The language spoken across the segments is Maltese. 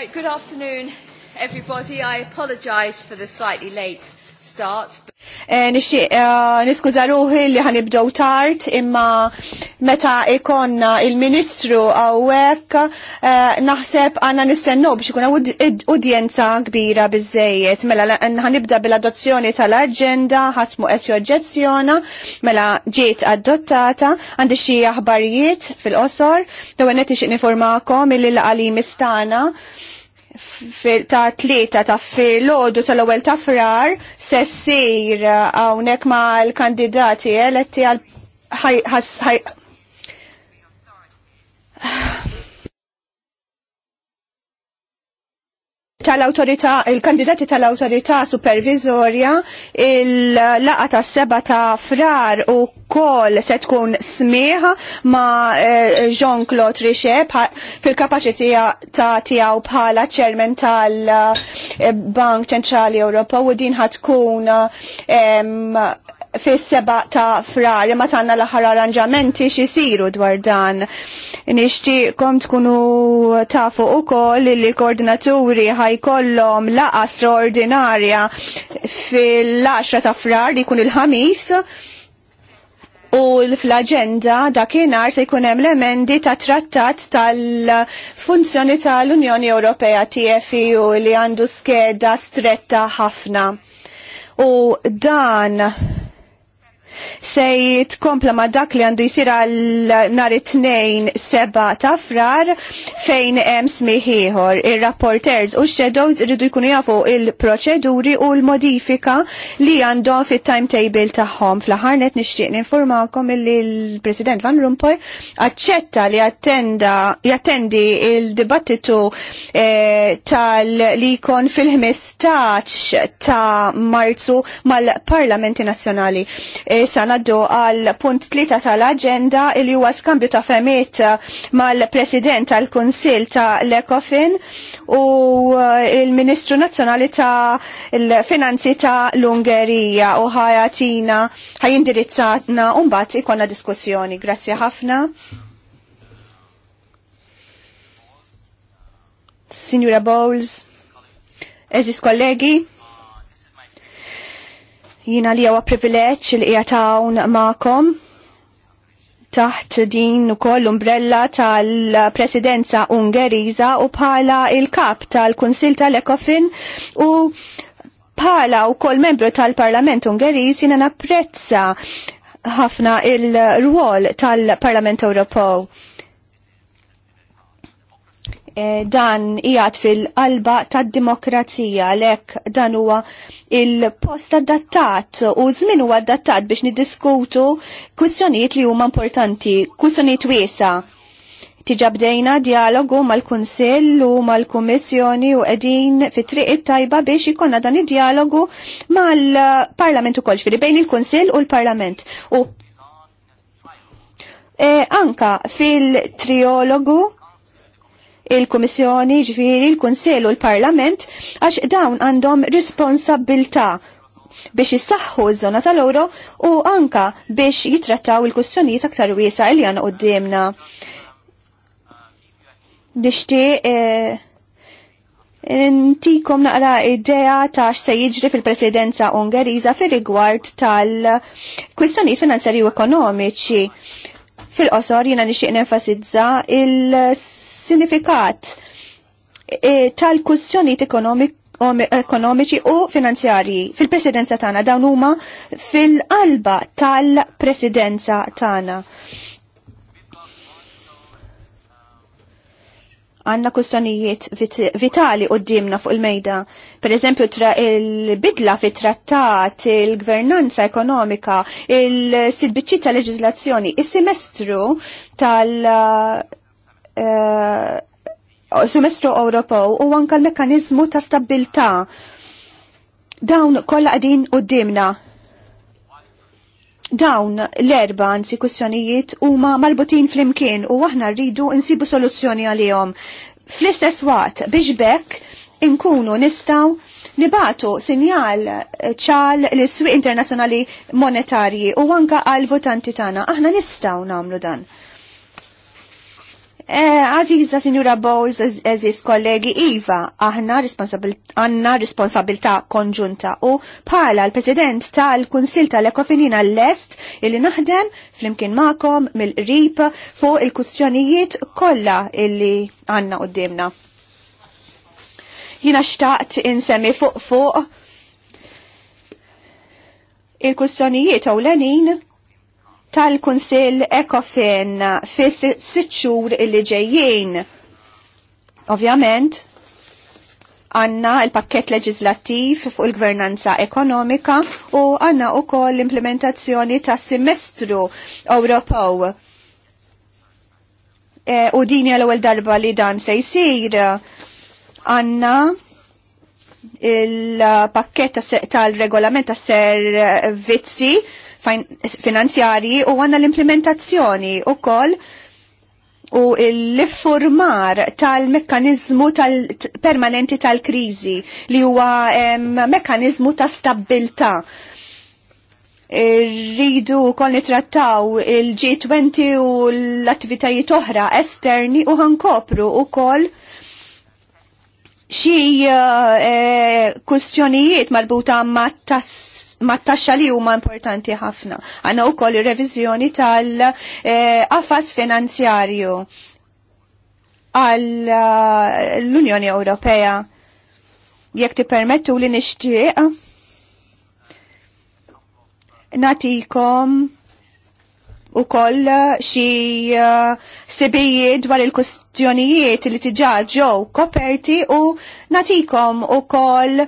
Right, good afternoon, everybody. I apologise for the slightly late start. Eh, eh, Niskuza ruħi li ħanibdow tard imma meta ikonna il-ministru għawek eh, naħseb għanna nistennu biex ikun udjenza kbira bizzejiet. Mela ħanibda bil-adozzjoni tal-agenda ħatmu qed joġġezzjona mela ġiet adottata għandi xi aħbarijiet fil-qosor. Dawnet nixtieq informakom il-għalim istana ta' tlieta ta' filgħodu tal-ewwel ta' frar se ssir uh, hawnhekk ma' l-kandidati eletti għal tal-autorità, il-kandidati tal-autorità supervizorja, il-laqa ta' seba ta' frar u kol se tkun smieħa ma eh, Jean-Claude Trichet fil-kapacitija ta' tijaw bħala ċermen tal-Bank eh, Ċentrali Ewropa u din ħatkun eh, fis seba ta' frar, ma tanna l-aħħar arranġamenti xisiru dwar dan. Nixtieqkom tkunu tafu ukoll li koordinaturi ħajkollhom laqa straordinarja fil-10 ta' frar li jkun il-ħamis u fl-agenda dakinhar se jkun hemm l-emendi ta' trattat tal-funzjoni tal-Unjoni Ewropea TFI e u li għandu skeda stretta ħafna. U dan se tkompla ma dak li għandu jisira l nar it-tnejn seba ta' frar fejn hemm smiħiħor. Ir-rapporters u shadows rridu jkunu jafu il-proċeduri u l-modifika li għandhom fit-timetable tagħhom. Fl-aħħar nixtieq ninformalkom illi l-President Van Rompuy aċċetta li attenda jattendi il-dibattitu eh, tal-li kon fil-15 ta' Marzu mal-Parlamenti Nazzjonali. Eh, issa naddu għal punt tlita tal-agenda il huwa skambju ta' femiet mal-President tal-Kunsil ta' l u eh, il-Ministru Nazzjonali ta' l-Finanzi ta' l-Ungerija u ħajatina ħajindirizzatna un-bat ikonna diskussjoni. Grazie ħafna. Signora Bowles, eżis kollegi, Jina li huwa privileċ li qiegħed hawn taħt din ukoll umbrella tal-Presidenza Ungeriża u bħala il-kap tal-Kunsil tal-Ekofin u bħala u koll membru tal-Parlament Ungeriż jina napprezza ħafna il-rwol tal-Parlament Ewropew Eh, dan ijat fil-qalba tad demokrazija lek dan huwa il-post adattat u żmien huwa adattat biex niddiskutu kwistjonijiet li huma importanti, kwistjonijiet wiesa. Tiġa bdejna dialogu mal-Kunsill u mal-Kummissjoni u qegħdin fit-triq tajba biex ikonna dan id-dialogu mal-Parlament ukoll, ġifieri bejn il-Kunsill u l-Parlament. U eh, anka fil-triologu il-Komissjoni, ġifiri, il-Kunsel u l-Parlament, għax dawn għandhom responsabilta biex jissaħħu ż-żona tal-oro u anka biex jitrattaw il-kustjonijiet aktar wiesa li għana qoddimna. Nishti eh, intikom naqra idea ta' x'se jiġri fil-presidenza Ungeriża fir-rigward tal-kwistjonijiet finanzjari u ekonomiċi. Fil-qosor jiena nixtieq nenfasizza il- sinifikat e, tal ekonomik ekonomiċi u finanzjarji fil-presidenza tagħna dawn huma fil-qalba tal-presidenza tagħna. għanna kustonijiet vit vitali dimna fuq il-mejda. Per eżempju, il-bidla fit trattat, il-gvernanza ekonomika, il sidbicċi tal leġizlazzjoni, il-semestru tal- Eh, semestru Ewropew u anka l-mekkaniżmu ta' stabilità. Dawn kollha qegħdin qudiemna. Dawn l-erba anzi kwistjonijiet huma marbutin flimkien u aħna rridu insibu soluzzjoni għalihom. Fl-istess waqt biex bekk inkunu nistgħu nibatu sinjal ċal l swieq internazzjonali monetarji u anka għal votanti tagħna. Aħna nistgħu nagħmlu dan. Eh, Għaziz Sinjura Bowles, eżis kollegi, Iva, aħna għanna responsabilta konġunta u pala l-President tal-Kunsil tal-Ekofinina l-Est illi naħdem flimkien ma'kom mill-RIP fuq il-kustjonijiet kolla illi għanna qoddimna. Jina xtaqt insemmi fuq fuq il-kustjonijiet u l-għanin tal-Kunsill Ekofen fis sitt xhur li ġejjin. Ovvjament, għanna il-pakket leġislattiv fuq il-gvernanza ekonomika u għanna u koll l-implementazzjoni ta' semestru Ewropew. E, u din l ewwel darba li dan se jsir għanna il-pakket tal-regolament ta' servizzi finanzjari u għanna l-implementazzjoni u koll u l-iffurmar tal-mekkanizmu tal-permanenti tal-krizi li huwa mekkanizmu ta' stabilta' rridu kol nitrattaw il-G20 u l-attivitajiet oħra esterni u ħankopru u kol xie eh, kustjonijiet marbuta ma' tas Ma t taxxa li huma importanti ħafna. Għandna wkoll ir-reviżjoni tal-qafas finanzjarju għall eh, l-Unjoni Ewropea. Jekk tippermettu li nixtieq natikom u koll xie uh, sibijiet dwar il-kustjonijiet li t ġew koperti u natikom u koll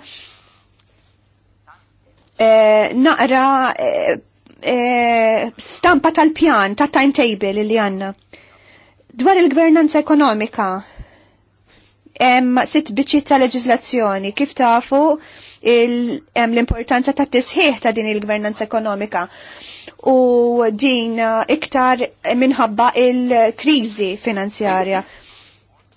Eh, naqra eh, eh, stampa tal-pjan, ta' timetable li għanna. Dwar il-gvernanza ekonomika, hemm sitt biċċiet ta' leġislazzjoni kif tafu l-importanza ta' tisħiħ ta' din il-gvernanza ekonomika u din iktar minħabba il-kriżi finanzjarja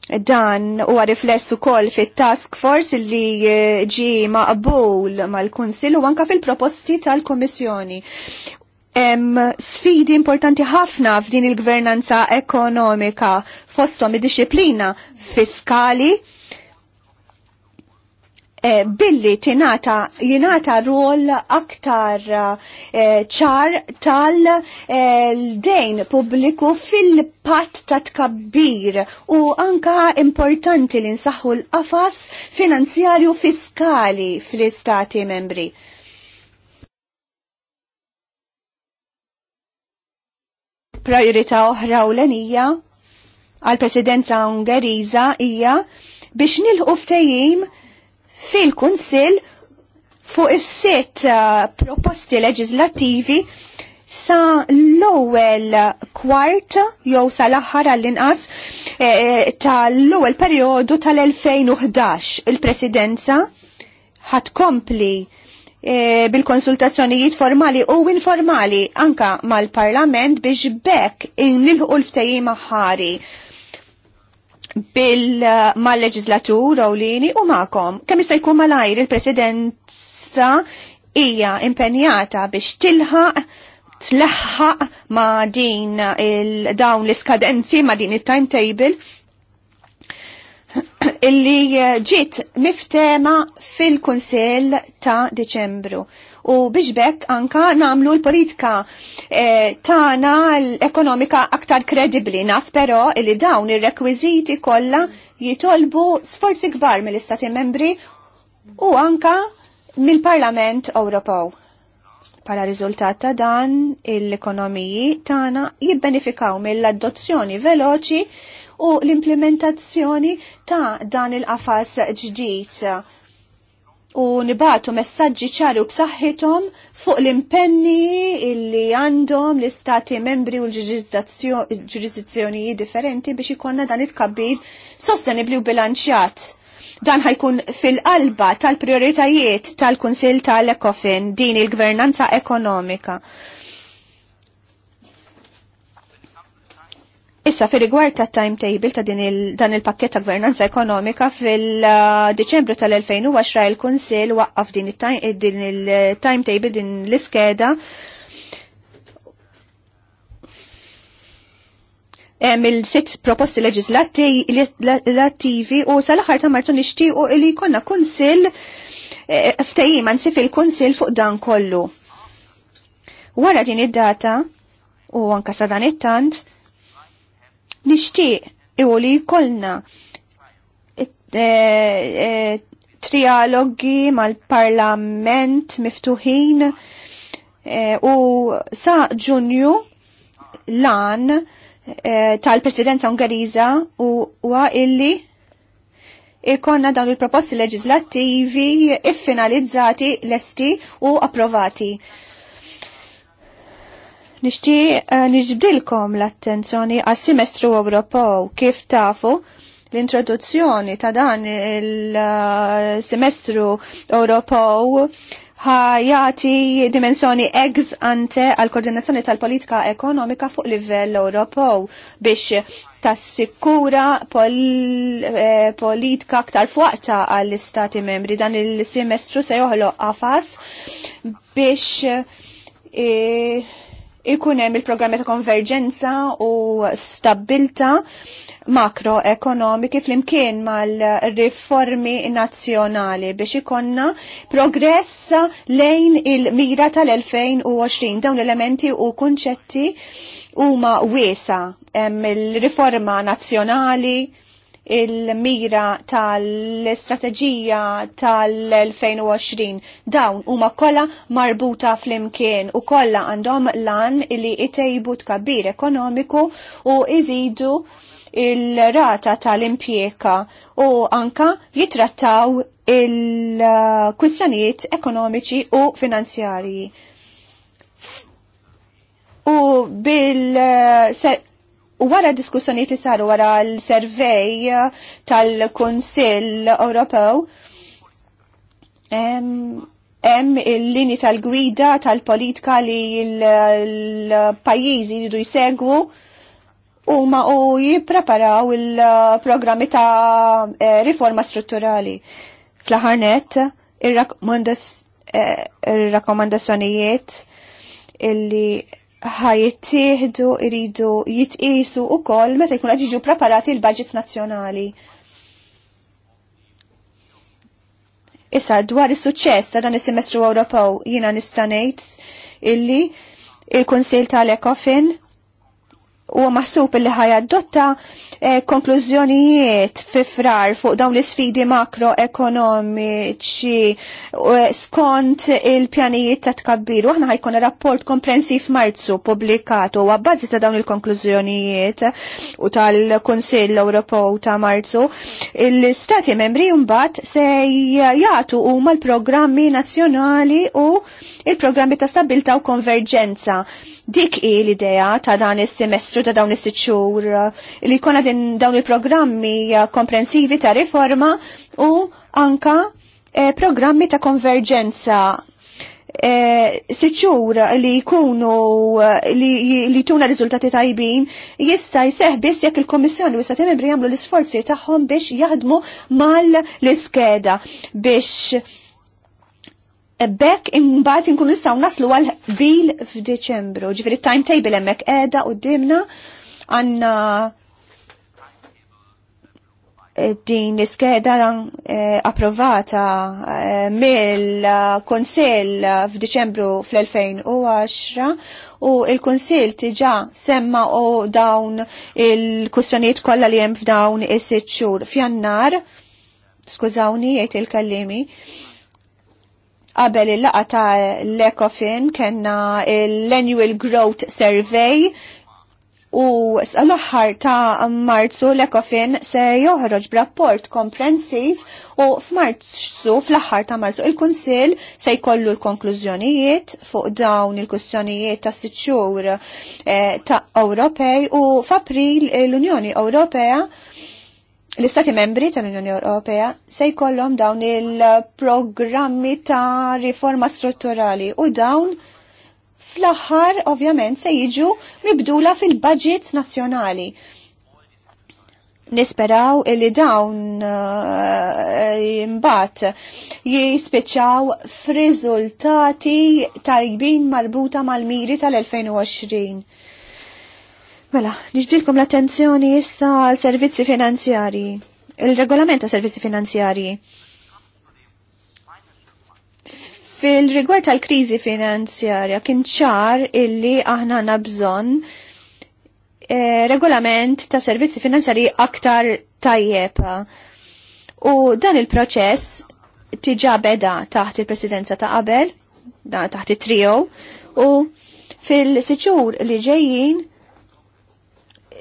dan huwa rifless ukoll fit-task force li eh, ġi maqbul mal-Kunsill u anka fil-proposti tal-Komissjoni. Hemm sfidi importanti ħafna f'din il-gvernanza ekonomika fosthom id-disciplina fiskali Eh, billi tinata jinata rol aktar eh, ċar tal-dejn eh, publiku pubbliku fil-pat ta' tkabbir u anka importanti li nsaħħu l-qafas finanzjarju fiskali fl-istati membri. priorità oħra u l-enija għal-presidenza ungeriza hija biex nilħu ftejim fil-Kunsill fuq is-sitt uh, proposti leġislattivi sa l-ewwel kwart jew sa l-aħħar għall-inqas eh, eh, tal-ewwel perjodu tal-2011 il-Presidenza ħad kompli eh, bil-konsultazzjonijiet formali u informali anka mal-parlament biex bekk in l ftehim aħħari bil-mal-leġislatur Rawlini u ma'kom. Kemm jista' jkun malajr il-presidenza hija impenjata biex tilħaq tlaħħaq ma' din il-dawn l-iskadenzi ma' din il-timetable illi ġiet miftema fil-Kunsell ta' Deċembru u biex bekk anka namlu l-politika eh, tana l-ekonomika aktar kredibli. Naf però li dawn ir-rekwiżiti kollha jitolbu sforzi kbar mill-Istati membri u anka mill-Parlament Ewropew. Para riżultat ta' dan, l-ekonomiji tagħna jibbenefikaw mill-adozzjoni veloċi u l-implementazzjoni ta' dan il-qafas ġdid u nibatu messaġġi ċari u b'saħħithom fuq l-impenni illi għandhom l-istati membri u l-ġurisdizzjonijiet differenti biex ikonna dan it-kabbir sostenibli u bilanċjat. Dan ħajkun fil-qalba tal-prioritajiet tal-Kunsil tal-Ekofin din il-gvernanza ekonomika. Issa fil rigward ta' timetable ta' din il, dan il-pakket ta' gvernanza ekonomika fil-Deċembru tal 2020 il-Kunsil waqqaf din il-timetable din l-iskeda il il-sitt proposti leġislativi u sal-axar ta' martu nixtiequ li jkollna kunsil eh, ftajim ansi fil-kunsil fuq dan kollu. Wara din id-data u anka sa dan it-tant, nixtieq iwu li jkollna eh, eh, trialogi mal-parlament miftuħin eh, u sa ġunju lan tal-presidenza ungariza u wa illi ikonna dawn il-proposti leġislattivi iffinalizzati lesti u approvati nishti eh, nixbdilkom l-attenzjoni għas semestru Ewropew kif tafu l-introduzzjoni ta' dan il-semestru Ewropew ħajati dimensjoni ex ante għal koordinazzjoni tal-politika ekonomika fuq livell Ewropew biex tassikura eh, politika aktar fuqta għall-istati membri. Dan il-semestru se joħloq għafas biex eh, ikun hemm il-programmi ta' konverġenza u stabilta makroekonomiki flimkien mal-riformi nazzjonali biex ikonna progress lejn il-mira tal-2020 dawn l-elementi u kunċetti huma wiesa' il-riforma nazzjonali il-mira tal-istrateġija tal-2020. Dawn huma kollha marbuta fl-imkien u kollha għandhom lan li itejbu tkabbir ekonomiku u iżidu il-rata tal-impjeka u anka jitrattaw il-kwistjonijiet ekonomiċi u finanzjarji. U bil U wara diskussjoniet li saru wara l-servej tal-Kunsill Ewropew, hemm il-lini tal-gwida tal-politika li l-pajjiżi jridu jsegwu huma u jippreparaw il-programmi ta' eh, riforma strutturali. fl il eh, ir-rakkomandazzjonijiet li ħajittieħdu iridu jitqisu wkoll meta jkun għad jiġu preparati l-budget nazzjonali. Issa dwar is-suċċess ta' dan is-semestru Ewropew jiena nista' ngħid illi il-Kunsil tal-Ecofin u maħsub li ħajadotta eh, konklużjonijiet fi frar fuq dawn l-sfidi makroekonomiċi eh, skont il-pjanijiet ta' tkabbir. U aħna ħajkun rapport komprensiv marzu publikatu u għabbazzi ta' dawn il-konklużjonijiet u tal-Kunsill Ewropew ta' marzu. Il-Stati membri mbagħad se jagħtu huma l-programmi nazzjonali u il-programmi ta' stabilta u konverġenza Dik i l-idea ta' dan is-semestru ta' dawn is sitxur eh, li jkollna din dawn il-programmi eh, komprensivi ta' riforma u anka eh, programmi ta' konverġenza eh, siċur li jkunu eh, li, li tuna riżultati tajbin jista jseħ biss jekk il-Komissjoni wista membri jagħmlu l-isforzi tagħhom biex jaħdmu mal-iskeda biex Ebbek imbagħad inkunu nistgħu naslu għal bil f'Diċembru. Ġifieri timetable hemmhekk qiegħda quddiemna, għandna eh, din l-iskeda eh, approvata eh, mill-Konsell f'Diċembru fl-2010 u il konsil tiġa semma u dawn il-kustjonijiet kollha li hemm f'dawn is-sitt xhur f'Jannar. Skużawni jgħid il-kallimi. il kallimi Qabel il-laqa ta' l-Ecofin kena l-Annual Growth Survey u sal aħħar ta' marzu l ecofin se joħroġ b'rapport komprensiv u f'marzu fl-aħħar ta' marzu il-Kunsil se jkollu l-konklużjonijiet fuq dawn il-kustjonijiet ta' siċċur eh, ta' Ewropej u f'April l-Unjoni Ewropea l-Istati membri tal-Unjoni Ewropea se jkollhom dawn il-programmi ta' riforma strutturali u dawn fl-aħħar ovvjament se jiġu mibdula fil-budgets nazzjonali. Nisperaw li dawn eh, imbagħad jispiċċaw f'riżultati tajbin marbuta mal-miri tal-2020 Mela, nġbdilkom l-attenzjoni issa għal servizzi finanzjari, il-regolament ta' servizzi finanzjari. Fil-rigward tal-krizi finanzjarja kien ċar illi aħna għandna bżonn E, regolament ta' servizzi finanzjari aktar tajjeb. U dan il-proċess tiġa beda taħt il-presidenza ta' qabel, taħt it-trio, u fil-siċur li ġejjin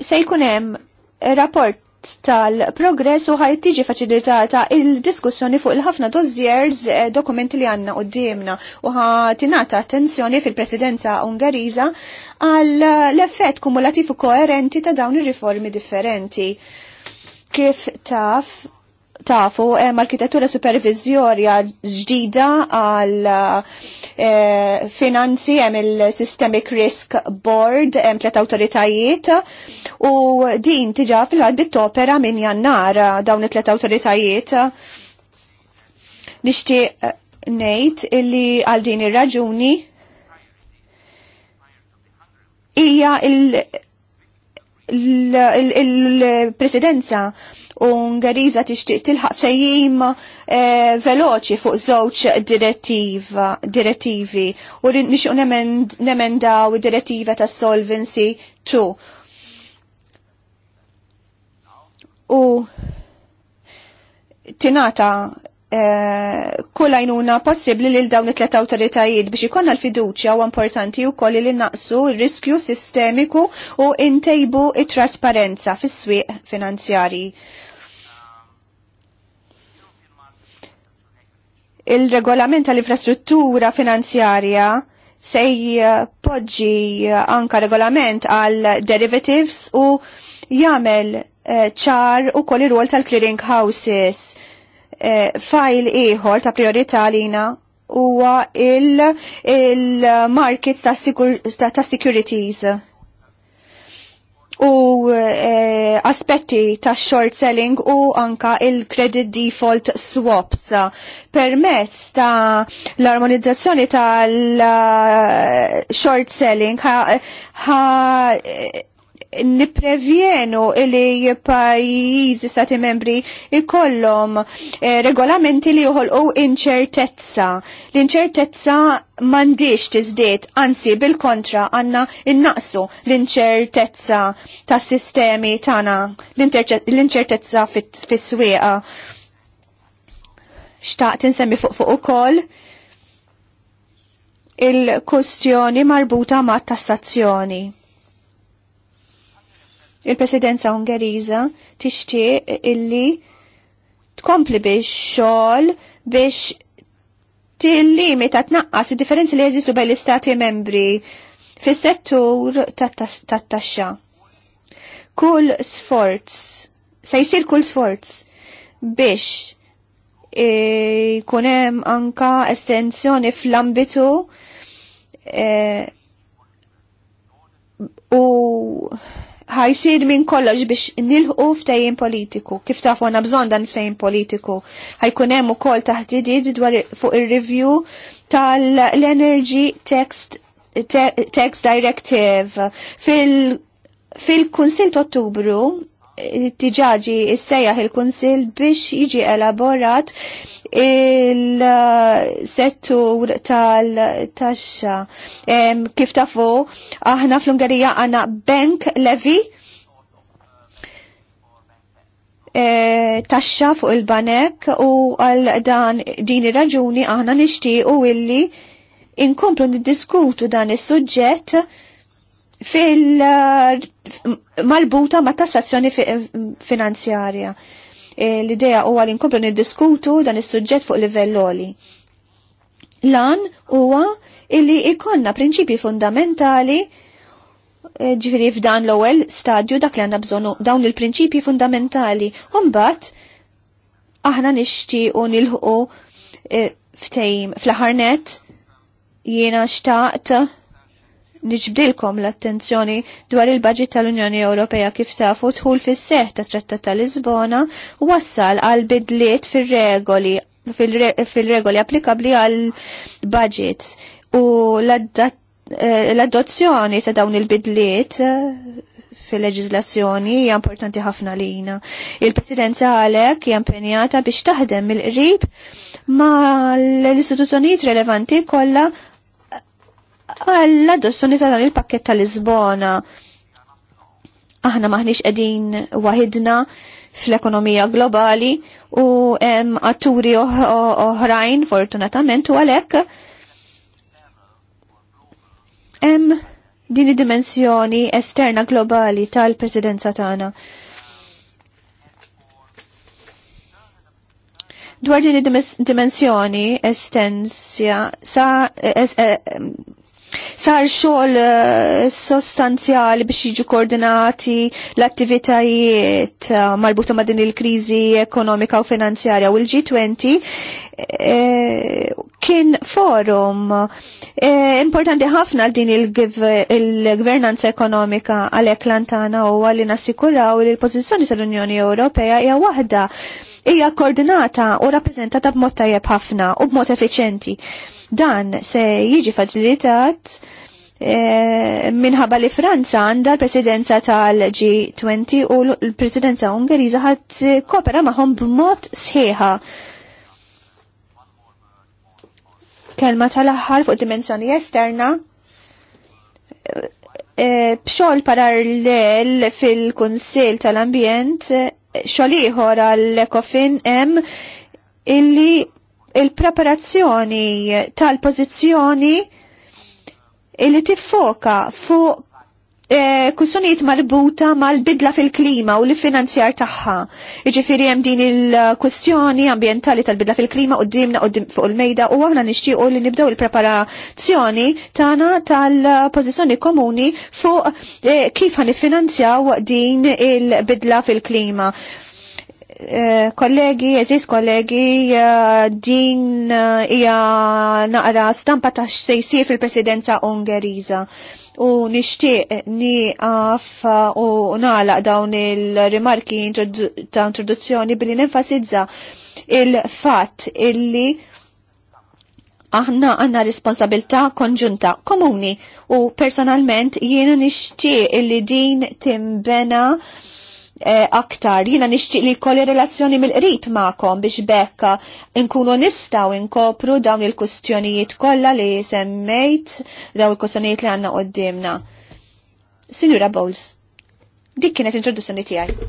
se jkun hemm rapport tal-progress u ħajt tiġi faċilitata il-diskussjoni fuq il-ħafna dossiers eh, dokumenti li għanna qoddimna u ħatinata attenzjoni fil-presidenza ungariża għal effett kumulativ u koerenti ta' dawn ir-riformi differenti. Kif taf tafu hemm arkitettura supervizjorja ġdida għal finanzi, hemm il-Systemic Risk Board, hemm tlet awtoritajiet u din tiġa fil-ħadbit topera minn jannar dawn it-tlet awtoritajiet. Nixtieq ngħid illi għal din ir-raġuni hija il-presidenza il, il, il, il presidenza Ungeriża tixtieq tilħaq fejjim eh, veloċi fuq żewġ direttivi u nixqu nemendaw id-direttiva tas Solvency 2. U tinata kull għajnuna possibli lil dawn it-tlet awtoritajiet biex ikonna l-fiduċja u importanti u koll li naqsu riskju sistemiku u intejbu it-trasparenza fis-swieq finanzjari. Il-regolament tal-infrastruttura finanzjarja sej poġġi anka regolament għal derivatives u jagħmel eh, ċar u koll ir-rol tal-clearing houses Eh, fajl ieħor ta' priorità lina huwa il-markets ta' securities u eh, aspetti ta' short selling u anka il-credit default swaps permezz ta' l-armonizzazzjoni tal eh, short selling ha, ha niprevjenu li pajjiżi stati membri ikollom eh, regolamenti li u inċertezza. L-inċertezza mandiċ tizdiet, anzi bil-kontra għanna innaqsu l-inċertezza ta' sistemi tana, l-inċertezza fis-swieqa. Xtaqt insemmi fuq fuq ukoll il-kustjoni marbuta ma' tassazzjoni il-presidenza Ungeriża tixtieq illi tkompli biex xogħol biex tillimi ta' tnaqqas id-differenzi li jeżistu bej l-istati membri fis-settur tat-taxxa. Kull sforz, se jsir kull sforz biex e, kunem hemm anka estensjoni fl-ambitu e, u ħajsir minn kollox biex nilħu ftejjin politiku. Kif taf għana bżon dan ftejjin politiku. Ħajkun hemm ukoll taħdidiet dwar fuq ir-review tal-Energy Text Tax Directive fil-Kunsil fil ta' Ottubru tiġaġi issejjaħ il-Kunsil biex jiġi elaborat il-settur tal-taxxa. Kif tafu, aħna fl-Ungerija għana bank levi e, taxxa fuq il-banek u għal dan din ir-raġuni aħna nixtiequ illi inkomplu niddiskutu dan is-suġġett fil marbuta ma' tassazzjoni finanzjarja. E, l-idea huwa li nkomplu niddiskutu dan is-suġġett fuq livell oli. Lan huwa illi ikonna prinċipji fundamentali e, ġifiri f'dan l-ewwel stadju dak li għandna bżonu dawn il-prinċipji fundamentali. Umbat aħna nixtiequ nilħu e, ftejm fl ħarnet jiena xtaqt niġbdilkom l-attenzjoni dwar il-budget tal-Unjoni Ewropea kif tafu tħul fis-seħ ta' Trattat ta' Lisbona wassal għal bidliet fil-regoli fil-regoli applikabli għal budget u eh, l-adozzjoni ta' dawn il-bidliet eh, fil-leġizlazzjoni hija importanti ħafna lina. Il-Presidenza għalek hija impenjata biex taħdem mill-qrib ma l-istituzzjonijiet relevanti kollha Alla adozzjoni ta' dan il-pakket tal-Lisbona. Aħna maħniex qegħdin waħidna fl-ekonomija globali u hemm atturi oħrajn fortunatament u għalhekk hemm din id-dimensjoni esterna globali tal-presidenza tagħna. Dwar din id-dimensjoni estensja sa es, eh, Sar xogħol eh, sostanzjali biex jiġu koordinati l-attivitajiet eh, marbuta ma' din il-kriżi ekonomika u finanzjarja u l-G20 eh, kien forum importanti ħafna din il-gvernanza ekonomika għalhekk lantana u għalli nassikuraw li l-pożizzjoni tal-Unjoni Ewropea hija waħda hija koordinata u rappreżentata b'mod tajjeb ħafna u b'mod effiċenti. Dan se jiġi faċilitat E, minħabba li Franza għandha l-presidenza tal-G20 u l-presidenza Ungeriża ħadd kopera magħhom b'mod sħiħa. Kelma tal-aħħar fuq dimensjoni esterna. Eh, Bxol parallel fil-Kunsil tal-Ambjent xoliħor għal ekofin em illi il-preparazzjoni tal-pozizjoni illi tiffoka fuq E, eh, kussunijiet marbuta mal-bidla fil-klima u l-finanzjar tagħha. Iġifieri hemm din il-kwestjoni ambjentali tal-bidla fil-klima qudiemna qudiem fuq il-mejda u aħna nixtiequ li nibdew il-preparazzjoni tagħna tal-pożizzjoni komuni fuq e, kif ħanifinanzjaw din il-bidla fil-klima. Eh, kollegi, eżis kollegi, din hija naqra stampa ta' xejsir fil-presidenza Ungeriża u nishtiq niqaf uh, u nalaq dawn il-rimarki ta' introduzzjoni billi nenfasizza il-fat illi aħna għanna responsabilta konġunta komuni u personalment jiena nixtieq li din timbena Eh, aktar. Jina nixtieq li kolli relazzjoni mill-qrib ma'kom biex bekka nkunu nistaw inkopru dawn il-kustjonijiet kollha li semmejt dawn il-kustjonijiet li għandna għoddimna. Sinjura Bowles, dik kienet introduzzjoni tiegħi.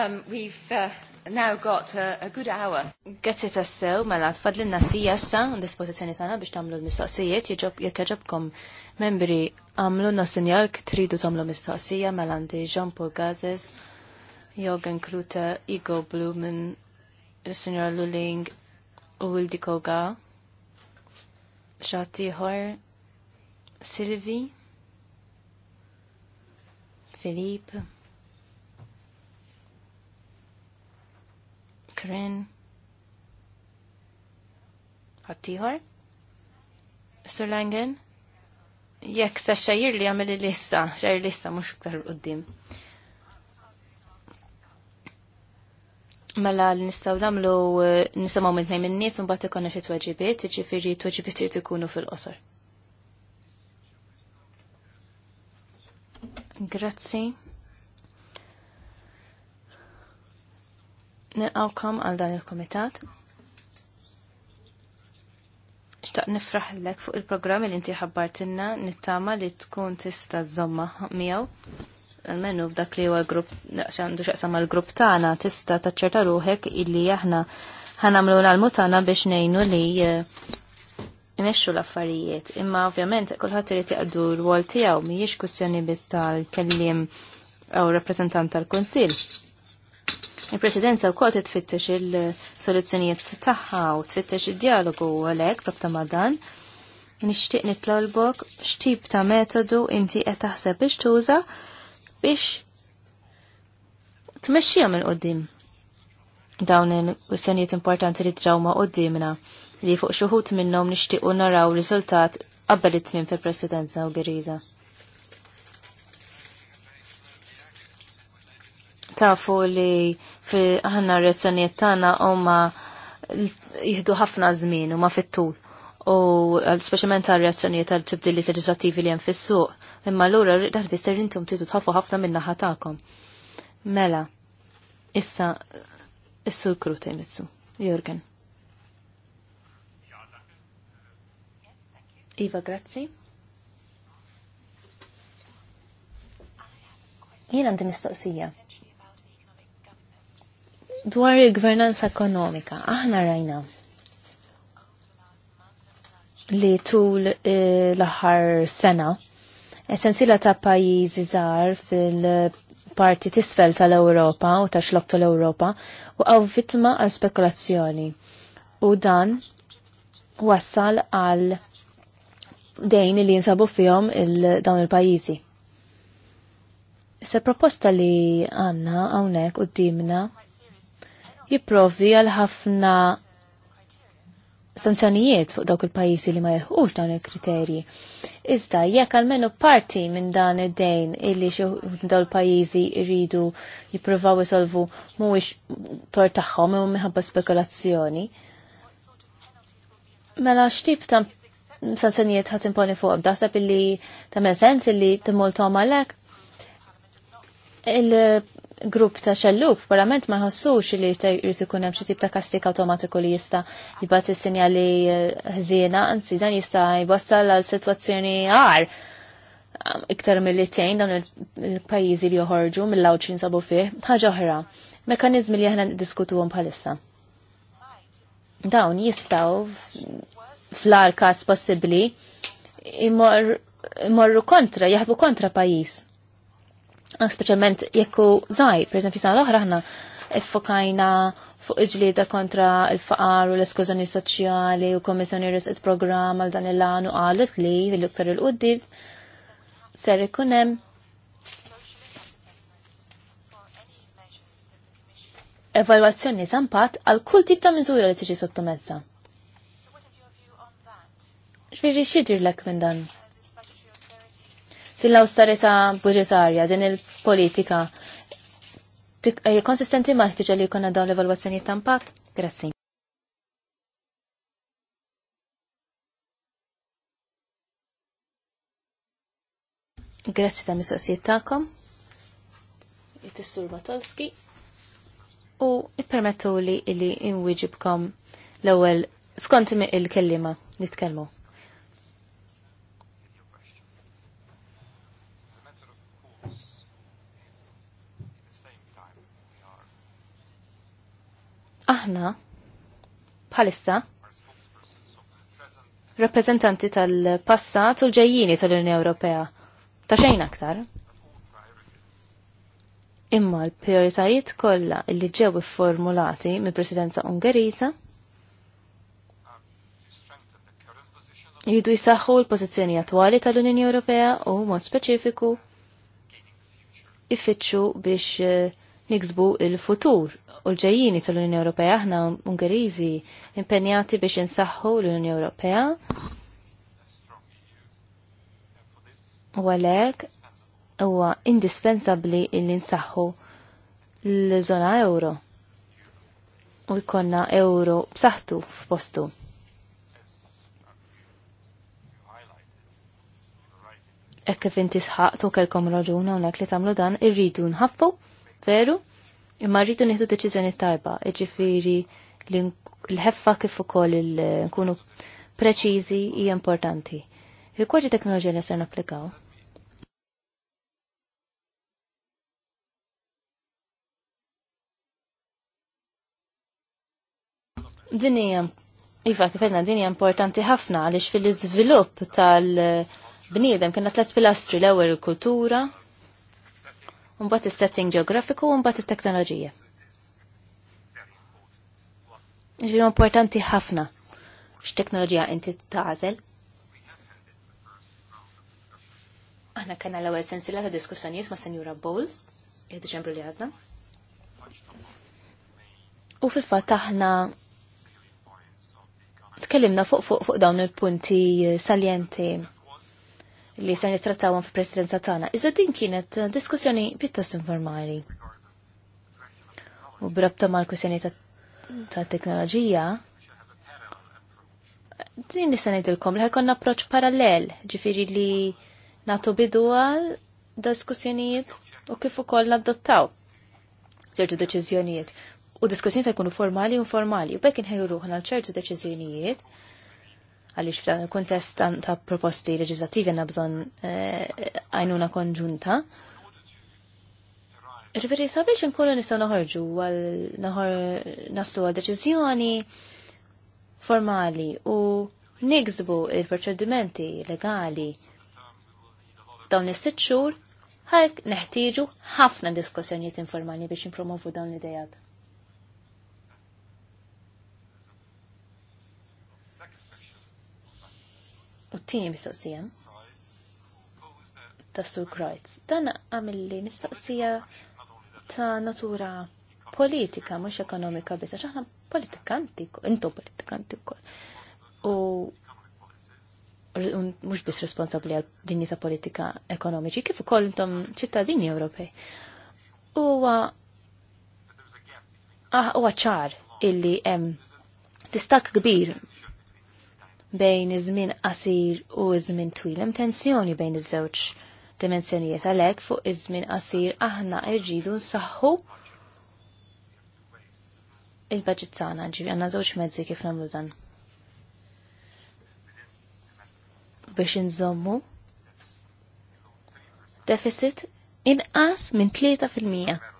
Um, we've uh, now got a, uh, a good hour. Grazzi tassew, mela tfadlinna sija sa dispozizjoni tagħna biex tagħmlu l-mistoqsijiet, jekk membri għamlu na sinjal tridu tagħmlu mistoqsija mela għandi Jean Paul Gazes Jorgen Klute, Igo Blumen, il-Sinjora Luling u Wildi Koga, Xatiħor, Silvi, Filip, Kren, Ħatiħor, Sir Langen, Jek, sa xajir li għamil lissa, xajir lissa mux ktar qoddim. Mela li nistaw namlu nisimaw minn tnejn nis nies u mbagħad ikonna xi ġifiri t tweġibiet irid ikunu fil-qosor. Grazzi. Nilqawkom għal dan il-komitat. Xtaq nifraħ l fuq il-programm li inti ħabbartinna nittama li tkun tista' zomma miegħu almenu f'dak li huwa grupp għandu xaqsam mal grupp tagħna tista' taċċerta ruħek illi aħna ħanamlu l-almu tagħna biex ngħinu li eh, imexxu l-affarijiet. Imma ovvjament kulħadd irid jaqdu l-wol tiegħu mhijiex kwistjoni biss tal-kelliem għaw rappresentant tal kunsill Il-Presidenza wkoll titfittex il-soluzzjonijiet tagħha u tfittex id-dialogu għalhekk rabta ma' dan. Nixtieq nitlolbok x'tip ta' metodu inti qed taħseb biex tuża biex tmexxihom il-qoddim. Dawn il-kwistjonijiet importanti li drawma qoddimna li fuq xuħut minnhom nixtiequ naraw riżultat qabel it-tmiem tal-Presidenza Ungeriża. Tafu li fi ħanna rezzjonijiet tagħna huma jihdu ħafna żmien huma fit-tul u speċjalment għal reazzjonijiet tal tibdilli leġislattivi li hemm fis-suq. Imma allura dan fisser intom tidu tħafu ħafna minn naħa tagħkom. Mela, issa is-sur Krute missu. Jorgen. Iva, grazzi. Jien għandi mistoqsija. Dwar il-gvernanza ekonomika, aħna rajna li tul eh, l-aħħar sena essenzila ta' pajjiżi żgħar fil-parti tisfel tal-Ewropa u ta' xlok tal-Ewropa u għaw vittma għal spekulazzjoni. U dan wassal għal dejn li jinsabu fihom il dawn il-pajjiżi. Issa proposta li għanna għawnek u dimna jiprovdi għal ħafna sanzjonijiet fuq dawk il-pajjiżi li ma jelħux dawn il-kriterji. Iżda jekk għalmenu parti minn dan id-dejn illi xi dawn il-pajjiżi jridu jippruvaw isolvu mhuwiex tor tagħhom imma minħabba spekulazzjoni. Mela x'tip ta' sanzjonijiet ħadd imponi fuqhom daħseb illi tagħmel sens illi timmultom għalhekk? grupp ta' xelluf, parlament ma jħossux li jrid ikun hemm xi tip ta' kastik awtomatiku li jista' jibat is-sinjali eh, ħżiena, anzi dan jista' jwassal għal sitwazzjoni għar um, iktar mill-tejn dawn il-pajjiżi li joħorġu mill-lawċ li nsabu fih, ħaġa oħra, mekkaniżmi li aħna niddiskutuhom bħalissa. Dawn jistgħu fl arkas possibli possibbli imorru kontra, jaħbu kontra pajjiż specialment jekku zaħir, per esempio, sana l-oħra ħna effokajna fuq iġlida kontra il-faqar u l-eskużjoni soċjali u kommissjoni risqet programm għal dan il-lan u għalet li l-uktar il qoddi ser ikunem evalwazzjoni zampat għal kull tip ta' miżura li tiġi sottomezza. Xviri xidir l-ek minn dan? fil-austerità budgetarja din il-politika eh, konsistenti ma ħtiġa li jkunna dawn l-evalwazzjoni tampat? Grazzi. Grazzi ta' mistoqsijiet ta'kom. It-Tistur Matolski. U ippermettu li li inwiġibkom l-ewwel skont il-kellima nitkellmu. Aħna bħalissa rappresentanti tal-passat u l-ġejjini tal-Unjoni Ewropea. Ta' xejn aktar. Imma l-prioritajiet kollha li ġew formulati mill-Presidenza Ungerisa? jridu jisaħħu l-pożizzjoni attwali tal-Unjoni Ewropea u mod speċifiku ifittxu biex eh, niksbu il-futur u l-ġejjini tal-Unjoni Ewropea aħna Ungeriżi impenjati biex insaħħu l-Unjoni Ewropea. U għalhekk huwa indispensabbli li nsaħħu l-żona euro u jkollna euro b'saħħtu f'postu. Ekk kif inti sħaqtu kelkom raġuna hawnhekk li tagħmlu dan irridu nħaffu veru, imma rridu nieħdu deċiżjoni tajba, jiġifieri l-ħeffa kif ukoll nkunu preċiżi hija importanti. Il-kwaġi teknoloġija li se napplikaw. Din hija iva kif għedna din hija importanti ħafna għaliex fil-iżvilupp tal- bniedem kienna tlet pilastri l-ewwel il-kultura, mbagħad is-setting ġeografiku u mbagħad it-teknoloġija. Ġifieri importanti ħafna x'teknoloġija inti tażel. Aħna kellna l-ewwel sensila ta' diskussjonijiet ma' Senjura Bowles, jgħid ċembru li għadna. U fil-fatt aħna tkellimna fuq fuq fuq dawn il-punti saljenti li se nittrattawhom fil-presidenza tagħna. Iżda din kienet eh, diskussjoni pjuttost informali. U brabta mal-kwistjoni ta' teknoloġija, din li se ngħidilkom li ħajkon approċċ parallel, ġifieri li nagħtu bidu għal diskussjonijiet u kif ukoll nadattaw ċertu deċiżjonijiet. U diskussjoni ta' jkunu formali u informali, u bekk inħejru ruħna ċertu deċiżjonijiet għaliex f'dan il-kontest ta' proposti leġislattivi għanna bżonn eh, għajnuna konġunta. Ġifiri, sabiex nkunu nistgħu naħorġu għal naslu għal deċiżjoni formali u nigzbu il-proċedimenti legali f'dawn is-sitt xhur ħajk neħtieġu ħafna diskussjonijiet informali biex nipromovu dawn l-idejat. U t-tini mistoqsija ta' Sur Kreutz. Dan għamilli mistoqsija ta' natura politika, mux ekonomika bisa. għax politikanti, intu politikanti koll. U mux bis responsabli għal dinni ta' politika ekonomiċi, kif koll intom ċittadini Ewropej. Huwa għu ah, ċar illi hemm tistak kbir bejn iż-żmien qasir u iż-żmien twil hemm tensjoni bejn iż-żewġ dimensjonijiet għalhekk fuq iż-żmien qasir aħna rridu nsaħħu il baġit tagħna ġifi għandna żewġ mezzi kif nagħmlu dan. Biex inżommu deficit inqas minn 3%.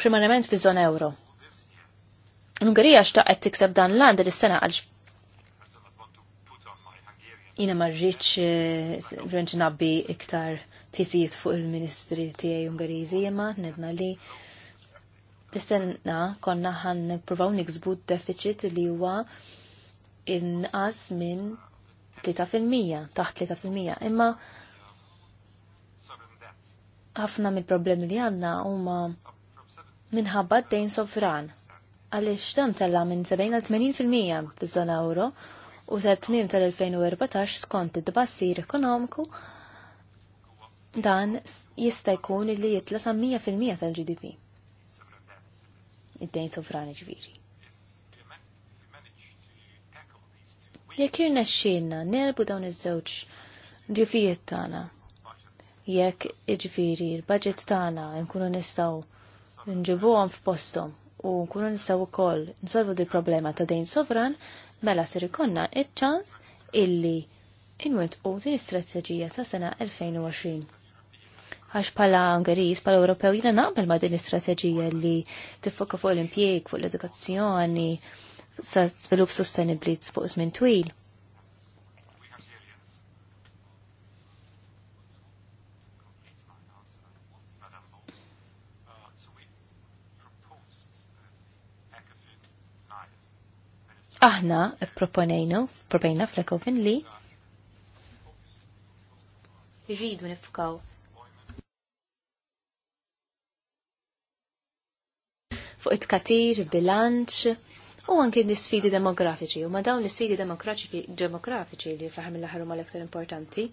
Primarjament fi żona euro L-Ungerija xtaqet tikseb dan l-għanda l-istana għal jina marriċ eh, nabbi iktar pisijiet fuq il-ministri tiegħi Ungarizi jema, nedna li tistenna konna ħan provaw niksbu deficit li huwa inqas minn 3% taħt 3% imma ħafna mill-problemi li għandna huma minħabba d-dejn sovran għaliex dan tella minn 70 80% fiż-żona euro u sa tmiem tal-2014 skont id-bassir ekonomiku dan jista' jkun li jitla fil 100% tal-GDP. Id-dejn sovrani ġviri. Jekk jirna xxilna nerbu dawn iż-żewġ djufijiet tagħna. Jekk iġviri l-budget tagħna nkunu nistgħu nġibuhom f'posthom u nkunu nistgħu ukoll nsolvu di problema ta' dejn sovran, mela ser ikonna iċ-ċans illi inwet u din istrateġija ta' sena 2020. Għax pala Ungarijs, pala Ewropew, jina naqbel ma' din istrateġija li tiffoka fuq l-impjeg, fuq l-edukazzjoni, sa' svilup sostenibli fuq żmien twil. Aħna proponejna, proponejna fl-ekofin li jridu nifkaw fuq it-katir, bilanċ, u anki l-sfidi demografiċi. U ma dawn l-sfidi demografiċi li faħam l-ħarru ma l-aktar importanti.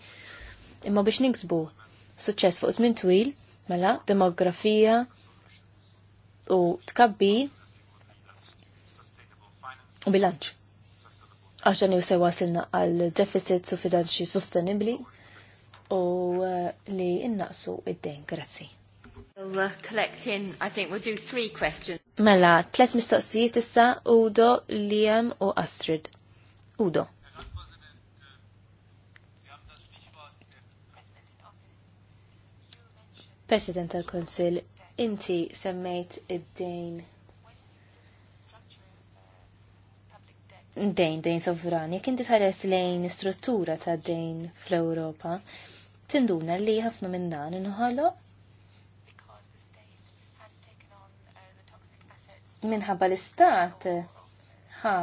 Imma biex niksbu suċess fuq żmien twil, mela demografija u tkabbi u bilanċ. Għaxan ju sewa silna għal deficit su fidanċi sostenibli u eh, li innaqsu id-dejn. Grazzi. Uh, mela, tlet mistoqsijiet issa Udo, Liam u Astrid. Udo. President tal-Konsil, inti semmejt id-dejn dejn, dejn sovran, jek inti tħares lejn struttura ta' dejn fl-Europa, tinduna li ħafna minn dan inħolo minħabba l-istat ħa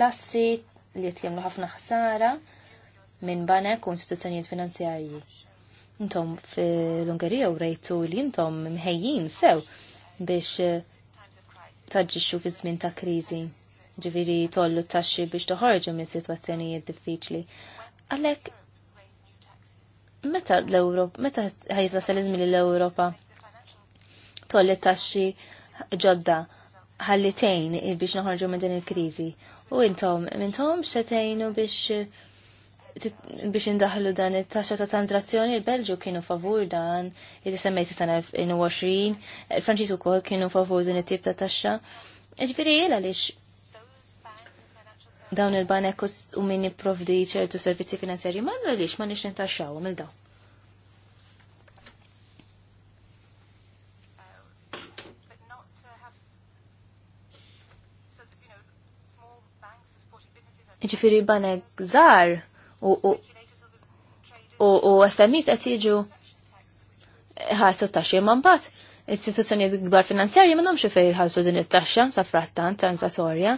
lassi li jtjemlu ħafna ħsara minn banek u istituzzjonijiet finanzjarji. Intom fil-Ungerija u rejtu li intom mħejjin sew biex taġġixxu fi żmien ta' kriżi ġiviri tollu t taxxi biex toħorġu minn situazzjonijiet diffiċli. Għalek, meta l-Europa, meta ħajza salizmi izmi l-Europa tolli taxxi ġodda ħalli tejn biex noħorġu minn din il-krizi. U intom, intom xetejnu biex biex indaħlu dan it-taxxa ta' tantrazzjoni, il-Belġu kienu favur dan, li semmejti sena 2020, il-Franċiż ukoll kienu favur din it-tip ta' taxxa. Ġifieri jela għaliex dawn il-banek u min jipprovdi ċertu servizzi finanzjarji ma għaliex ma nix nintaxxaw mill daw. Ġifiri banek zar u u SMIs qed jiġu ħarsu taxxi imma mbagħad istituzzjonijiet gbar finanzjarji m'għandhomx fejn ħarsu din it-taxxa sa frattant transatorja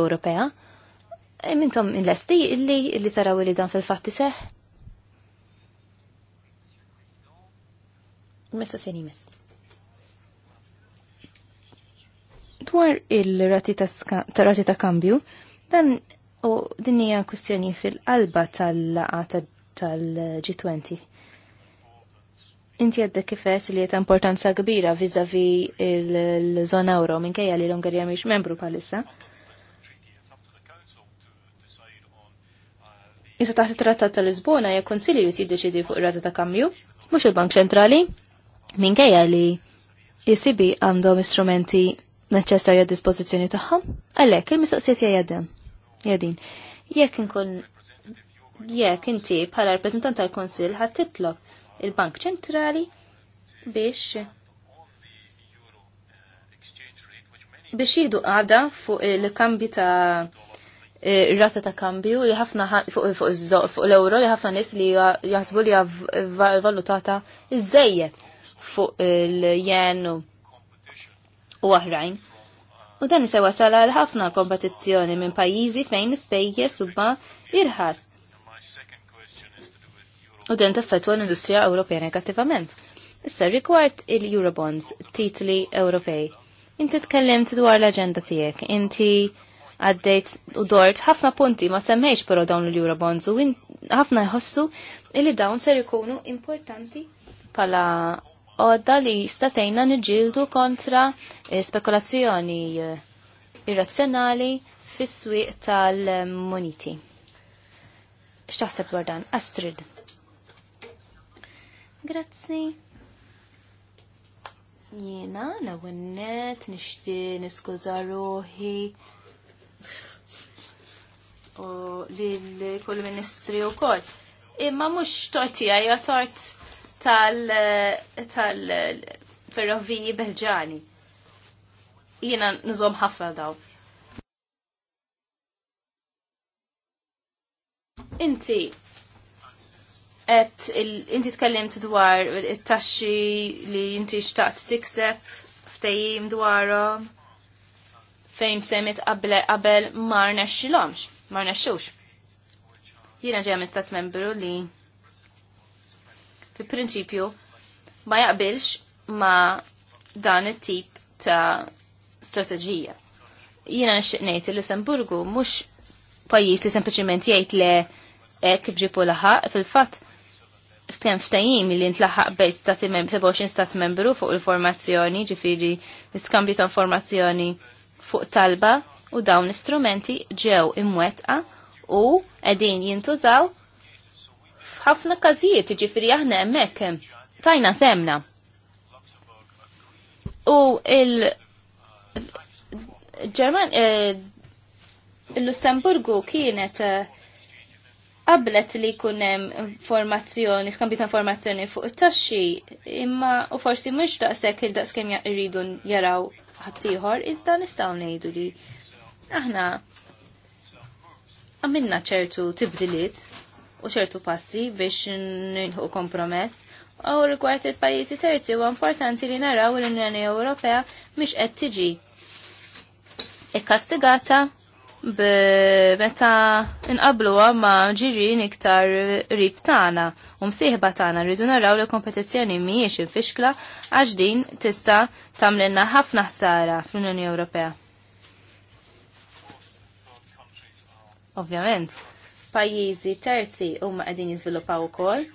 Ewropea Eh, mintom il-lesti illi illi taraw li dan fil-fatti seħ. Mesta sjeni mis. Dwar il-rati ta' kambju, dan u dinija kustjoni fil-qalba tal-laqa tal-G20 inti għadda kifet li jeta importanza kbira vizavi il-zona euro minkejja li l-Ungarija miex membru palissa. Issa taħt it-Trattat tal Lisbona hija konsilju jiddeċidi fuq ir-rata ta' kambju, mhux il-Bank Ċentrali, minkejja li jisibi e għandhom istrumenti għad dispożizzjoni tagħhom, għalhekk il-mistoqsijiet hija jadem. Jadin. Jekk inkun jekk inti bħala rappreżentant tal-Konsil ħad titlob il-Bank Ċentrali biex biex jidu għada fuq il-kambi ta' Eh, rata ta' kambju li ħafna fuq l-euro li ħafna nis li jaħsbu li valutata iżejjed fuq l-jen u oħrajn. U dan se sala l-ħafna kompetizzjoni minn pajjiżi fejn l-spejje subba irħas. U dan taffetwa l-industrija Ewropea negattivament. Issa rigward il-Eurobonds, titli Ewropej. Inti tkellimt dwar l-agenda tiegħek, inti għaddejt u dort ħafna punti ma semmejx però dawn l-Eurobonds u ħafna jħossu illi dawn ser ikunu importanti pala għodda li statejna nġildu kontra eh, spekulazzjoni eh, irrazzjonali fis-swieq tal-moniti. X'taħseb dwar dan? Astrid. Grazzi. Jena, l għunnet nishti, niskuza niskuża u li kull ministri u kol. Imma mux torti ja tort tal-ferroviji belġani. Jena nżom ħafna daw. Inti, et inti tkellimt dwar it-taxxi li inti xtaqt tikseb ftejim dwarhom fejn semmit qabel mar nexxilhomx ma rnexxux. Jiena ġeja minn stat membru li fi prinċipju ma jaqbilx ma dan it-tip ta' strateġija. Jiena nixtieq ngħid il-Lussemburgu mhux pajjiż li sempliċement jgħid le hekk bġipu laħaq fil-fatt f'kem ftajim li ntlaħaq bejn stati membru, 27 stat membru fuq il-formazzjoni, ġifiri l-iskambju ta' informazzjoni fuq talba u dawn l-istrumenti ġew imwetqa u qegħdin jintużaw f'ħafna każijiet iġifieri aħna hemmhekk tajna semna. U il Ġerman eh, il-Lussemburgu kienet eh, qablet li kunem informazzjoni, skambi ta' informazzjoni fuq it-taxxi, imma u forsi mhux daqshekk il kemm jridu jaraw ħattijħor, iżda nistgħu nejdu li aħna għamilna ċertu tibdiliet u ċertu passi biex nħu kompromess u rigward il-pajjiżi terzi huwa importanti li naraw l-Unjoni Ewropea miex qed tiġi ikkastigata meta inqabluha ma' ġirien iktar rib tagħna u msieħba tagħna rridu naraw li kompetizzjoni mhijiex infixkla għax din tista' tagħmlilna ħafna ħsara fl-Unjoni Ewropea. Ovvjament, pajjiżi terzi huma qegħdin jiżviluppaw ukoll,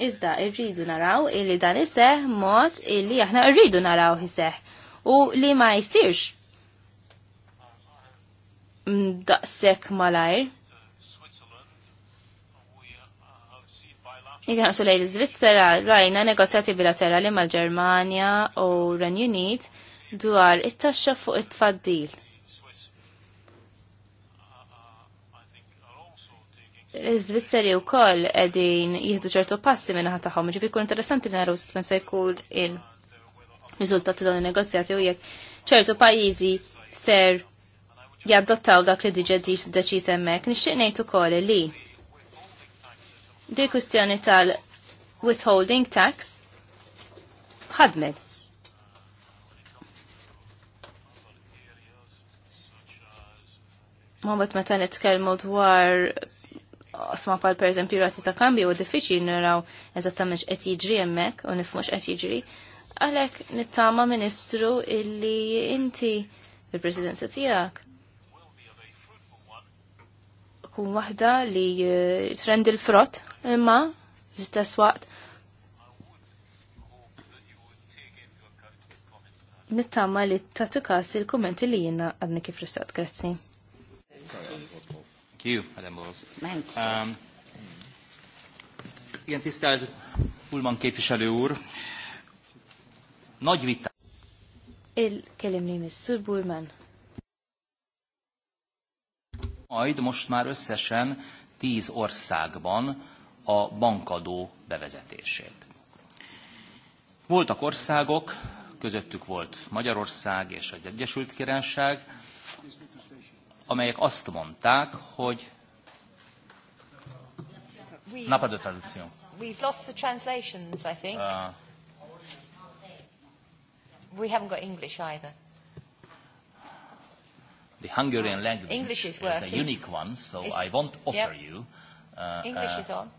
iżda rridu naraw illi dan iseħ mod illi aħna rridu naraw iseħ u li ma jsirx Daqsek malajr. Jek naqsu lejl Zvizzera, rajna negozjati bilaterali mal-Ġermanja u Ren Unit dwar it-taxxa fuq it-tfaddil. Zvizzeri u koll edin jihdu ċertu passi minna ħataħom, ġibi kun interessanti li naraw s se jkun il-rizultat ta' dawn il-negozjati u jek ċertu pajizi ser jaddottaw dak li diġa diġ deċiż hemmhekk. Nixtieq ngħid ukoll li di kwistjoni tal-withholding tax ħadmet. ma meta nitkellmu dwar osma pal per eżempju rati ta' kambi u diffiċli niraw eżattament x'qed jiġri hemmhekk u nifhmux qed jiġri. Għalhekk nittama Ministru illi inti il-Presidenza tiegħek tkun waħda li eh, trend il-frott imma istess waqt nittama li tagħti każ il kommenti li jiena għadni kif rissat, Grazzi. Thank you, Madam Bowles. Um, jien tistad tisztelt Pullman képviselő úr, nagy vita. Il-kelimni mis-sur Burman. Majd most már összesen tíz országban a bankadó bevezetését. Voltak országok, közöttük volt Magyarország és az Egyesült Királyság, amelyek azt mondták, hogy Napa de We've lost the translations, I think. Uh, We haven't got English either. The Hungarian ah, language English is, is a unique one, so it's, I won't offer yep. you uh, English uh, is on.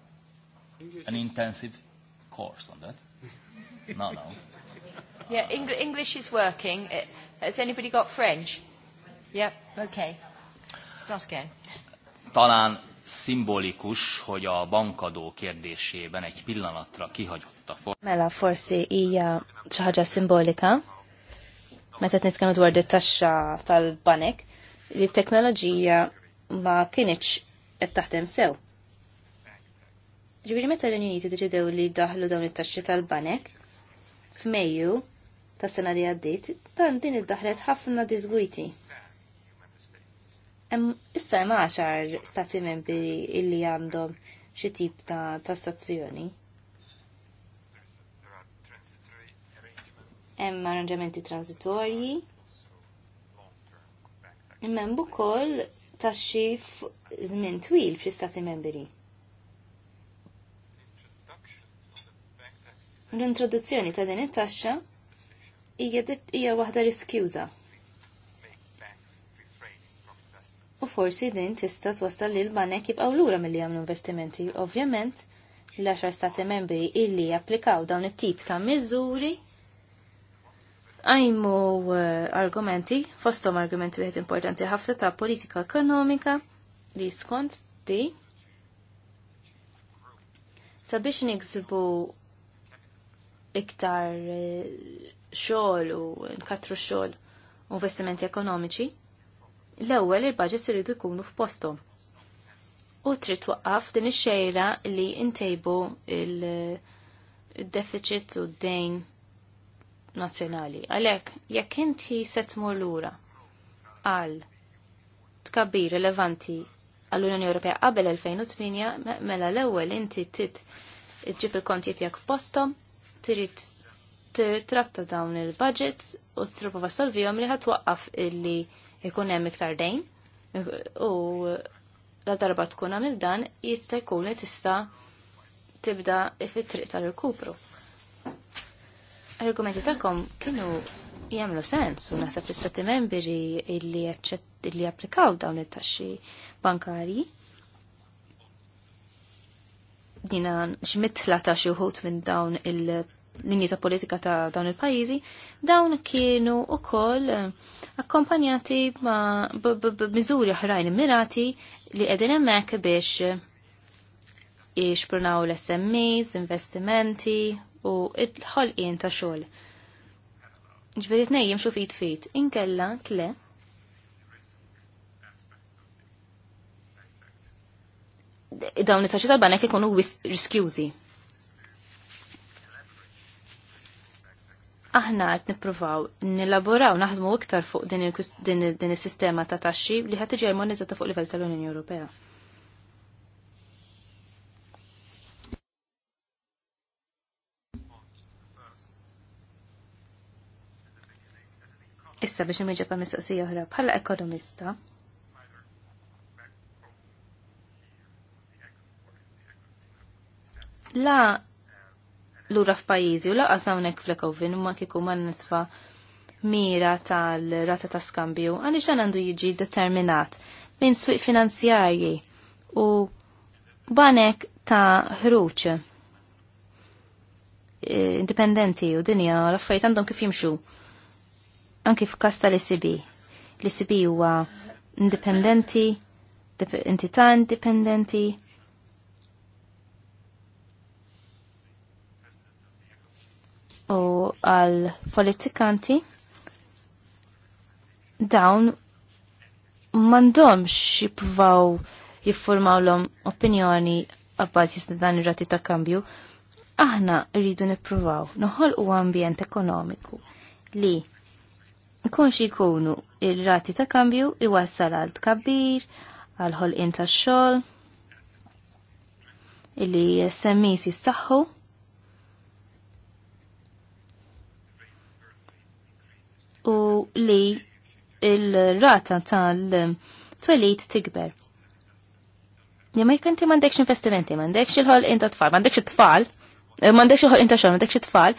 an intensive course on that. no, no. Yeah, Eng English is working. It, uh, has anybody got French? Yep, okay. Start again. Talán szimbolikus, hogy a bankadó kérdésében egy pillanatra kihagyott a for. Mela forsi hija xi szimbolika, mert Meta nitkellmu dwar it-taxxa tal-banek, li t-teknoloġija ma kienieċ qed taħdem sew. Ġibiri meta l-Uniti deċidew li daħlu dawn it-taxxi tal-banek f'Mejju tas sena li għaddit, dan din id-daħlet ħafna Hemm Issa hemm għaxar stati membri illi għandhom xi tip ta' tassazzjoni. Hemm arranġamenti transitorji, Imman bukoll taxxi f'żmien twil f'xi stati membri. L-introduzzjoni ta' din it-taxxa hija waħda riskjuża. U forsi din tista' twassal lil banek jibqgħu lura milli jagħmlu investimenti. Ovvjament, l għaxar stati membri illi japplikaw dawn it-tip ta' miżuri għajmu uh, argumenti, fostom argumenti wieħed importanti ħafna ta' politika ekonomika li skont di sabiex niksbu iktar uh, xogħol u nkatru xogħol u investimenti ekonomiċi, l-ewwel il-budgets iridu jkunu f'postom. U trid twaqqaf din ix-xejra li ntejbu il-deficit u d-dejn nazzjonali. Għalhekk jekk inti se tmur lura għal tkabbir rilevanti għall-Unjoni Ewropea qabel 2008 mela l-ewwel inti tit ġib il-kontijiet jekk f'posthom, trid tirtratta dawn il-budgets u t-trupa solvijom li ħatwaqqaf illi ikun hemm iktar dejn u la darba tkun għamil dan jista' jkun li tista' tibda fit-triq tal-rkupru. Argumenti tagħkom kienu jagħmlu sens u naħseb l-istati membri illi li applikaw dawn it-taxxi bankarji. Dina xmitla ta' xi wħud minn dawn il-linji ta' politika ta' dawn il-pajjiżi, dawn kienu ukoll akkompanjati ma' mizuri oħrajn immirati li qegħdin hemmhekk biex ixprunaw l-SMEs, investimenti, u it ħolqien ta' xogħol. Ġveri tnej jimxu fit fit, inkella tle. Dawn it-taxxi tal-banek ikunu riskjużi. aħna qed nippruvaw nilaboraw naħdmu iktar fuq din is-sistema ta' taxxi li ħad iġi armonizzata fuq livell tal-Unjoni Ewropea. Issa biex imieġa pa mistoqsija oħra bħala ekonomista. La lura f'pajjiżi u laqqas hawnhekk fl-ekovin ma kieku ma nitfa' mira tal-rata ta' skambju għaliex xan għandu jiġi determinat minn swieq finanzjarji u banek ta' ħruċ eh, indipendenti u dinja l-affarijiet għandhom kif jimxu anki f'kasta tal-ECB. l sibi huwa indipendenti, entità indipendenti, u għal politikanti dawn mandomx jipvaw jiffurmaw l-om opinjoni għabbażi ta' dan ir-rati ta' kambju, aħna rridu nippruvaw noħol u ambjent ekonomiku li ikunx ikunu il-rati ta' kambju iwassal għal tkabbir, għal ħolqien ta' xogħol illi semmis jissaħħu. U li il-rata tal-twelit tikber. Ja ma jkunti mandekx investimenti, mandekx il-ħol inta tfal, mandekx it-tfal, eh, mandekx il-ħol inta xogħol, mandekx it-tfal.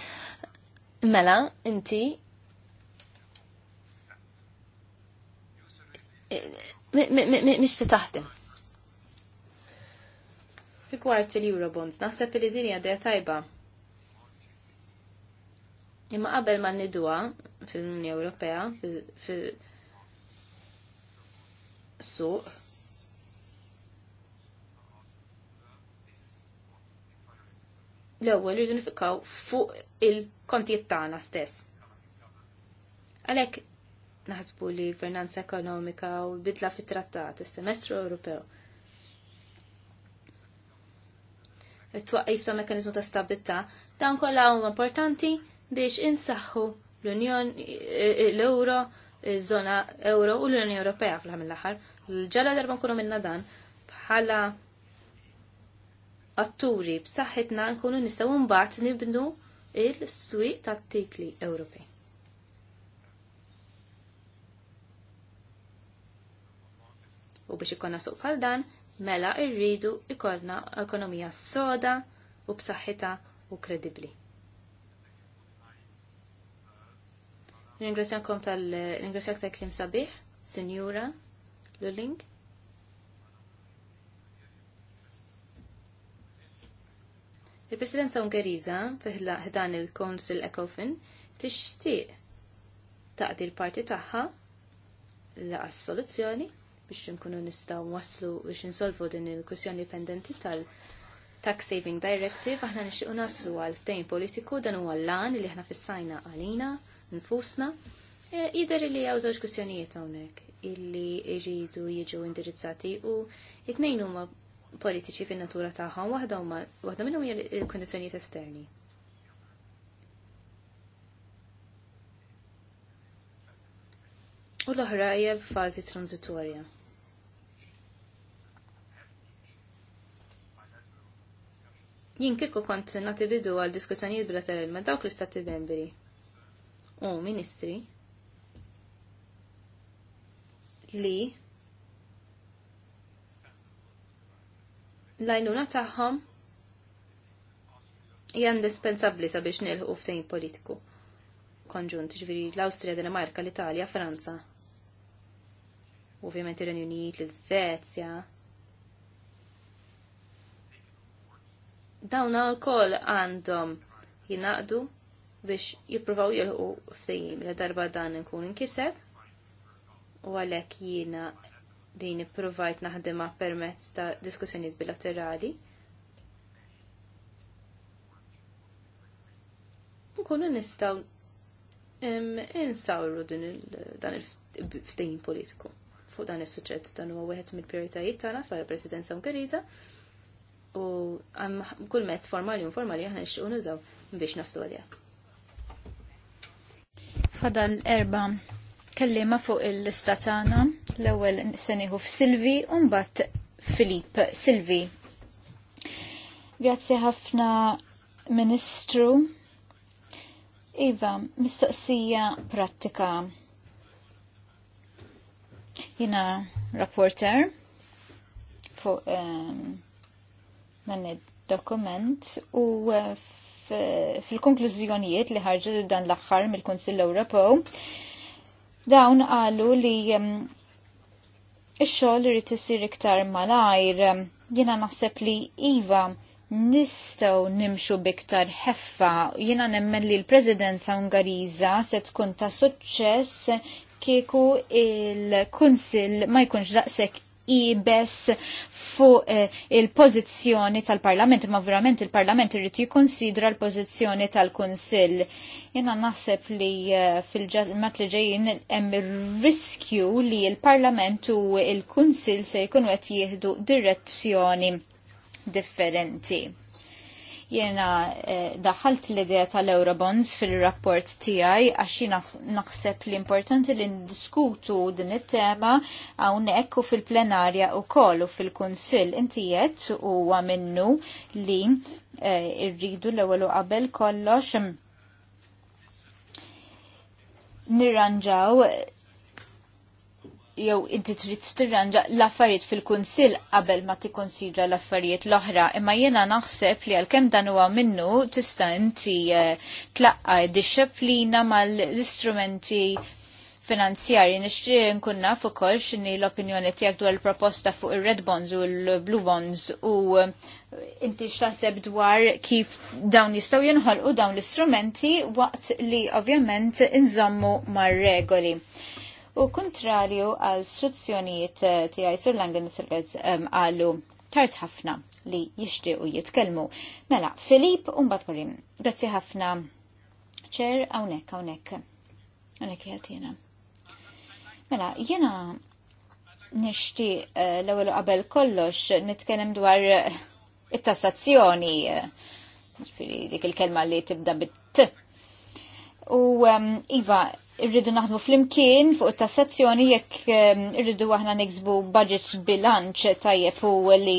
Mela, inti miex ti taħdem. Rigward il-Eurobonds, naħseb li din hija tajba. Imma qabel ma nidwa fil-Unjoni Ewropea fil-suq, l-ewwel jiġu fuq il-kontijiet tagħna stess. Għalhekk naħsbu li gvernanza ekonomika u bidla fit trattat is-semestru Ewropew. It-twaqif ta' mekanizmu ta' stabilità dan kollha huma importanti biex insaħħu l-Unjon eh, l-Euro, żona Euro u l-Unjoni Ewropea fl l aħħar Ġala darba nkunu minna dan bħala atturi b'saħħitna nkunu nistgħu mbagħad nibnu il-stwiq tat-titli Ewropej. u biex ikonna suq bħal dan, mela irridu ikonna ekonomija soda u b'saħħitha u kredibbli. Ringrazzjakom tal-ringrazzjak ta' klim sabiħ, Sinjura Lulling. Il-Presidenza Ungeriża fiħdan il-Council Ecofin tixtieq taqdi l-parti tagħha laqas soluzzjoni biex nkunu nistaw waslu biex insolvu din il-kwestjoni pendenti tal-Tax Saving Directive, aħna nixtiequ naslu għal ftejn politiku dan huwa l-lan li aħna fissajna għalina, nfusna. E, Jider li għaw żewġ kwestjonijiet hawnhekk illi jridu jiġu indirizzati u it-tnejn huma politiċi fin-natura tagħhom waħda huma waħda minnhom hija l esterni. U l-oħra hija fażi transitorja. Jien kieku kont nati bidu għal diskussjonijiet bilaterali ma' dawk l-istati membri. U ministri li l-għajnuna tagħhom hija indispensabbli sabiex nilħu ftejn politiku konġunt, ġviri l-Awstrija, Danimarka, l-Italja, Franza. Ovvijament ir-Renju Unit, l-Iżvezja, Dawn ukoll għandhom jinaqdu biex jippruvaw jilħu ftejjim li darba dan nkun nkiseb u għalhekk jiena din ippruvajt naħdimha permezz ta' diskussjonijiet bilaterali. Nkunu nistgħu insawru dan il-ftejn politiku fuq dan is-suġġett dan huwa wieħed mill-prijoritajiet tagħna fl-Presidenza Ungeriża u kull mezz formali u informali aħna nixtiequ nużaw biex naslu Fadal erba kellima fuq il-listatana l-ewwel seniħu f'Silvi u mbagħad Filip Silvi. Grazzi ħafna Ministru. Iva, mistoqsija prattika. Jina rapporter fuq um, dan id-dokument u eh, fil-konklużjonijiet li ħarġu dan l-aħħar mill-Kunsill Ewropew dawn qalu li mm, ix-xogħol irid isir iktar malajr jiena naħseb li iva nistgħu nimxu biktar ħeffa jiena nemmen li l-Presidenza Ungariża se tkun ta' suċċess kieku il-Kunsill ma jkunx daqshekk ibes fuq eh, il-pozizjoni tal-Parlament, ma verament il-Parlament irrid jikkonsidra l-pozizjoni tal-Kunsill. Jena naħseb li eh, fil-mat li ġejjin hemm riskju li l-Parlament u l-Kunsill se jkunu qed jieħdu direzzjoni differenti. Jena eh, daħalt l-idea tal-Eurobonds fil-rapport tiegħi għax naħseb li importanti li ndiskutu din it-tema hawnhekk u fil-plenarja wkoll u fil-Kunsill. Inti qed huwa minnu li eh, irridu l-ewwel qabel kollox mm, nirranġaw jew inti trid tirranġa l-affarijiet fil-kunsill qabel ma tikkonsidra l-affarijiet l-oħra, imma jiena naħseb li għalkemm dan huwa minnu tista' inti eh, tlaqqa disċiplina mal-istrumenti finanzjari nixtri nkun naf ukoll x'inhi l-opinjoni tiegħek dwar il-proposta fuq ir-red bonds u l-blue bonds u eh, inti x'taħseb dwar kif dawn jistgħu jinħolqu dawn l-istrumenti waqt li ovvjament inżommu mar-regoli u kontrarju għal struzzjonijiet eh, tiegħi sur Langen Silvez għallu tard ħafna li jixtiequ jitkellmu. Mela, Filip Umbat Korim, grazzi ħafna ċer hawnhekk hawnhekk. Hawnhekk jagħtina. Mela, jiena nixtieq eh, l-ewwel qabel kollox nitkellem dwar eh, it-tassazzjoni. Dik il-kelma li tibda bit-t. U Iva, irridu naħdmu fl-imkien fuq tassazzjoni jekk ehm, irridu aħna niksbu budgets bilanċ tajjeb u li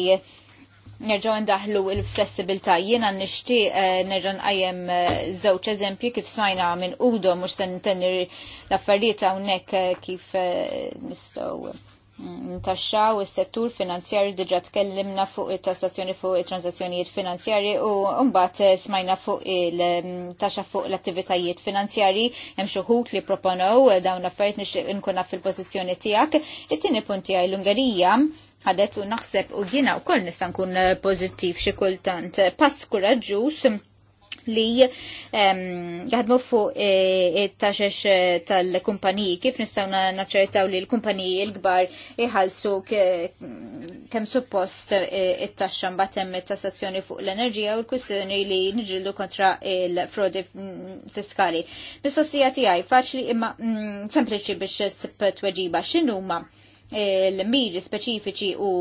nerġaw ndaħlu il-flessibilta jiena nishti eh, nerġan għajem zewċ eh, eżempju kif smajna minn Udo mux sen tenir l-affarijiet hawnhekk eh, kif nistgħu ntaxxaw is-settur finanzjarju diġà tkellimna fuq it-tassazzjoni fuq it-transazzjonijiet finanzjarji u mbagħad eh, smajna fuq il-taxxa mm, fuq l-attivitajiet finanzjarji hemm xi wħud li proponow eh, dawn l-affarijiet nixtieq inkun naf fil-pożizzjoni tiegħek. It-tieni punt tiegħi l-Ungerija ħadet u naħseb u jiena wkoll nista' nkun eh, pożittiv xi kultant pass kuraġġuż li jaħdmu fuq it-taxex e, e, e, tal-kumpaniji. Kif nistaw naċċertaw li l-kumpaniji l-kbar iħalsu kemm suppost it-taxxa mbagħad hemm tassazzjoni fuq l-enerġija u l-kwistjoni li niġildu kontra il-frodi fiskali. Mistoqsija tiegħi faċli imma sempliċi biex sib tweġiba x'inhuma l-miri speċifiċi u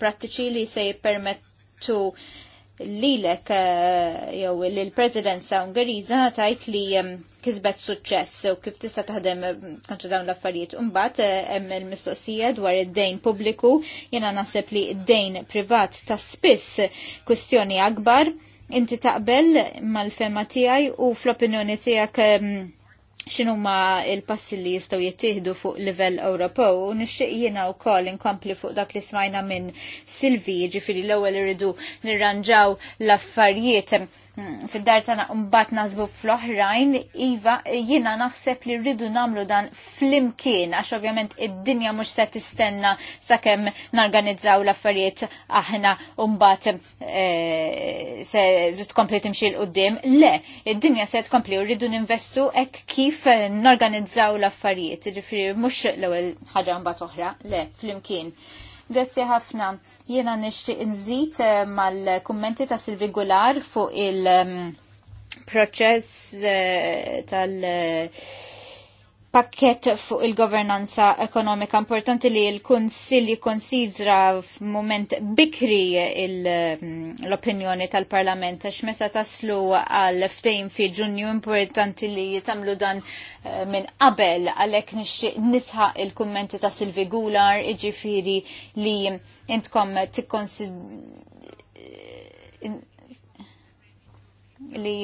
prattiċi li se jippermettu lilek eh, jew l-Presidenza Ungeriża tajt li kisbet suċċess u kif tista' taħdem kontra dawn l-affarijiet. Imbagħad eh, hemm il-mistoqsija dwar id-dejn pubbliku, jiena naħseb li id-dejn privat ta' spiss kwistjoni akbar. Inti taqbel mal-fema tiegħi u fl-opinjoni tiegħek xinu ma il-passi li jistaw jittihdu fuq livell Ewropew u nixtieq jiena wkoll inkompli fuq dak li smajna minn Silvi, ġifieri l-ewwel irridu nirranġaw l-affarijiet mm, fid-dar tagħna mbagħad nażbu fl-oħrajn, iva jiena naħseb li rridu nagħmlu dan flimkien għax ovvjament id-dinja mhux se tistenna sakemm narganizzaw l-affarijiet aħna u mbagħad eh, se tkompli timxi l qudiem Le, id-dinja se tkompli u rridu ninvestu hekk kif kif eh, norganizzaw l-affarijiet, ġifiri mux l-ewel ħagġa mbagħad oħra, le, flimkien. Grazzi ħafna. Jiena nixtieq nżid eh, mal-kummenti ta' Silvi Gular fuq il-proċess mm, eh, tal- pakket fuq il-governanza ekonomika importanti li l-Kunsill jikkonsidra f'mument bikri mm, l-opinjoni tal-Parlament għax meta taslu għal ftejn fi ġunju importanti li jitamlu dan eh, minn qabel għalhekk nixtieq nisħaq il-kummenti ta' Silvi Gular iġifieri li intkom tikkonsid li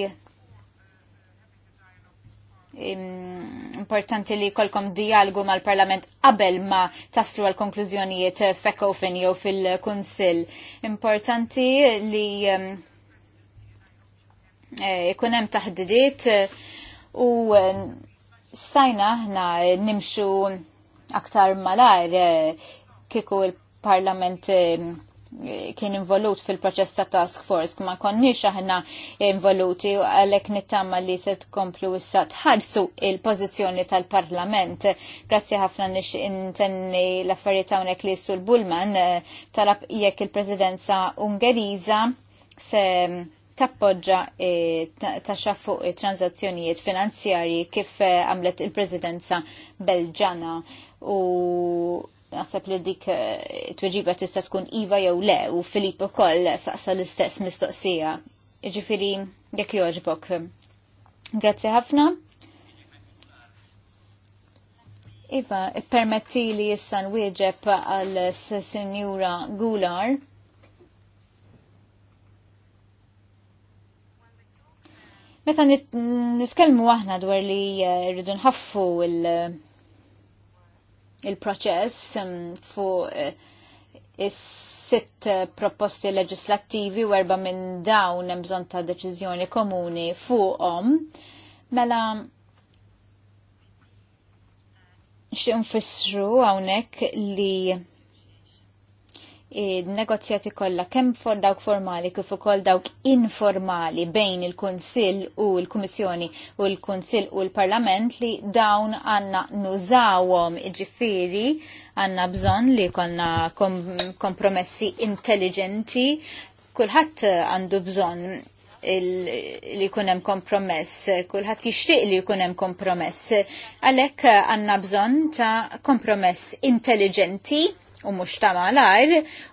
importanti li kolkom dialogu mal-parlament qabel ma taslu għal konklużjonijiet fekofen jew fil-kunsil. Importanti li e, ikunem hemm taħdidiet e, u stajna aħna nimxu aktar malar e, kiku il-parlament kien involut fil-proċess ta' task force, ma konniex aħna involuti għalek nittama li se tkomplu issa tħarsu il-pozizjoni tal-parlament. Grazzi ħafna nix intenni l-affarijiet hawnhekk li sul Bullman eh, talab jekk il-Presidenza ungeriza se tappoġġa eh, taxxa fuq transazzjonijiet finanzjarji kif eh, għamlet il-Presidenza Belġana u naħseb li dik eh, tweġiba tista' tkun Iva jew le u Filippo koll saqsa l-istess mistoqsija. Ġifiri, jekk joġbok. Grazzi ħafna. Iva, permetti li jissa nwieġeb għal Sinjura Gular. Meta nitkellmu aħna dwar li eh, rridu nħaffu il- il-proċess fuq eh, is-sitt eh, proposti leġislattivi u erba minn dawn hemm bżonn ta' deċiżjoni komuni fuqhom. Mela nixtieq nfissru hawnhekk li negozjati kollha kemm for dawk formali kif ukoll dawk informali bejn il-Kunsill u l-Kummissjoni u l-Kunsill u l-Parlament li dawn għandna nużawhom iġifieri għandna bżonn li konna kom kompromessi intelligenti kulħadd għandu bżonn li kunem kompromess, kullħat jixtieq li kunem kompromess. Għalhekk għandna bżonn ta' kompromess intelligenti u mux ta' malajr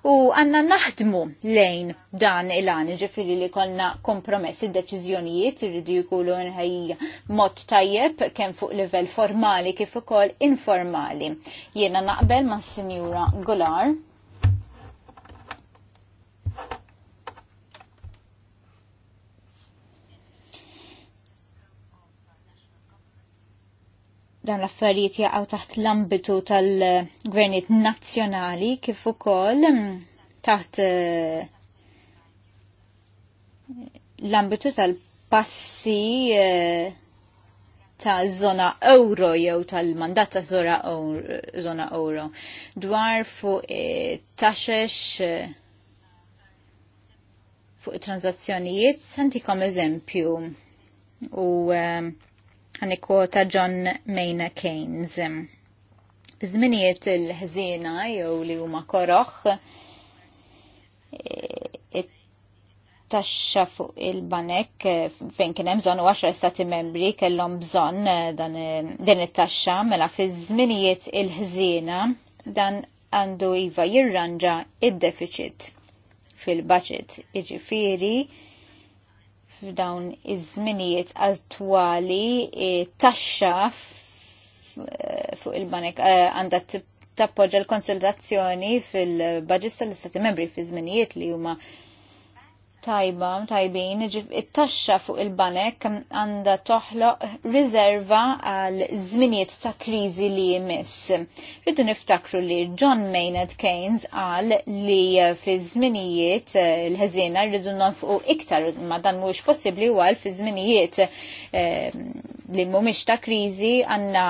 u għanna naħdmu lejn dan il-għan ġifiri li konna kompromess id-deċizjonijiet irridu jikulu nħajja mod tajjeb kemm fuq livell formali kif ukoll informali. Jiena naqbel ma' Sinjura Golar dawn l-affarijiet jaqgħu taħt l-ambitu tal-gvernijiet nazzjonali kif ukoll mm, taħt eh, l-ambitu tal-passi eh, ta' zona euro jew tal-mandat ta' zona euro, dwar fuq eh, taxex fuq transazzjonijiet santikom eżempju u Għanikota John Mayna Keynes. Bizminiet il ħzina jew li huma koroħ e, taxxa fuq il-banek e, fejn kien hemm bżonn u 10 stati membri kellhom bżonn e, dan din it-taxxa mela fi żminijiet il-ħżiena dan għandu iva jirranġa id-deficit fil-budget. Iġifieri f'dawn iż-żminijiet attwali e, taxxa e, fuq il-banek e, għandha tappoġġa l konsultazzjoni fil-baġista tal istati membri fi żminijiet li huma tajba, tajbin, it-taxxa fuq il-banek għanda toħloq riserva għal żminijiet ta' kriżi li jmiss. Rridu niftakru li John Maynard Keynes għal li fi żminijiet eh, l ħazina rridu nonfqu iktar ma dan mux possibbli u għal fi żminijiet eh, li mhumiex ta' kriżi għanna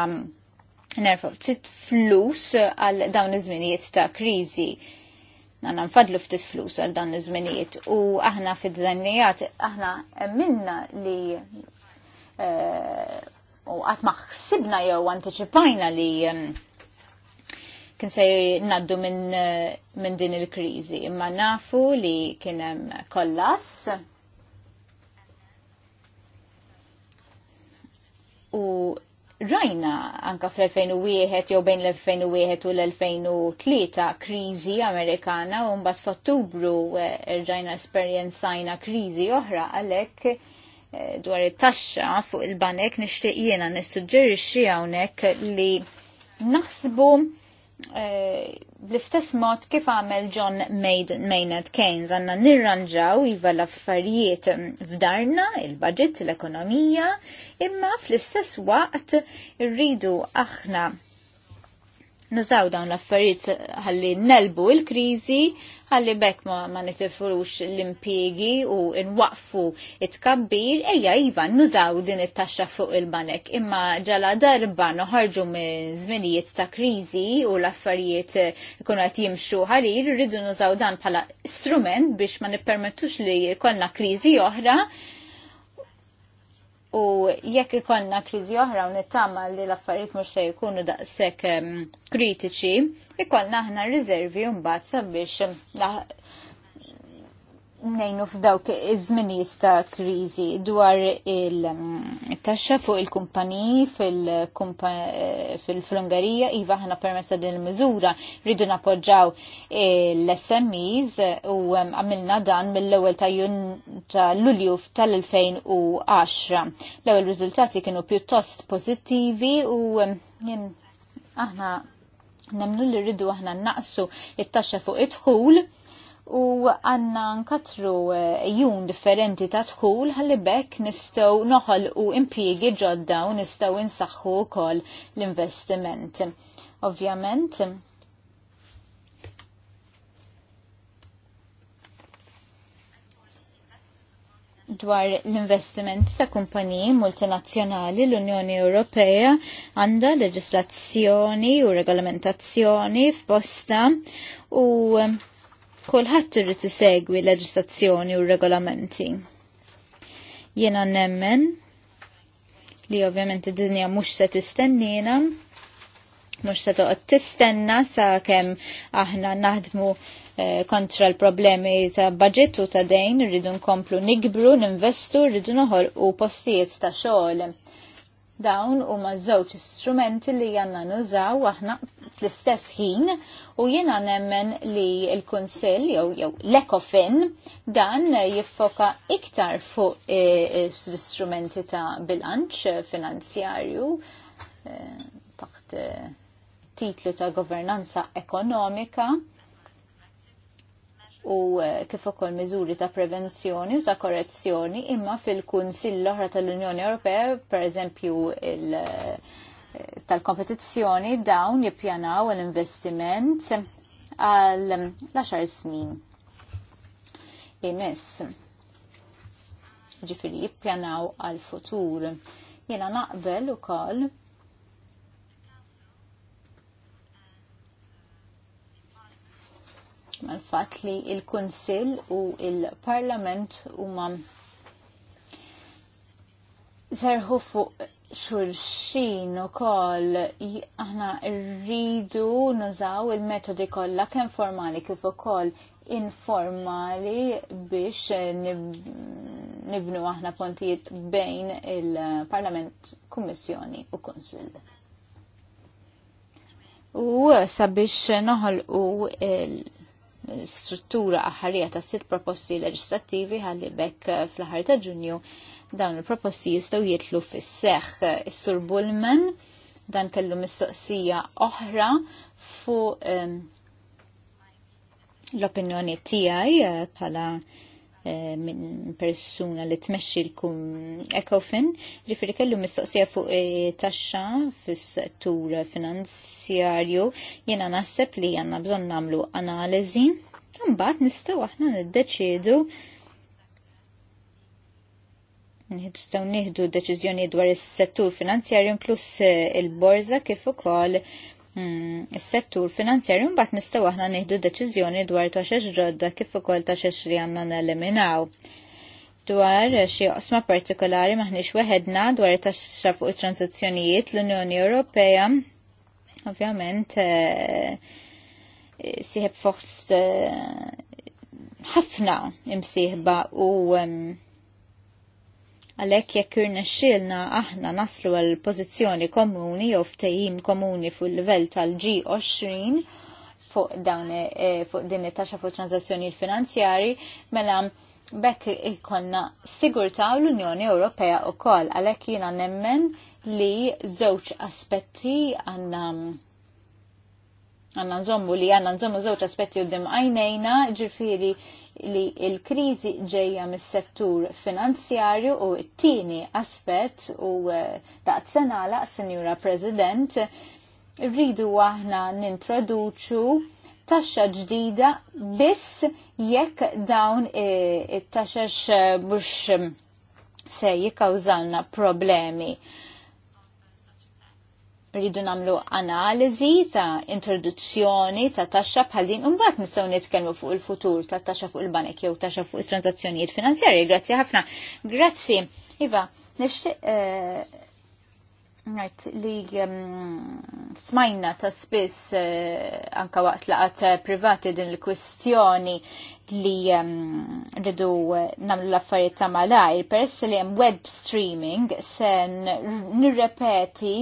nerfu ftit flus għal dawn iż-żminijiet ta' kriżi għanna nfadlu ftit flus għal dan iż-żminijiet u aħna fid-żennijat aħna minna li eh, u qatt ma ħsibna jew antiċipajna li kien se naddu eh, minn din il-kriżi imma nafu li kien hemm u rajna anka fl-2001 jew bejn l-2001 u l-2003 kriżi Amerikana u mbagħad f'Ottubru eh, rġajna esperjenzajna kriżi oħra għalhekk eh, dwar it-taxxa fuq il-banek nixtieq jiena nissuġġerixxi hawnhekk li naħsbu Eh, bl-istess mod kif għamel John Maynard Keynes għanna nirranġaw iva l-affarijiet mm, f'darna, il-budget, l-ekonomija, imma fl-istess waqt rridu aħna nużaw dawn l-affarijiet ħalli nelbu il-krizi ħalli bekk ma, ma nitifrux l-impiegi u nwaqfu it-kabbir, eja iva nużaw din it-taxxa fuq il-banek. Imma ġala darba noħarġu minn żminijiet ta' kriżi u l-affarijiet ikunu qed jimxu ħarir, rridu nużaw dan bħala strument biex ma nippermettux li jkollna kriżi oħra u jekk ikollna kriżi oħra u nittama li l-affarijiet mhux se jkunu daqshekk ehm, kritiċi, ikollna aħna riservi mbagħad sabiex ehm, nejnu f'dawk iż-żminijiet ta' kriżi dwar il-taxxa mm, fuq il-kumpaniji fil-Ungarija eh, iva ħana permezz din il-miżura rridu napoġġaw l-SMEs u għamilna dan mill-ewwel ta' jun ta' Lulju tal-2010. L-ewwel riżultati kienu pjuttost pożittivi u jien aħna nemnu li rridu aħna naqsu it-taxxa fuq id-dħul u għanna nkatru e, jun differenti ta' tħul għalli bekk nistaw noħol u impiegi ġodda u nistaw insaxħu kol l-investiment. Ovvjament, dwar l-investiment ta' kumpaniji multinazzjonali l-Unjoni Ewropea għandha leġislazzjoni u regolamentazzjoni f'posta u Kulħadd irid isegwi leġistazzjoni u regolamenti. Jiena nemmen li ovvjament id-dinja mhux se tistennina, mhux se toqgħod tistenna sakemm aħna naħdmu eh, kontra l-problemi ta' budget u ta' dejn, rridu nkomplu nikbru, ninvestu, rridu noħol u postijiet ta' xogħol. Dawn huma żewġ strumenti li għandna nużaw aħna fl-istess ħin u jiena nemmen li l-Kunsill jew jew l-Ekofin dan jiffoka iktar fuq eh, eh, l-istrumenti ta' bilanċ finanzjarju eh, taħt titlu ta' governanza ekonomika u eh, kif ukoll miżuri ta' prevenzjoni u ta' korrezzjoni imma fil-Kunsill l-oħra tal-Unjoni Ewropea, pereżempju il- eh, tal-kompetizzjoni dawn jippjanaw l-investiment għal l-10 snin. Imess, ġifiri jippjanaw għal-futur. Jena naqbel u koll mal-fat li il-Kunsill u il-Parlament huma serħu fuq xulxin u koll aħna rridu nużaw il-metodi kollha kemm formali kif ukoll informali biex nibnu aħna pontijiet bejn il-Parlament, Kummissjoni u Kunsil. U sabiex noħol u il struttura aħħarija ta' sitt proposti leġislattivi ħalli bekk eh, fl-aħħar ta' ġunju dawn il-proposti jistgħu jitlu fis-seħħ eh, is-Sur Bullman dan kellu mistoqsija oħra fuq eh, l-opinjoni tiegħi bħala uh, Eh, minn persuna li tmexxi l-kum ECOFIN, ġifiri kellu mistoqsija fuq eh, taxxa fis-settur finanzjarju, jena naħseb li għanna bżon namlu analizi, mbagħad nistgħu aħna niddeċiedu Nistgħu nieħdu deċiżjoni dwar is-settur finanzjarju inkluż eh, il-borza kif ukoll Hmm, is-settur finanzjarju mbagħad nistgħu aħna nieħdu deċiżjoni dwar ta' xex ġodda kif ukoll ta' xex li għandna neliminaw dwar xi qosma partikolari maħniex weħedna dwar taxxa fuq it tranzizzjonijiet l-Unjoni Ewropea ovvjament eh, eh, siħeb fost eh, ħafna imsieħba u Għalhekk jekk irnexxielna aħna naslu għal pożizzjoni komuni jew ftejim komuni fuq il-livell tal-G20 fuq dan e, fuq din it-taxxa fuq transazzjoni finanzjari mela bekk ikonna sigurta u l-Unjoni Ewropea u kol, għalek jina nemmen li zoċ aspetti għanna għanna nżommu li għanna nżommu zoċ aspetti u dim għajnejna, ġifiri li il-krizi ġeja mis-settur finanzjarju u t-tini aspet u eh, daqt senala, Senjura President, rridu aħna nintroduċu taxxa ġdida biss jekk dawn eh, it-taxxax mhux se jikkawżalna problemi rridu namlu analizi ta' introduzzjoni ta' taxxa bħal din imbagħad nistgħu nitkellmu fuq il-futur ta' taxxa fuq il-banek jew taxxa fuq it-transazzjonijiet finanzjarji. Grazzi ħafna. Grazzi. Iva, nixtieq Right, eh, li um, smajna ta' spiss uh, anka waqt laqat eh, privati din l-kwistjoni li um, mm, ridu namlu l-affarijiet ta' malajr, peress li hemm web streaming sen nirrepeti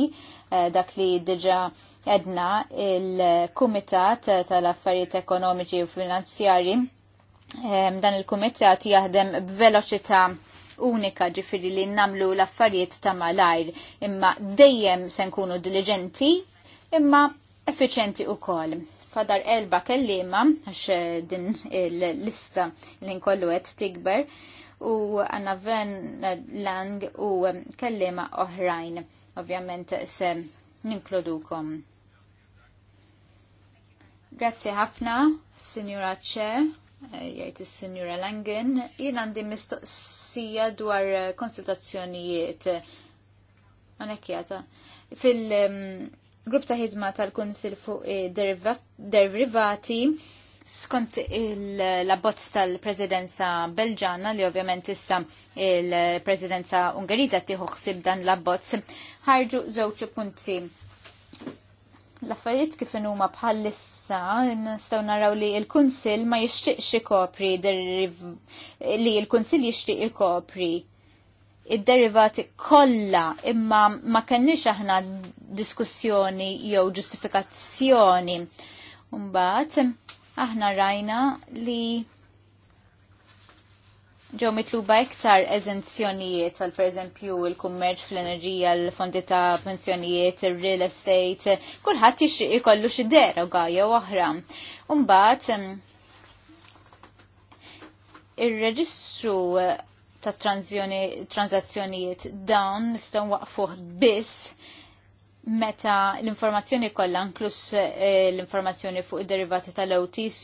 Eh, dak li diġa edna il-Kumitat tal-Affarijiet Ekonomiċi u Finanzjari. Dan il-Kumitat jaħdem b'veloċità unika ġifiri li namlu l-affarijiet ta' malajr imma dejjem se nkunu diligenti imma efficienti u kol. Fadar elba kellima għax din l-lista li nkollu qed tikber u Anna Ven Lang u um, kellima oħrajn. Ovvjament se ninkludukom. Grazzi ħafna, Signora Che eh, jgħajt il Signora Langen, jien għandi mistoqsija dwar eh, konsultazzjonijiet għanekjata. Fil-grupp um, ta' ħidma tal-Konsil fuq eh, derivati, skont l-abbozz tal-Presidenza Belġana li ovvjament issa il-Presidenza Ungeriża tieħu ħsieb dan l-abbozz ħarġu żewġ punti l-affarijiet kif huma bħalissa nistgħu naraw li l-Kunsill ma jixtieqx ikopri li l-Kunsill jixtieq ikopri id-derivati kollha imma ma kenniex aħna diskussjoni jew ġustifikazzjoni. Mbagħad aħna rajna li ġew mitluba iktar eżenzjonijiet għal pereżempju il-kummerċ fl-enerġija, l-fondi ta' pensjonijiet, il-real estate, kulħadd ikollu xi deroga jew oħra. Umbat, ir-reġistru eh, ta' tranzazzjonijiet dawn nistgħu waqfuħ biss meta l-informazzjoni kollha inkluż eh, l-informazzjoni fuq id-derivati tal-OTC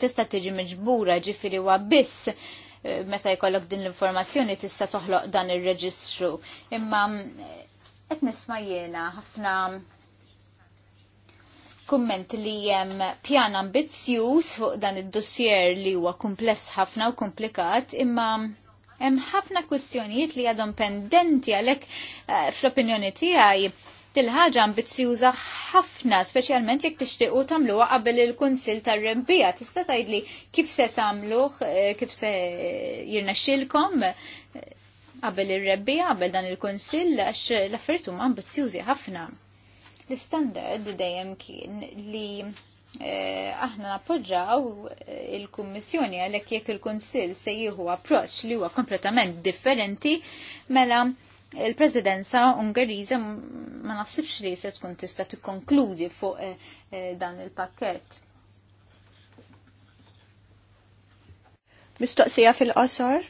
tista' tiġi miġbura ġifieri wa biss eh, meta jkollok din l-informazzjoni tista' toħloq dan ir-reġistru. Imma eh, qed nisma' jiena ħafna kumment li jem pjan ambizzjuż fuq dan id-dossier li huwa kumpless ħafna u komplikat imma Hemm ħafna kwistjonijiet li għadhom pendenti għalhekk eh, fl-opinjoni tiegħi tilħaġa ambizjuża ambizzjuża ħafna, speċjalment jekk tixtiequ tagħmluha qabel il-Kunsill tar-Rebbija. Tista' tgħidli kif se tagħmluh, eh, kif se jirnexxilkom eh, qabel ir-rebbija, qabel dan il-Kunsill għax l-affarijiet huma ambizjużi ħafna. L-istandard dejjem kien li Eh, aħna nappoġġaw eh, il-Kummissjoni għalhekk jekk il-Kunsill se jieħu approċċ li huwa kompletament differenti mela il-Presidenza Ungeriża ma naħsibx li se tkun tista' tikkonkludi fuq eh, dan il-pakkett. Mistoqsija fil-qosor?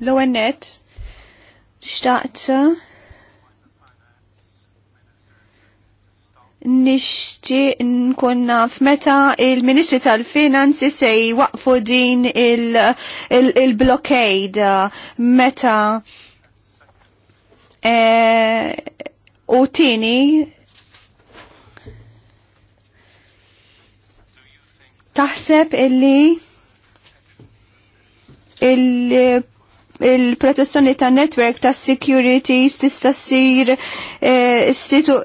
L-ewwel xtaqt Nixtieq nkun naf meta il-Ministri tal-Finanzi se jwaqfu din il-blockade il il meta e, u tini taħseb illi il il-protezzjoni ta' network ta' securities tista' ssir eh,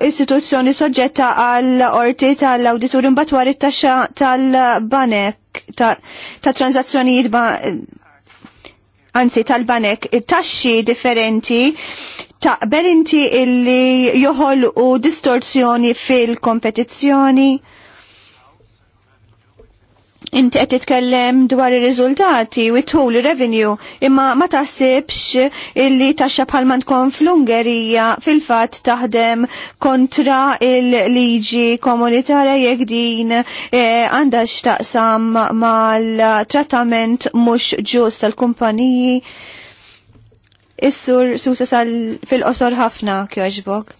istituzzjoni soġġetta għal orti tal-awditur imbagħad it-taxxa tal-banek ta', ta tranzazzjonijiet anzi tal-banek taxxi differenti ta' berinti illi joħolqu distorsjoni fil-kompetizzjoni? inti qed titkellem dwar ir-riżultati u tul revenue imma ma taħsibx illi taxxa bħalma tkun fl-Ungerija fil-fatt taħdem kontra il-liġi komunitarja jekk din eh, għandha x'taqsam mal-trattament mhux ġust tal-kumpaniji. Is-sur susa sal fil-qosor ħafna kjoġbok.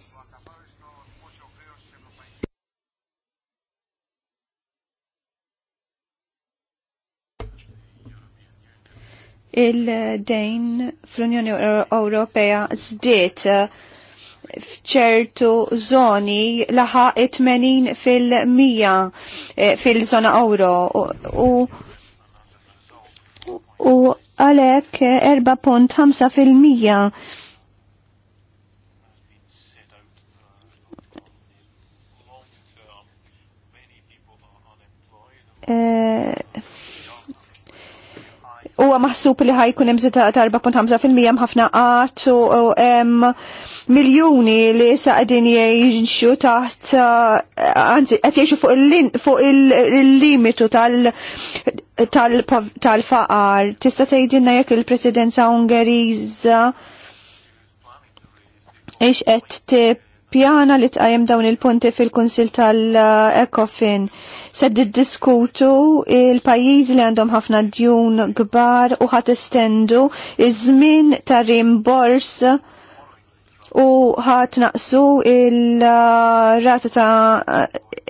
il-dejn fl-Unjoni Ewropea zdiet eh, fċertu zoni laħa 80 fil-100 eh, fil-zona euro u u għalek 4.5 fil-mija eh, huwa maħsub li ħajkun hemm ta' 4.5% ħafna qatt u hemm miljuni li sa għedin jgħixu taħt eh, anzi qed jgħixu fuq il-limitu tal tal-faqar. Tista' tgħidilna jekk il-Presidenza Ungeriża ix qed Pjana li tqajem dawn il-punti fil-Kunsil tal-Ekofin. Se diskutu il-pajjiżi li għandhom ħafna djun kbar u ħat istendu iż-żmien ta' rimbors u ħat naqsu il-rata ta'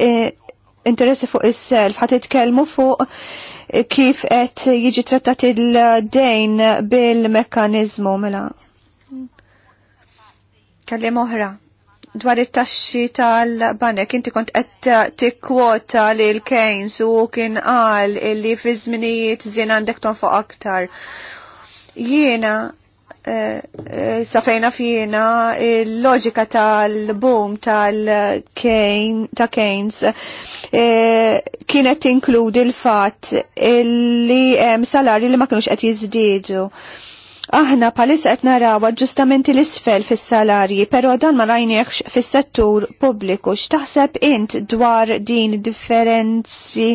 e, interessi fuq is-self, ħat itkellmu fuq kif qed jiġi trattat il-dejn bil-mekkanizmu mela. Kallim oħra dwar it-taxxi tal-banek, inti kont qed tikkwota li l-Keynes u kien qal li fi żminijiet żien għandek tonfoq aktar. Jiena eh, eh, safejna fjena il-loġika tal-boom tal-Keynes eh, kienet tinkludi l-fat li salari li ma kienux qed jiżdiedu Aħna palis qed naraw aġġustamenti l-isfel fis-salarji, però dan ma rajniex fis-settur pubbliku. X'taħseb int dwar din differenzi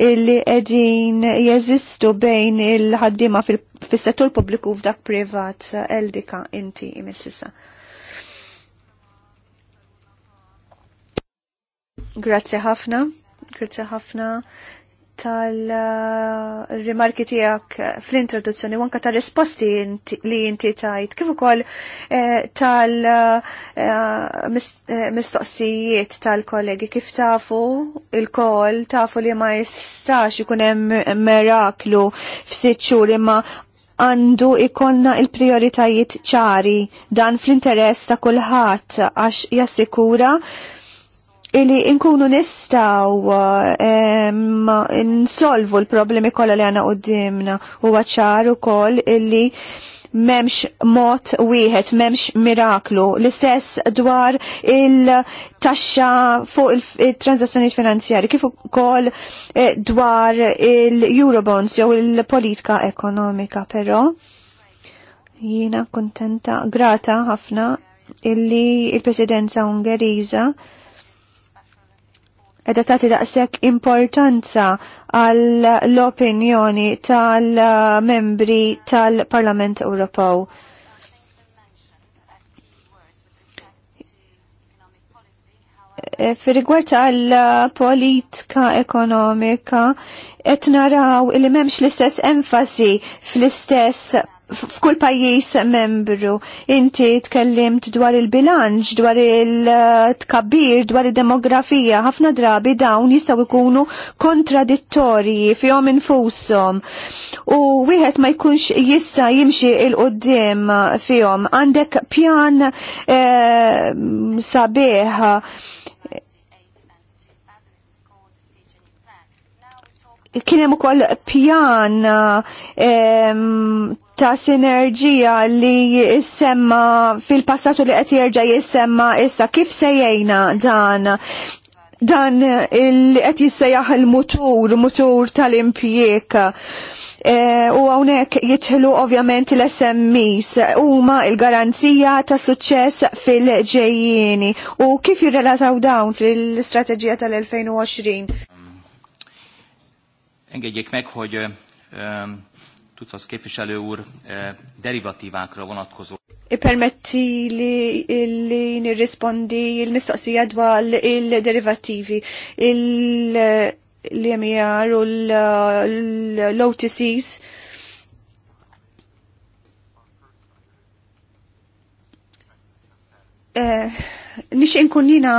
li qegħdin jeżistu bejn il-ħaddiema fis-settur pubbliku f'dak privat eldika inti imissisa. Grazzi ħafna, grazzi ħafna tal-rimarki tijak fl-introduzzjoni, wanka tal-risposti li inti tajt, kif ukoll eh, tal-mistoqsijiet eh, eh, tal-kollegi, kif tafu il-kol, tafu li ma jistax ikunem meraklu f'sitxu li ma għandu ikonna il-prioritajiet ċari dan fl-interess ta' kulħadd għax jassikura illi inkunu nistaw eh, insolvu l-problemi kolla li għana u dimna u għacċar kol illi memx mot wieħed, memx miraklu. L-istess dwar il-taxxa fuq il-transazzjonijiet finanzjari, kif ukoll eh, dwar il-Eurobonds jew il-politika ekonomika, però jiena kuntenta, grata ħafna illi il-Presidenza Ungeriża edha tagħti daqshekk importanza għall-opinjoni tal-membri tal-Parlament Ewropew. E, fir-rigward tal-politika ekonomika, qed naraw li m'hemmx l-istess enfasi fl-istess f'kull pajjiż membru. Inti tkellimt dwar il-bilanċ, dwar il-tkabbir, dwar il-demografija, ħafna drabi dawn jistgħu jkunu kontradittorji fihom infushom. U wieħed ma jkunx jista' jimxi il qudiem fihom. Għandek pjan e, sabiħ Kien hemm ukoll pjan ta' sinerġija li semma fil-passatu li qed jerġa' jissemma issa kif sejjena dan dan il qed jissejjaħ il-mutur, mutur tal-impjieg. E, u għonek jitħlu ovvjament l u huma il-garanzija ta' suċċess fil ġejjini u kif jirrelataw dawn fil strategija tal-2020? Engedjék meg, hogy Tucasz képviselő úr derivatívákra vonatkozó. Ipermetti li, li nirrispondi il-mistoqsija dwar il-derivativi, il li u l-OTCs Eh, nix inkun jina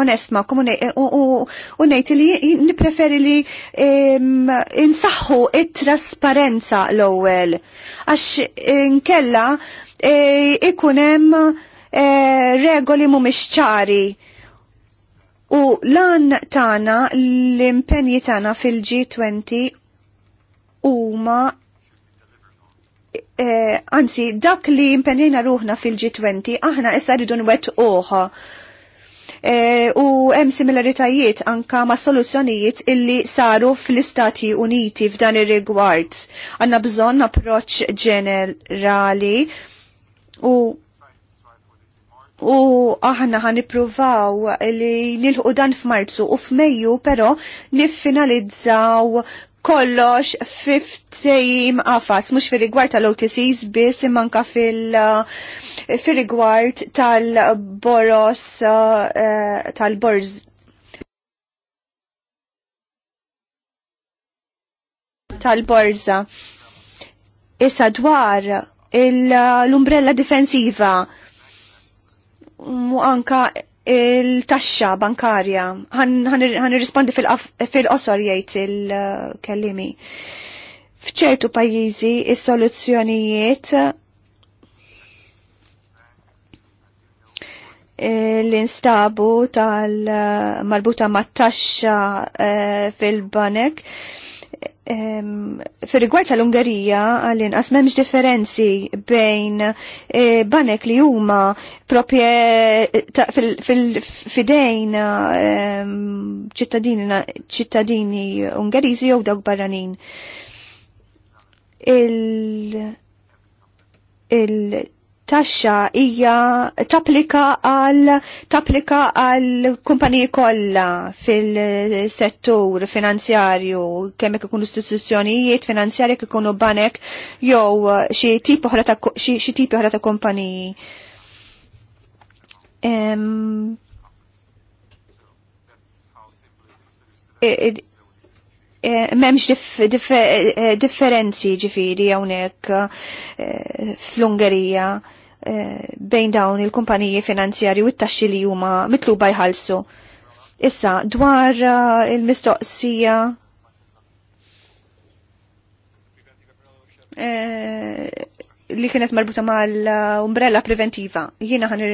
onest ma' kum u nejt li nipreferi li insaħħu it-trasparenza l-ewel. Għax eh, nkella eh, ikunem regoli mu ċari. U lan tana l-impenji tana fil-G20 huma eh, anzi dak li impenjena ruħna fil-G20 aħna issa rridu nwet uħa. Eh, u hemm similaritajiet anka ma' soluzzjonijiet illi saru fl-Istati Uniti f'dan ir-rigward. Għandna bżonn approċċ ġenerali u u aħna ħan nippruvaw li nilħu dan f'Marzu u f'Mejju però niffinalizzaw kollox fiftejim għafas, mux fil-rigward tal-OTCs bis manka fil-rigward uh, tal-boros uh, uh, tal-borz tal-borza. Issa dwar l-umbrella difensiva u anka il-taxxa bankarja. Għan rispondi fil-qosor jgħid il-kellimi. Fċertu pajjiżi is-soluzzjonijiet eh, l-instabu tal-marbuta mat-taxxa eh, fil-banek fil-rigward tal-Ungerija għallin inqas m'hemmx differenzi bejn eh, banek li huma propje fil-fidejn ċittadini Ungeriżi jew dawk barranin. Il- taxxa hija tapplika għal tapplika għal kumpaniji kollha fil-settur finanzjarju kemm hekk ikunu istituzzjonijiet finanzjarji kif ikunu banek jew xi tip oħra ta' xi tipi oħra ta' kumpaniji. Um, Eh, memx eh, differenzi ġifiri għonek eh, fl-Ungerija bejn dawn il-kumpaniji finanzjari u t-taxxi li huma mitluba bajħalsu. Issa, dwar il-mistoqsija li kienet marbuta mal-umbrella preventiva. Jiena ħan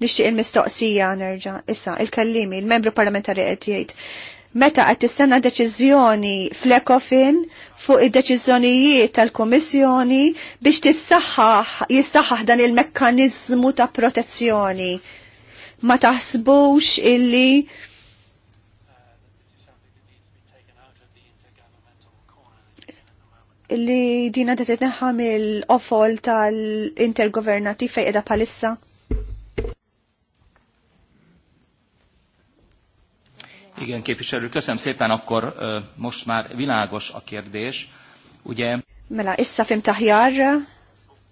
nixtieq il-mistoqsija nerġa' issa il-kallimi, il-membru parlamentari qed jgħid meta qed tistenna deċiżjoni fl-ECOFIN fuq id-deċiżjonijiet tal-Kummissjoni biex tissaħħaħ jissaħħaħ dan il-mekkaniżmu ta' protezzjoni. Ma taħsbux illi li dina da titneħħa mill-ofol tal-intergovernati fej edha palissa? Igen, képviselő, köszönöm szépen, akkor most már világos a kérdés, ugye? Mela, issa fim taħjar,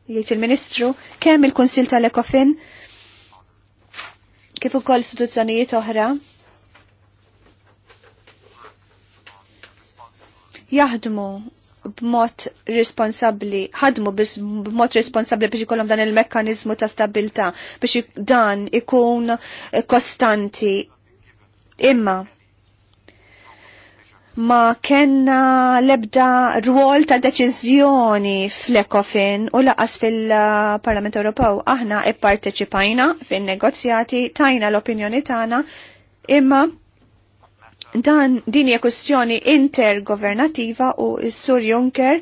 jgħid il-Ministru, kemm il-Kunsil tal-Ekofin, kif ukoll istituzzjonijiet oħra, jaħdmu b'mod responsabbli, ħadmu b'mod responsabbli biex ikollhom dan il mekkanizmu ta' stabilta, biex dan ikun kostanti. Imma ma kena lebda rwol ta' deċiżjoni fl ekofin u laqas fil-Parlament Ewropew. Aħna ipparteċipajna fin-negozjati, tajna l-opinjoni tagħna, imma dan din hija kwestjoni intergovernativa u s-Sur Juncker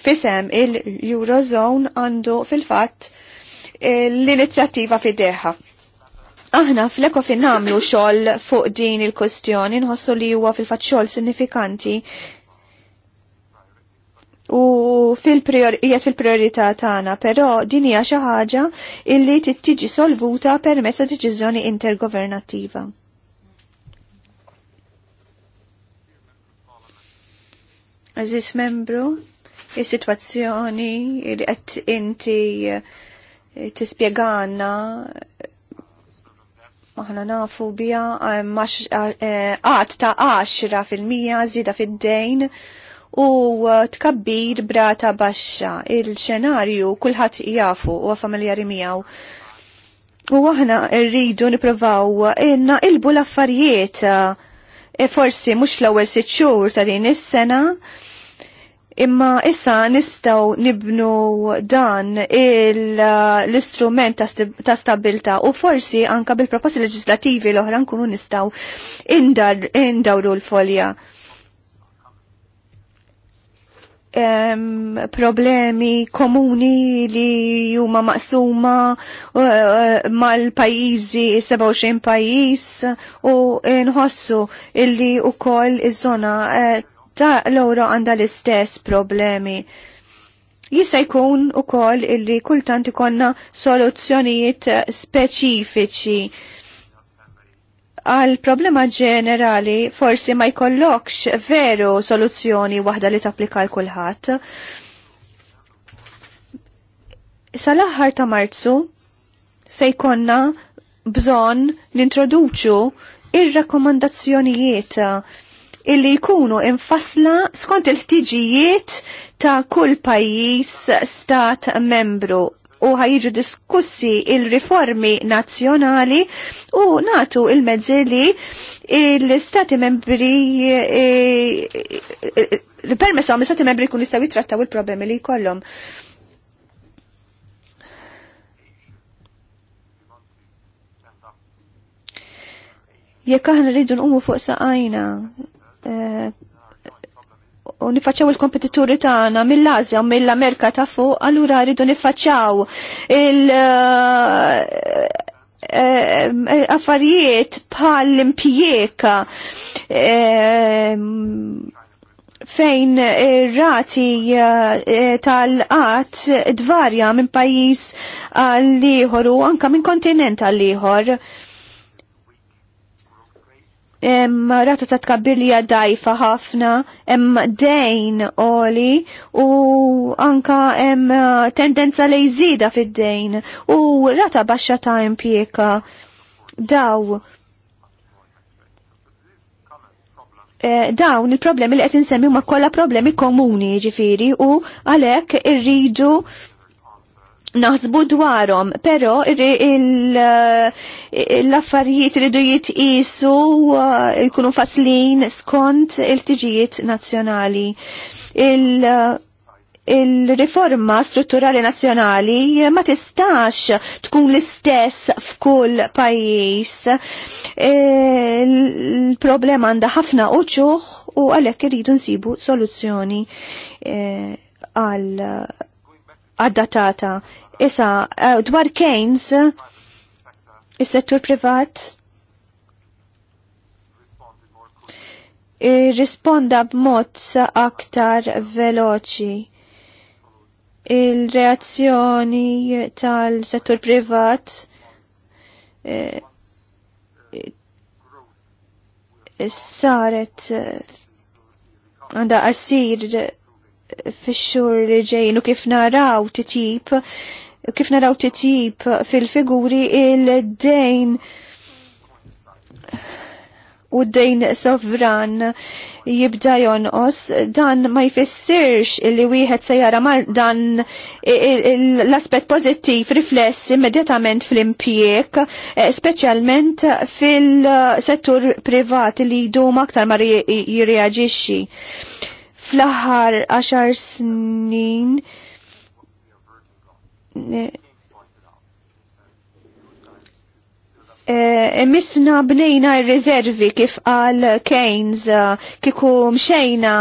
fisem il-Eurozone għandu fil-fatt l-inizjattiva fideħa. Aħna fl fin namlu xoll fuq din il-kustjoni, nħossu li huwa fil-fat xol sinifikanti u fil-priorijiet fil-priorità tagħna, però din hija xi ħaġa illi tittiġi solvuta permezz ta' deċiżjoni intergovernattiva. Aziz membru, is-sitwazzjoni li qed inti tispjegana Aħna nafu bija eh, eh, eh, għat ta' 10 fil-mija zida fid-dejn u tkabbir brata baxxa. Il-xenarju kulħadd jafu u familjari miegħu. U aħna rridu nippruvaw inna ilbu l-affarijiet e forsi mhux l-ewwel sitt xhur ta' din is-sena Imma issa nistaw nibnu dan uh, l-istrument ta' stabilta u forsi anka bil-proposti leġislativi l-oħra nkunu nistaw indawru l-folja. Um, problemi komuni li huma maqsuma uh, uh mal-pajizi, 27 pajiz u nħossu illi u koll iż-żona uh, ta' l ora għanda l-istess problemi. Jista' jkun ukoll illi kultant ikonna soluzzjonijiet speċifiċi għal problema ġenerali forsi ma jkollokx veru soluzzjoni waħda li tapplika l kulħadd. Sal-aħħar ta' Marzu se jkonna bżonn nintroduċu ir-rakkomandazzjonijiet illi jkunu infasla skont il-ħtiġijiet ta' kull pajjiż stat membru u ħajġu diskussi il-riformi nazzjonali u natu il-mezzi li l-stati membri l-permessa e, e, għom l-stati membri kun jistaw jitrattaw il-problemi li kollom. jekk aħna rridu nqumu fuq saqajna Eh, u nifacċaw il-kompetituri tagħna mill-Azja u mill-Amerika ta' fuq, allura rridu nifacċaw il- eh, eh, affarijiet bħal l fejn fejn rati tal-qat dvarja minn pajis għal-liħor u anke minn kontinent għal-liħor. Em, rata ta' li dajfa ħafna, hemm dejn oli u anka hemm tendenza li jżida fid-dejn u rata baxxa ta' impieka, daw. E, dawn il-problemi li qed insemmi ma kollha problemi komuni ġifiri u għalhekk irridu naħsbu dwarom, pero eh, l-affarijiet ridu jitqisu eh, jkunu faslin skont il-tiġijiet nazzjonali. Eh, il-riforma strutturali nazzjonali ma tistax tkun l-istess f'kull pajjiż. Il-problema għandha ħafna uċuħ u għalhekk irridu nsibu soluzzjoni għal għaddatata. Issa, eh, dwar Keynes, is-settur privat, risponda b'mod aktar veloċi. Il-reazzjoni tal-settur privat eh, saret eh, għanda għasir fix xur li ġejn u kif naraw titjib kif naraw titjib fil-figuri il-dejn u d-dejn sovran jibda jonqos, dan ma jfissirx li wieħed se jara ma dan l-aspet pozittiv rifless immedjatament fl-impjek, eh, speċjalment fil-settur privat li jdum aktar ma jirreagixxi fl-aħħar 10 snin e, Misna bnejna r-rezervi kif għal Keynes e, kiku mxejna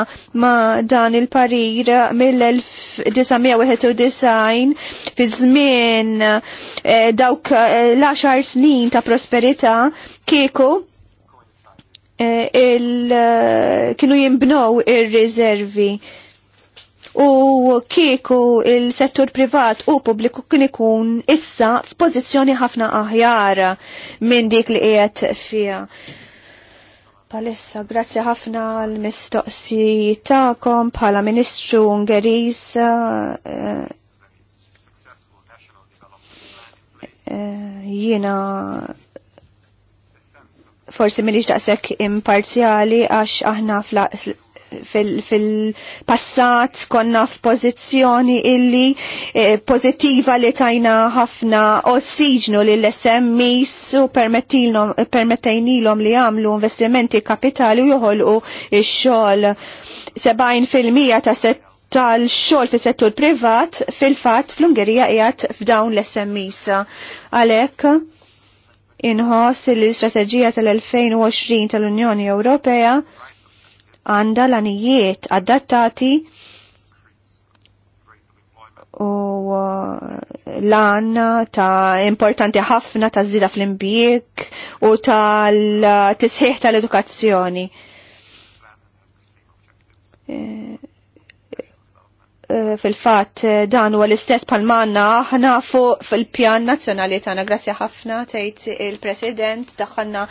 ma dan il-parir mill-1991 fi żmien e, dawk l-10 snin ta' prosperita kieku Eh, eh, kienu jimbnow ir-riservi u kieku il-settur privat u pubbliku kien ikun issa f'pożizzjoni ħafna aħjara minn dik li qiegħed fiha. Palissa, grazzi ħafna l-mistoqsi ta'kom bħala Ministru Ungeris uh, eh, uh, jiena forsi minix daqsek imparzjali għax aħna fil-passat fil konna f'pożizzjoni illi eh, pozittiva li tajna ħafna ossiġnu li l-SMIs u permettajnilom li għamlu investimenti kapitali u joħolqu ix-xogħol 70% ta' set tal-xol fi settur privat fil-fat fl-Ungerija jgħat f'dawn l-SMIs. Għalek, inħoss li l-istrateġija tal-2020 tal-Unjoni Ewropea għandha l-anijiet adattati u uh, l-għanna ta' importanti ħafna ta' zida fl-imbijek u tal-tisħiħ tal-edukazzjoni. Eh, Eh, fil-fat eh, dan huwa l-istess palmanna aħna fuq fil-pjan nazzjonali tagħna. Grazja ħafna tgħid il-President daħħalna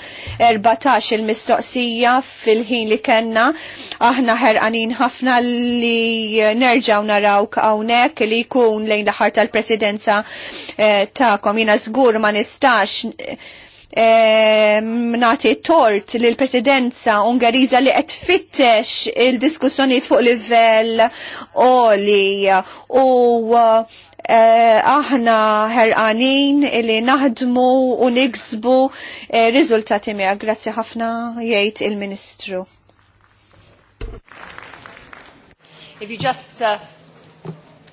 14 il-mistoqsija fil-ħin li kellna. Aħna ħerqanin ħafna li nerġgħu naraw hawnhekk li jkun lejn l-aħħar tal-Presidenza eh, tagħkom. komina żgur ma nistax nagħti tort lill presidenza Ungariża li qed tfittex il-diskussjonijiet fuq livell oli u eh, aħna ħerqanin li naħdmu u nigzbu rizultati eh, riżultati miegħek. Grazzi ħafna jgħid il-Ministru. If you just uh,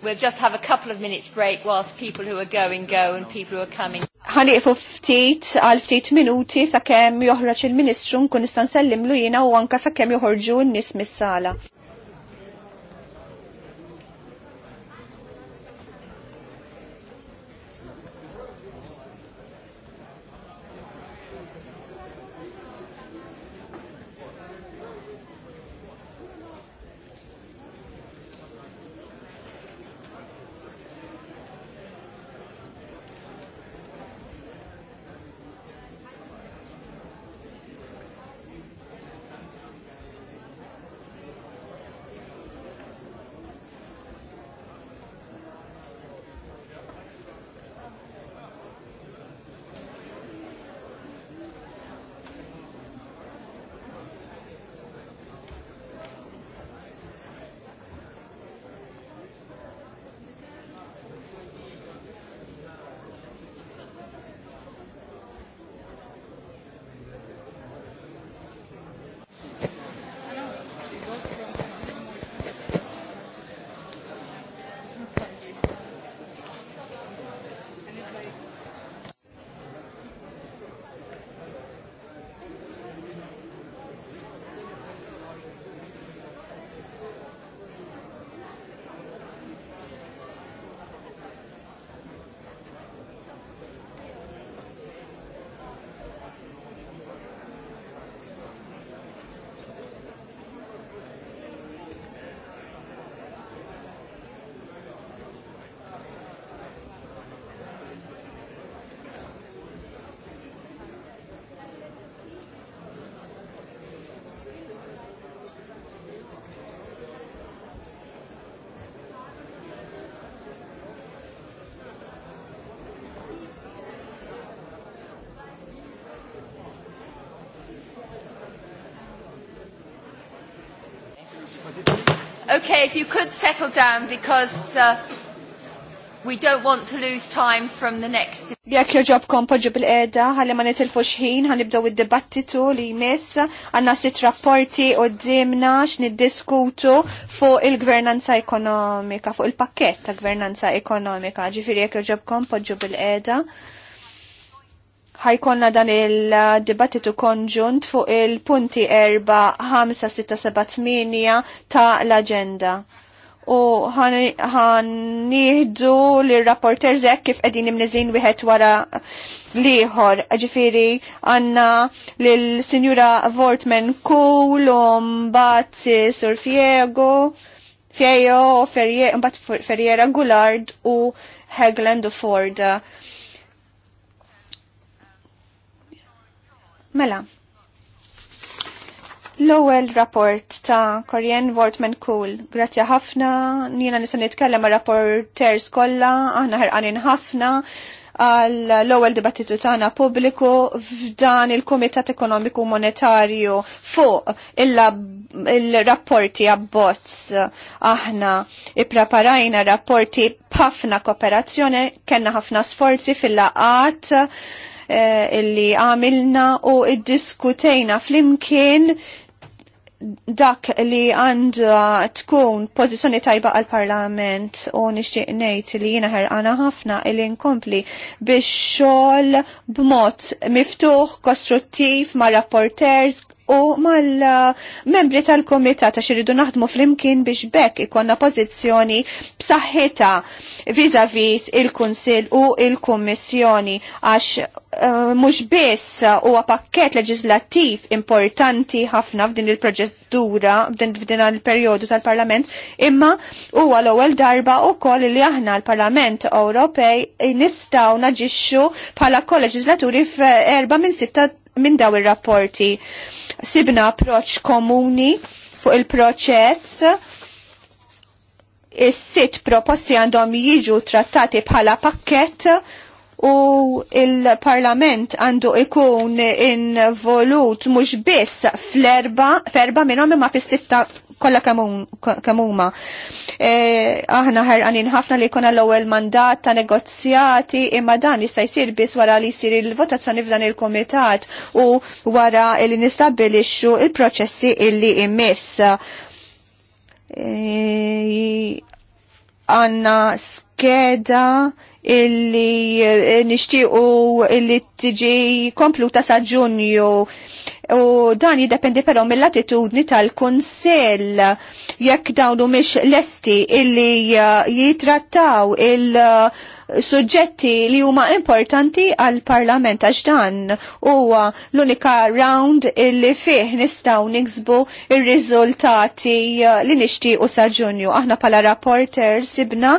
We'll just have a couple of minutes break whilst people who are going go and people who are coming. Ħaniqfu ftit għal ftit minuti sakemm joħroġ il-Ministru nkun nista' nsellimlu jiena u anke sakemm joħorġu n-nies mis-sala. Okay, if you could settle down because uh, we don't want to lose time from the next. Jekk joġobkom poġġu bil-qeda, ħalli ma nitilfu xħin, ħanibdew id-dibattitu li jmiss, għanna sit rapporti u d-dimna x'niddiskutu fuq il-gvernanza ekonomika, fuq il-pakket ta' gvernanza ekonomika, ġifiri jekk joġobkom poġġu bil-qeda ħajkonna dan il-dibattitu konġunt fuq il-punti 4, 5, 6, 7, 8 ta' l-agenda. U ħanniħdu li rapporter zek kif edin imnizin wieħed wara liħor, ġifiri għanna l-Sinjura Vortman Kulum, Mbat Sur Fiego, Fiego, Ferriera Gullard u Hegland u Ford Mela, L-ewwel rapport ta' Korjen Wortman Cool. Grazzi ħafna, nina nisa nitkellem ma' rapporters kollha, aħna ħerqanin ħafna għal l-ewwel dibattitu tagħna pubbliku f'dan il-Kumitat Ekonomiku Monetarju fuq il-rapporti abbozz aħna ippreparajna rapporti b'ħafna kooperazzjoni, kellna ħafna sforzi fil-laqat Eh, illi għamilna u id-diskutejna fl-imkien dak li għandha tkun pożizzjoni tajba għal parlament u nixtieq ngħid li jiena ħerqana ħafna il inkompli biex xogħol b'mod miftuħ, kostruttiv ma' rapporters u mal-membri tal-komitat għax irridu naħdmu fl-imkien biex bekk ikonna pożizzjoni b'saħħitha vis-à-vis il-Kunsill u il-Kummissjoni għax Uh, eh, mux biss huwa uh, pakket leġislattiv importanti ħafna f'din il-proġettura f'din il-perjodu tal-Parlament, imma huwa għal l-ewwel darba wkoll li aħna l-Parlament Ewropej nistgħu naġixxu bħala kolleġislaturi f'erba' minn sitta minn daw ir-rapporti. Sibna approċċ komuni fuq il-proċess is-sitt proposti għandhom jiġu trattati bħala pakket u il-parlament għandu ikun involut mux biss fl-erba, fl-erba minnom imma fil-sitta kolla kamuma. Aħna e, aħna ħerqanin ħafna li kuna l-ewwel mandat ta' negozjati imma dan jista' jsir biss wara li jsir il-votazzjoni f'dan il-komitat u wara li nistabilixxu il-proċessi illi immiss. E, għanna e, skeda illi eh, nixtiequ illi tiġi kompluta sa' ġunju U dan jiddependi però mill-attitudni tal-Kunsell jekk dawn mhumiex lesti illi uh, jitrattaw il- suġġetti li huma importanti għal parlament għax dan huwa l-unika round illi fih nistgħu niksbu ir-riżultati uh, li nixtiequ sa' Ġunju. Aħna pala rapporter sibna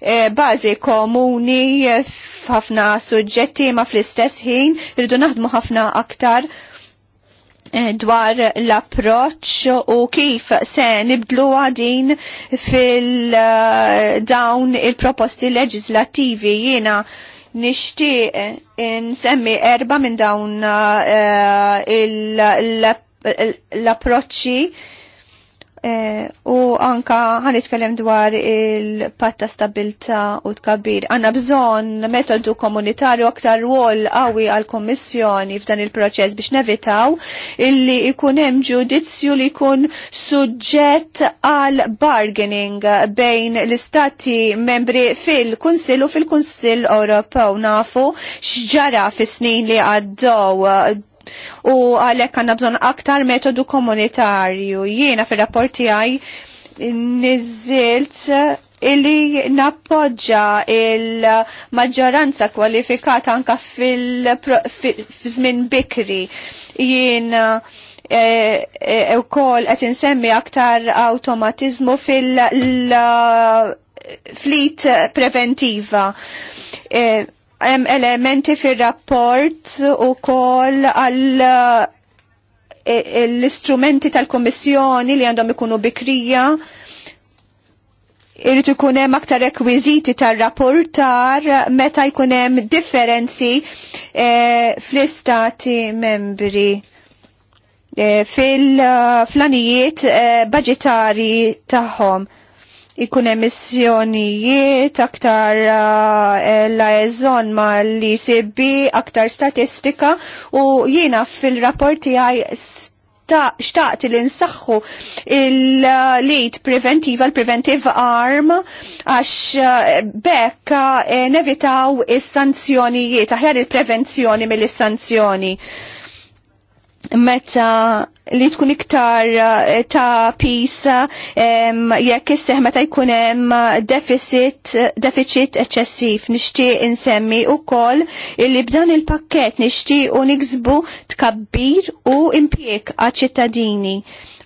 eh, bażi komuni f'ħafna suġġetti ma fl-istess ħin irridu naħdmu ħafna aktar Eh, dwar l-approċ u kif se nibdlu għadin fil-dawn eh, il-proposti leġislativi jiena nishtiq nsemmi erba minn dawn eh, l-approċċi Eh, u anka għan itkellem dwar il-patta stabilta u tkabbir. Għanna bżon metodu komunitarju aktar wol għawi għal-Kommissjoni f'dan il-proċess biex nevitaw illi ikun hemm ġudizzju li jkun suġġett għal bargaining bejn l-istati membri fil-Kunsill u fil-Kunsill Ewropew nafu x'ġara fis-snin li għaddew U għalhekk għandna bżonn aktar metodu komunitarju. Jiena fir-rapporti għaj nizzilt illi nappoġġa il-maġġoranza kwalifikata anka fil-żmien bikri Jiena e, e, e kol qed insemmi aktar automatizmu fil- fleet preventiva. E, hemm elementi fir-rapport ukoll għal eh, l-istrumenti tal-Kommissjoni li għandhom ikunu bikrija irrid ikun hemm aktar rekwiżiti tar-rapportar meta jkun hemm differenzi eh, fl-istati membri eh, fil-flanijiet budgetari tagħhom ikun emissjonijiet, aktar eh, laeżon ma li icb aktar statistika u jiena fil-rapport tiegħi xtaqt li nsaxħu il-lejt preventiva, l-preventive arm, għax eh, bekk eh, nevitaw is-sanzjonijiet, aħjar il-prevenzjoni mill-sanzjoni. Meta li tkun iktar eh, ta' pisa jekk isseħ meta jkun hemm deficit deficit eċċessiv. Nixtieq insemmi wkoll illi b'dan il-pakkett nixtieq u niksbu tkabbir u impjeg għaċ-ċittadini.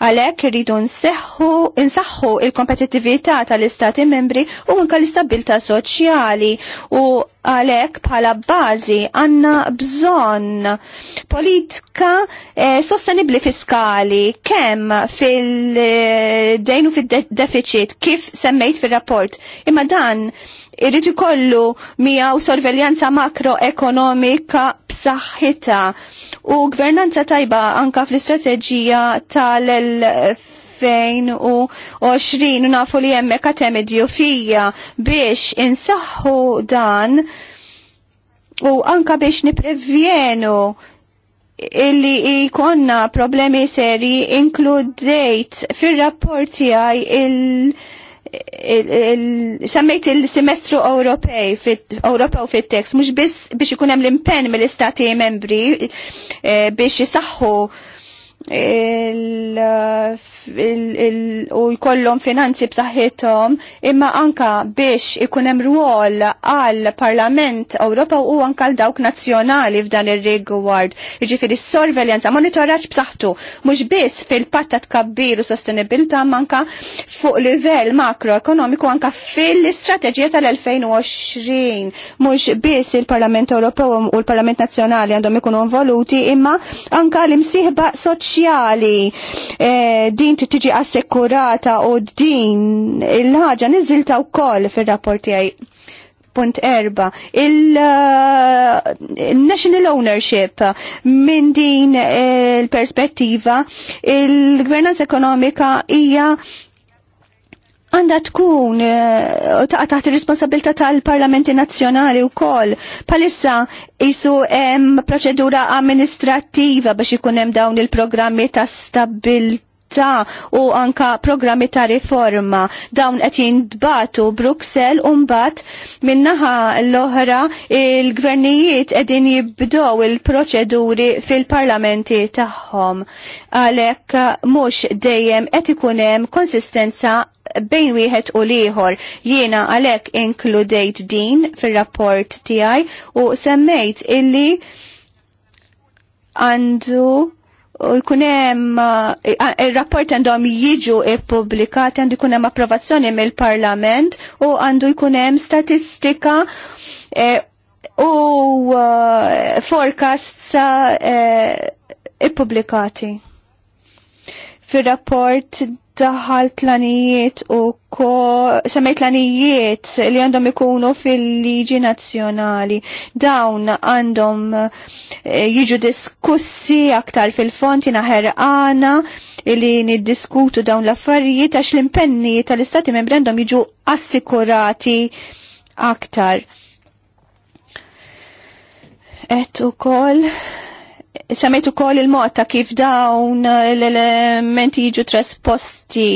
Għalhekk irridu nseħħu nsaħħu il-kompetittività tal-istati membri u anke l-istabilità soċjali u għalek pala bazi għanna bżon politika eh, sostenibli fiskali fiskali kemm fil dejnu fil-deficit kif semmejt fil-rapport. Imma dan irrid ikollu miegħu sorveljanza makroekonomika b'saħħitha u gvernanza tajba anka fl-istrateġija tal-2020 u nafu li hemmhekk katemidju hemm idjufija biex insaħħu dan u anka biex niprevjenu illi ikonna problemi seri inkludejt fil-rapporti għaj il- Sammejt il-semestru Ewropej Ewropew fit-tekst mhux biex ikun hemm l-impenn mill-istati membri eh, biex isaħħu u jkollhom finanzi b'saħħithom imma anka biex ikun hemm rwol għal Parlament Ewropa u anka għal dawk nazzjonali f'dan ir-rigward. Jiġifieri s-sorveljanza monitoraġġ b'saħħtu mhux biss fil-patta tkabbir u sostenibilità manka fuq livell makroekonomiku anka fil-istrateġija tal-2020. Mhux biss il-Parlament Ewropew u l-Parlament Nazzjonali għandhom ikunu involuti imma anka l-imsieħba soċjali speċjali eh, din tiġi assekurata u din il-ħaġa niżilta wkoll fir-rapport tiegħi. Punt erba, il-national eh, uh, ownership minn din il-perspettiva, eh, il-gvernanza ekonomika hija għanda tkun eh, taqa taħt il-responsabilta tal-parlamenti nazjonali u kol. Palissa jisu proċedura amministrativa biex ikunem dawn il-programmi ta' stabilta u anka programmi ta' riforma. Dawn qed jindbatu Bruxelles u mbagħad minnaħa l-oħra il-gvernijiet qegħdin jibdew il-proċeduri fil-parlamenti tagħhom. Għalhekk mhux dejjem qed ikun hemm konsistenza bejn wieħed u liħor. Jiena għalhekk inkludejt din fir-rapport tiegħi u semmejt illi għandu u jkunem eh, eh, il-rapport għandhom jiġu ippubblikat għandu jkunem approvazzjoni mill-parlament u għandu jkunem statistika e, u uh, forecasts e, ippubblikati. Fil-rapport taħal tlanijiet u ko semmej tlanijiet li għandhom ikunu fil-liġi nazzjonali. Dawn għandhom eh, jiġu diskussi aktar fil-fonti naħer għana li niddiskutu dawn l-affarijiet għax l-impenni tal-istati membri għandhom jiġu assikurati aktar. Et u koll Semmejt ukoll il-mod ta' kif dawn l-elementi jiġu trasposti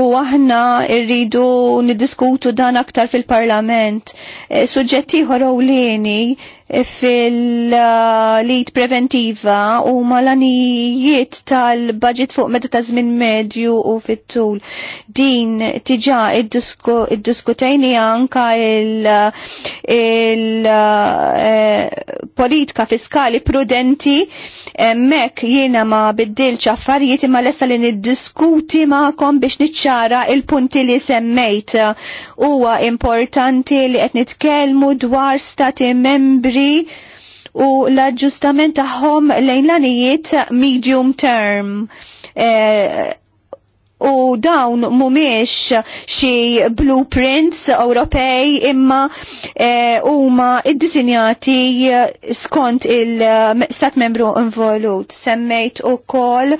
u aħna rridu niddiskutu dan aktar fil-Parlament. Eh, Suġġetti ħorowlini fil-lid preventiva u malanijiet tal-budget fuq medu ta' żmien medju u fit-tul. Din tiġa id-diskutejni anka il-politika eh, fiskali prudenti mek jiena ma biddilx affarijiet imma lesta li niddiskuti ma'kom biex niċċara il-punti li semmejt. Huwa importanti li qed nitkellmu dwar stati membri membri u l-aġġustament tagħhom lejn l-anijiet medium term. E, u dawn mumiex xi blueprints Ewropej imma eh, huma e, iddisinjati eh, skont il-stat eh, membru involut. Semmejt ukoll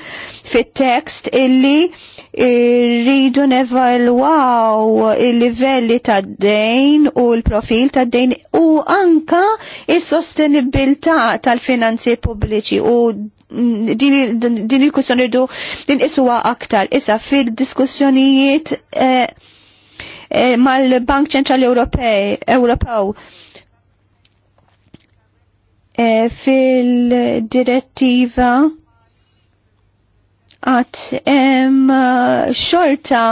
fit-tekst illi rridu nevalwaw il-livelli ta' dejn u l-profil ta' dejn u anka is-sostenibilità tal-finanzi pubbliċi u din il-kussjoni rridu iswa aktar. Issa fil-diskussjonijiet eh, eh, mal-Bank Ċentrali Ewropej Ewropew eh, fil-direttiva għat xorta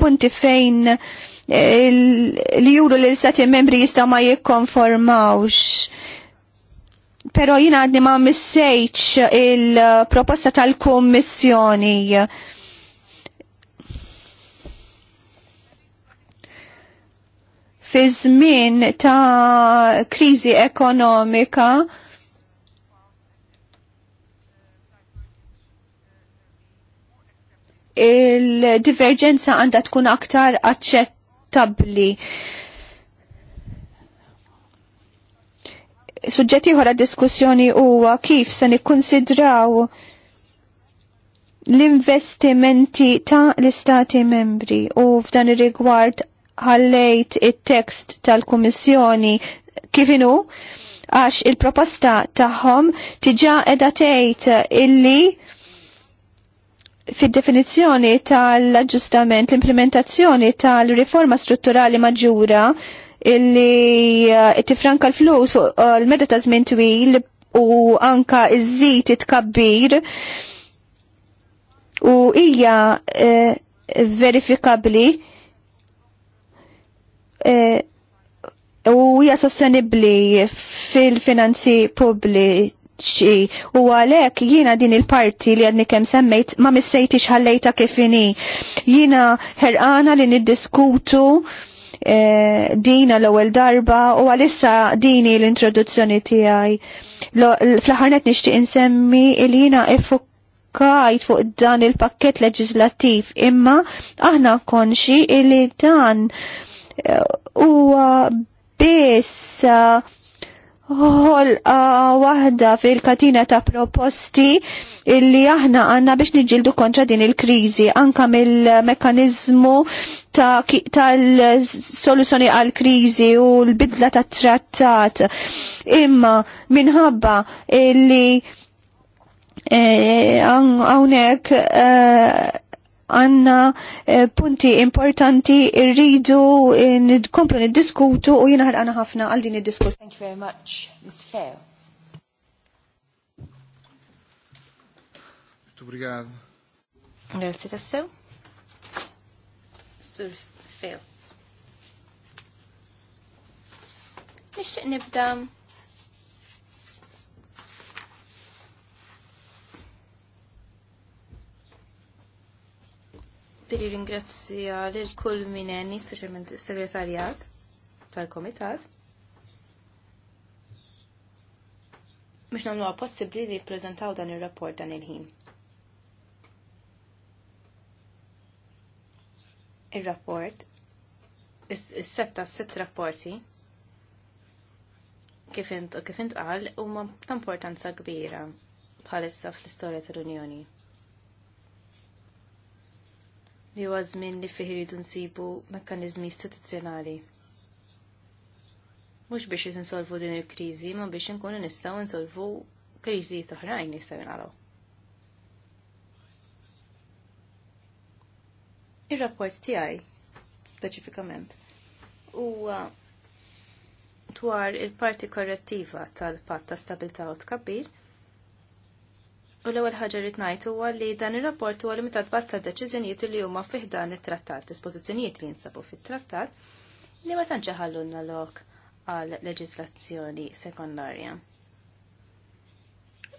punti fejn li juru li l-sati membri jistaw ma jikkonformawx pero jina għadni ma missejċ il-proposta tal-kommissjoni. Fi żmien ta' kriżi ekonomika il-diverġenza għandha tkun aktar aċċettabbli Suġġetti ħora diskussjoni huwa kif se nikkonsidraw l-investimenti ta' l-Istati membri u f'dan ir-rigward ħallejt it-tekst tal-Kummissjoni kif inhu għax il-proposta tagħhom tiġa qiegħda tgħid illi fid-definizzjoni tal-aġġustament, l-implementazzjoni tal-riforma strutturali maġġura illi eh, tifranka l-flus eh, l-meda ta' żmien twil u anka iż it-kabbir u hija eh, verifikabbli u hija sostenibbli fil-finanzi pubbliċi ċi u għalek jina din il-parti li għadni kem semmejt ma ħallejta kif kifini. Jina herqana li niddiskutu Eh, dina l-ewwel darba u għalissa dini l-introduzzjoni tiegħi. Fl-aħarnet nixtieq insemmi li jiena kajt fuq dan il-pakket leġislattiv imma aħna konxi li dan eh, huwa biss eh, ħolqa waħda fil-katina ta' proposti illi aħna għanna biex niġildu kontra din il-krizi anka mill-mekanizmu tal-soluzjoni għal-krizi u l-bidla ta' trattat imma minħabba illi eh, għawnek eh, għanna eh, punti importanti irridu eh, nkomplu niddiskutu u jiena ħarqana ħafna għal din id-diskuss. Thank you very much, Mr. Fair. Obrigado. Grazie tassew. Sur Fair. Nixtieq nibda billi ringrazzja lil kull minenni, specialment is-segretarjat tal-komitat. Mhux nagħmluha possibbli li jippreżentaw dan ir-rapport dan il-ħin. Ir-rapport is-setta set rapporti kif int qal huma ta' importanza kbira bħalissa fl-istorja tal-Unjoni li huwa żmien li fih iridu nsibu mekkaniżmi istituzzjonali. Mhux biex insolvu din il-kriżi, ma biex inkunu nistgħu insolvu kriżi oħrajn li jistgħu Ir-rapport tiegħi speċifikament huwa dwar il-parti korrettiva tal-patt ta' stabilità u tkabbir U l-ewwel ħaġa rrid ngħid huwa li dan ir-rapport huwa limitat bat ta' deċiżjonijiet li huma fih dan it-trattat, dispożizzjonijiet li jinsabu fit-trattat li ma tantx ħallulna lok għal leġislazzjoni sekondarja.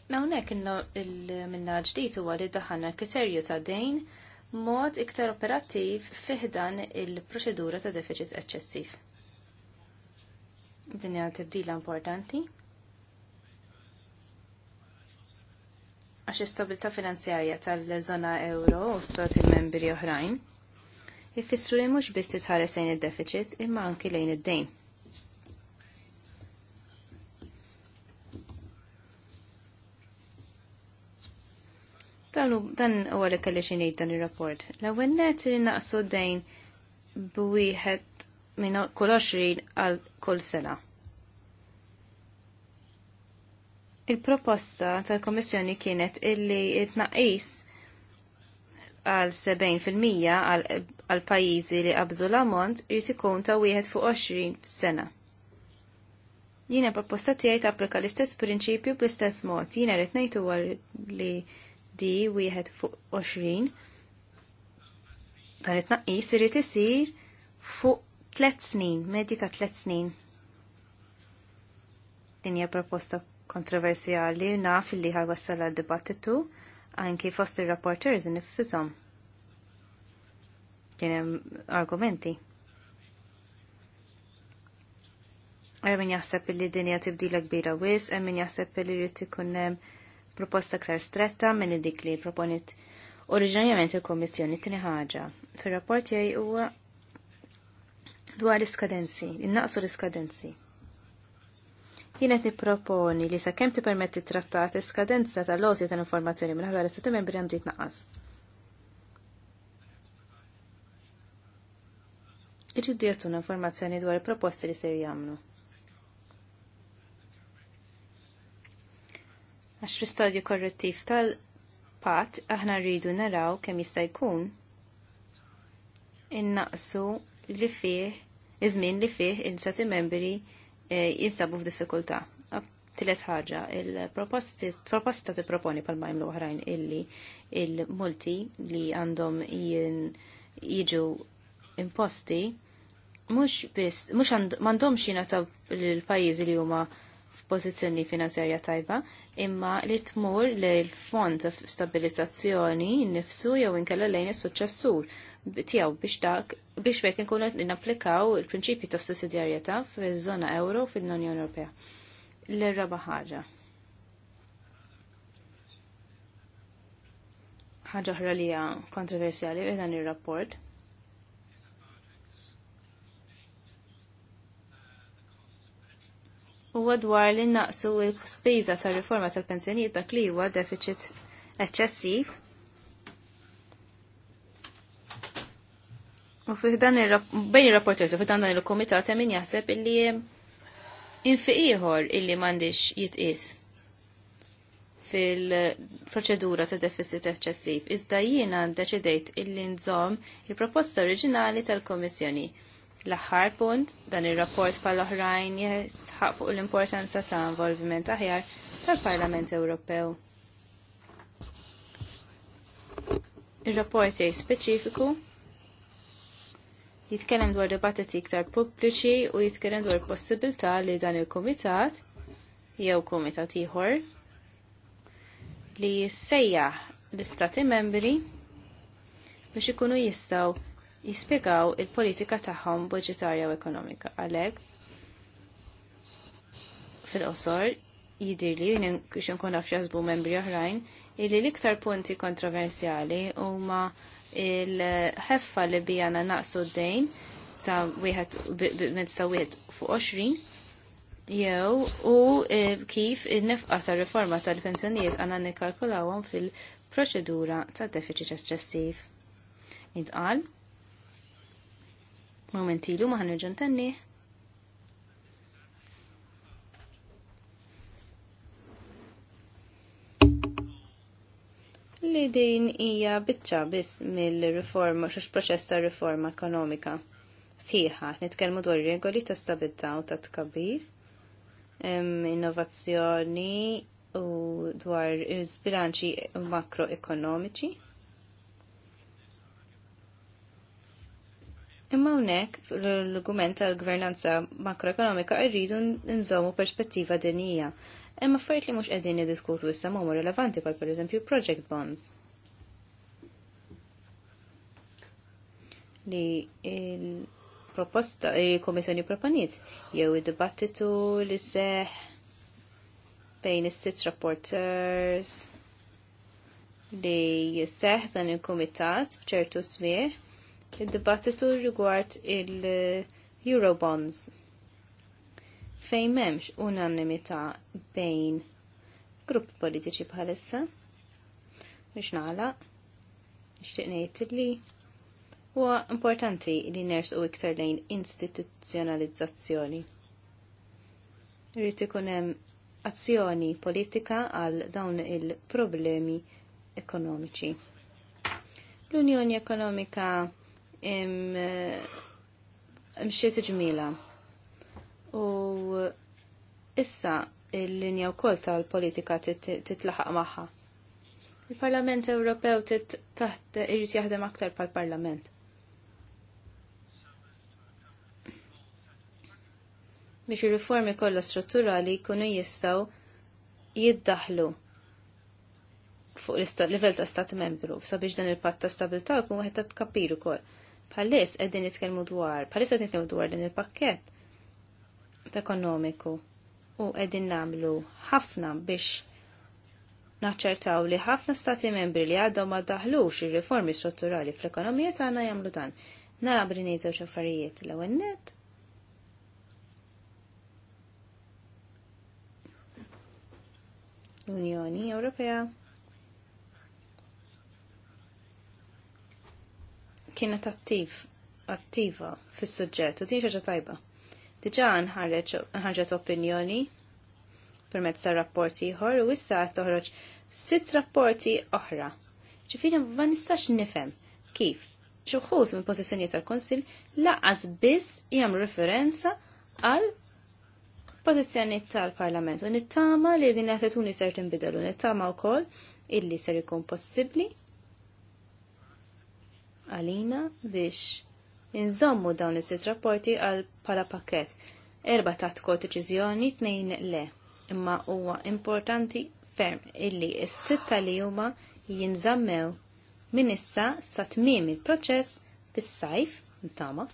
Mela hawnhekk il-minna ġdid huwa li daħħalna kriterju ta' dejn mod iktar operattiv fih dan il-proċedura ta' deficit eċċessiv. Din hija tibdila importanti għax istabilta finanzjarja tal-zona euro u stati membri oħrajn jfissru li mhux biss titħares lejn id-deficit imma anki lejn id-dejn. Dan huwa li kellix xi ngħid dan ir-rapport. L-ewwel nett li naqsu d-dejn b'wieħed minn kull 20 għal kull sena. Il-proposta tal-Komissjoni kienet illi it-naqis għal 70% għal pajizi li qabżu l-ammont jrid ikun ta' wieħed fuq 20 sena. Jiena proposta tiegħi tapplika l-istess prinċipju bl-istess mod. Jiena rrid ngħidu li di wieħed fuq 20 Tal it-tnaqqis irid isir fuq 3 snin, medju ta' 3 snin. Din hija proposta kontroversjali naf li wassal għal dibattitu anki fost il iżin nifisom. Kienem argumenti. Għemmin jaħseb li dinja tibdila kbira wis, għemmin jaħseb li rrit ikunem proposta ktar stretta minn dik li proponit oriġinarjament il-Komissjoni tini ħaġa. Fil-rapport jgħi huwa dwar l-iskadenzi, innaqsu l-iskadenzi. Jienet niproponi li sakemm tippermetti trattati skadenza tal-losja ta' informazzjoni minn l istati membri għandu jitnaqqas. Irridu jattuna informazzjoni dwar il-proposti li ser jagħmlu. Għax fi stadju korrettiv tal-pat aħna rridu naraw kemm jista' jkun innaqsu li fih iż-żmien li fih il-sati membri E, jinsabu f'diffikultà. Tilet ħaġa, il-proposta tipproponi majm l oħrajn illi il-multi li għandhom jiġu imposti mux biss, mux mandom xina ta' l pajiz li huma f'pożizzjoni finanzjarja tajba, imma li tmur li l-fond stabilizzazzjoni nifsu jew inkella lejn is-suċċessur tijaw biex dak biex bekk nkunu n napplikaw il prinċipi ta' sussidjarjetà fiż-żona euro fil-Unjoni Ewropea. L-raba ħaġa. ħaġa ħra li hija kontroversjali dan ir-rapport. huwa dwar li naqsu l-spiża tar-riforma tal-pensjonijiet dak li huwa deficit eċċessiv U fiħdan bejn il-rapporters u fiħdan dan il-komitat min jaħseb illi infiqiħor illi mandiċ jitqis fil-proċedura ta' deficit eċċessiv. Iżda jiena deċidejt illi nżom il-proposta oriġinali tal-Komissjoni. L-aħħar punt dan ir-rapport pal oħrajn jisħaq fuq l-importanza ta' involviment aħjar tal-Parlament Ewropew. Ir-rapport jgħid speċifiku jitkellem dwar dibattiti iktar pubbliċi u jitkellem dwar possibilità li dan il-kumitat jew kumitat ieħor li jissejjaħ l-istati membri biex ikunu jistaw jispiegaw il-politika tagħhom budġetarja u ekonomika. Għalhekk fil-qosor jidhirli biex nkun naf membri oħrajn illi l-iktar punti kontroversjali huma il-ħeffa li bijana naqsu d-dejn ta' wieħed minn ta' wieħed fuq 20 jew u e, kif il nefqa ta' riforma tal-pensjonijiet għandna nikkalkulawhom fil-proċedura ta' deficit eċċessiv. Intqal, momentilu ma ħanerġa' tenni li din hija biċċa biss mill-riforma xux proċess ta' riforma ekonomika. Sħiħa, nitkellmu dwar regoli ta' stabilità u ta' tkabbir, innovazzjoni u dwar sbilanċi makroekonomiċi. Imma unnek, l-argument tal-gvernanza makroekonomika, irridu nżomu perspettiva dinija imma affarijiet li mhux qegħdin niddiskutu issa ma huma rilevanti bħal pereżempju project bonds. Li il-proposta, il-Komissjoni proponiet, jew id-dibattitu li seħ bejn is-sitt rapporters li jisseħ dan il-komitat bċertu smieħ id-dibattitu rigward il-Eurobonds. il eurobonds fejn memx unanimità bejn grupp politiċi bħalissa biex naħlaq nixtieq li huwa importanti li nersqu iktar lejn instituzzjonalizzazzjoni. Irrid ikun hemm azzjoni politika għal dawn il-problemi ekonomiċi. L-Unjoni Ekonomika imxiet im ġmila u issa il-linja wkoll tal-politika titlaħaq magħha. Il-Parlament Ewropew taħt irid jaħdem aktar pal-Parlament. biex ir-riformi kollha strutturali jkunu jistgħu jiddaħlu fuq l-livell ta' stat membru sabiex dan il-patt ta' stabilità jkun wieħed ta' tkabbir ukoll. Bħalis qegħdin nitkellmu dwar, bħalis qed dwar din il-pakkett ekonomiku u qegħdin nagħmlu ħafna biex naċċertaw li ħafna stati membri li għadhom ma daħlux ir-riformi strutturali fl-ekonomija tagħna jagħmlu dan. Nara brinejt żewġ affarijiet l-ewwel net l-Unjoni Ewropea kienet attiv, attiva fis suġġett u tiġa tajba. Diġa nħarġet opinjoni permezz ta' rapporti ieħor u issa qed toħroġ sitt rapporti oħra. Ġifieri ma nistax nifhem kif xi wħud minn pożizzjonijiet tal-Kunsill laqas biss jagħmlu referenza għal pożizzjoni tal-Parlament u nittama li din l-attituni ser tinbidel u nittama wkoll illi ser ikun possibbli għalina biex inżommu dawn is-sitt rapporti għal pala pakket. Erba ta' tkot deċiżjoni, tnejn le. Imma huwa importanti ferm illi s-sitta li huma jinżammew minn issa sa tmiem il-proċess fis-sajf ntama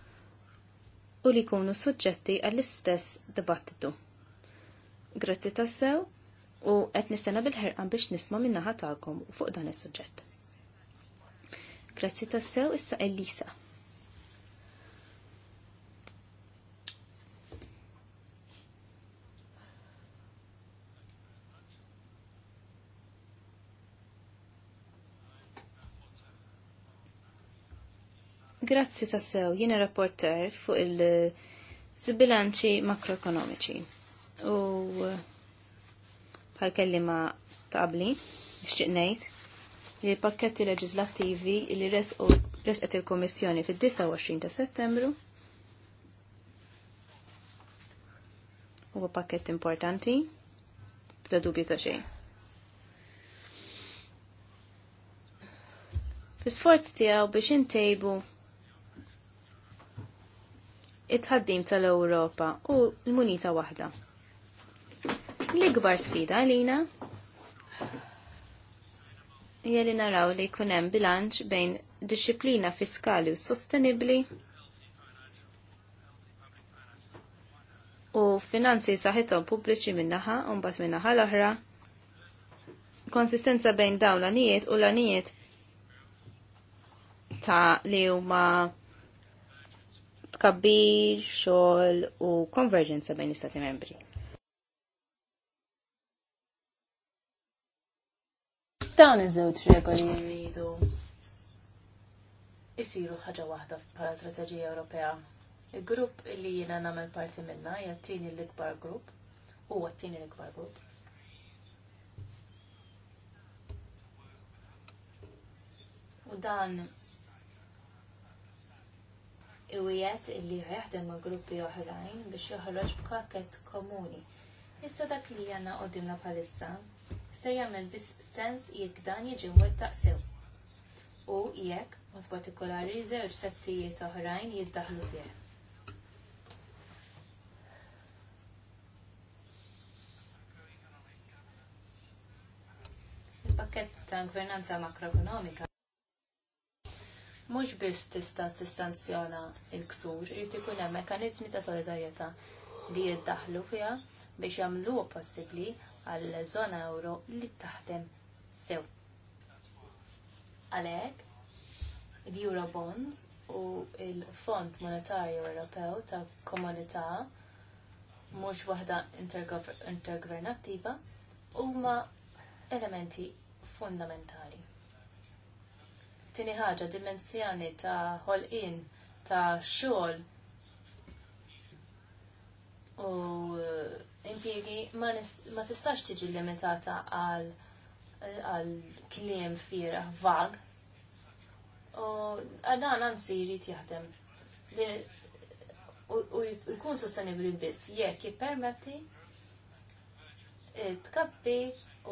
u li jkunu suġġetti għall-istess dibattitu. Grazzi tassew u qed nistenna bil-ħerqan biex nisma' minnaħa tagħkom fuq dan is-suġġett. Grazzi tassew issa Elisa. Grazzi tassew, jiena rapporter fuq il-zbilanċi makroekonomiċi. U bħal kellima ta' qabli, xċiqnejt, ngħid li l-pakketti leġislattivi li resqet il komissjoni fid-29 ta' Settembru huwa pakket importanti b'da dubju ta' xejn. Fis-sforz tiegħu biex intejbu it-ħaddim tal-Ewropa u l-munita waħda. L-ikbar sfida għalina hija li naraw li jkun hemm bilanċ bejn disciplina fiskali u sostenibbli u finanzi saħħithom pubbliċi min-naħa u mbagħad min-naħa l-oħra. Konsistenza bejn dawn l-anijiet u l-anijiet ta' li huma tkabbir, xogħol u konverġenza bejn l-istati membri. Dawn iż-żewġ regoli jridu jisiru ħaġa waħda bħala strateġija Ewropea. Il-grupp li jiena nagħmel parti minnha hija t-tieni l-ikbar grupp u t-tieni l-ikbar grupp. U dan iwiet illi jaħdem ma' gruppi oħrajn biex joħroġ b'kaket komuni. Issa dak li jana qoddimna bħalissa se jagħmel biss sens jekk dan jiġi mwet sew. U jekk mod partikolari żewġ settijiet oħrajn jiddaħlu il pakket ta' gvernanza makroekonomika mhux biss tista' tissanzjona l-ksur, irid ikun hemm mekkaniżmi ta' solidarjetà li jiddaħħlu fiha biex jagħmluha possibbli għal żona euro li taħdem sew. Għalhekk l-Eurobonds u l fond Monetarju Ewropew ta' Komunità mhux waħda intergovernattiva huma elementi fundamentali. Tini ħaġa, dimensjoni ta' ħolqin ta' xogħol u eh, impjiegi ma, ma tistax tiġi limitata għal għal kliem fira vag. U għadan għansi jrid jaħdem. U jkun sostenibli biss jekk jippermetti eh, tkabbi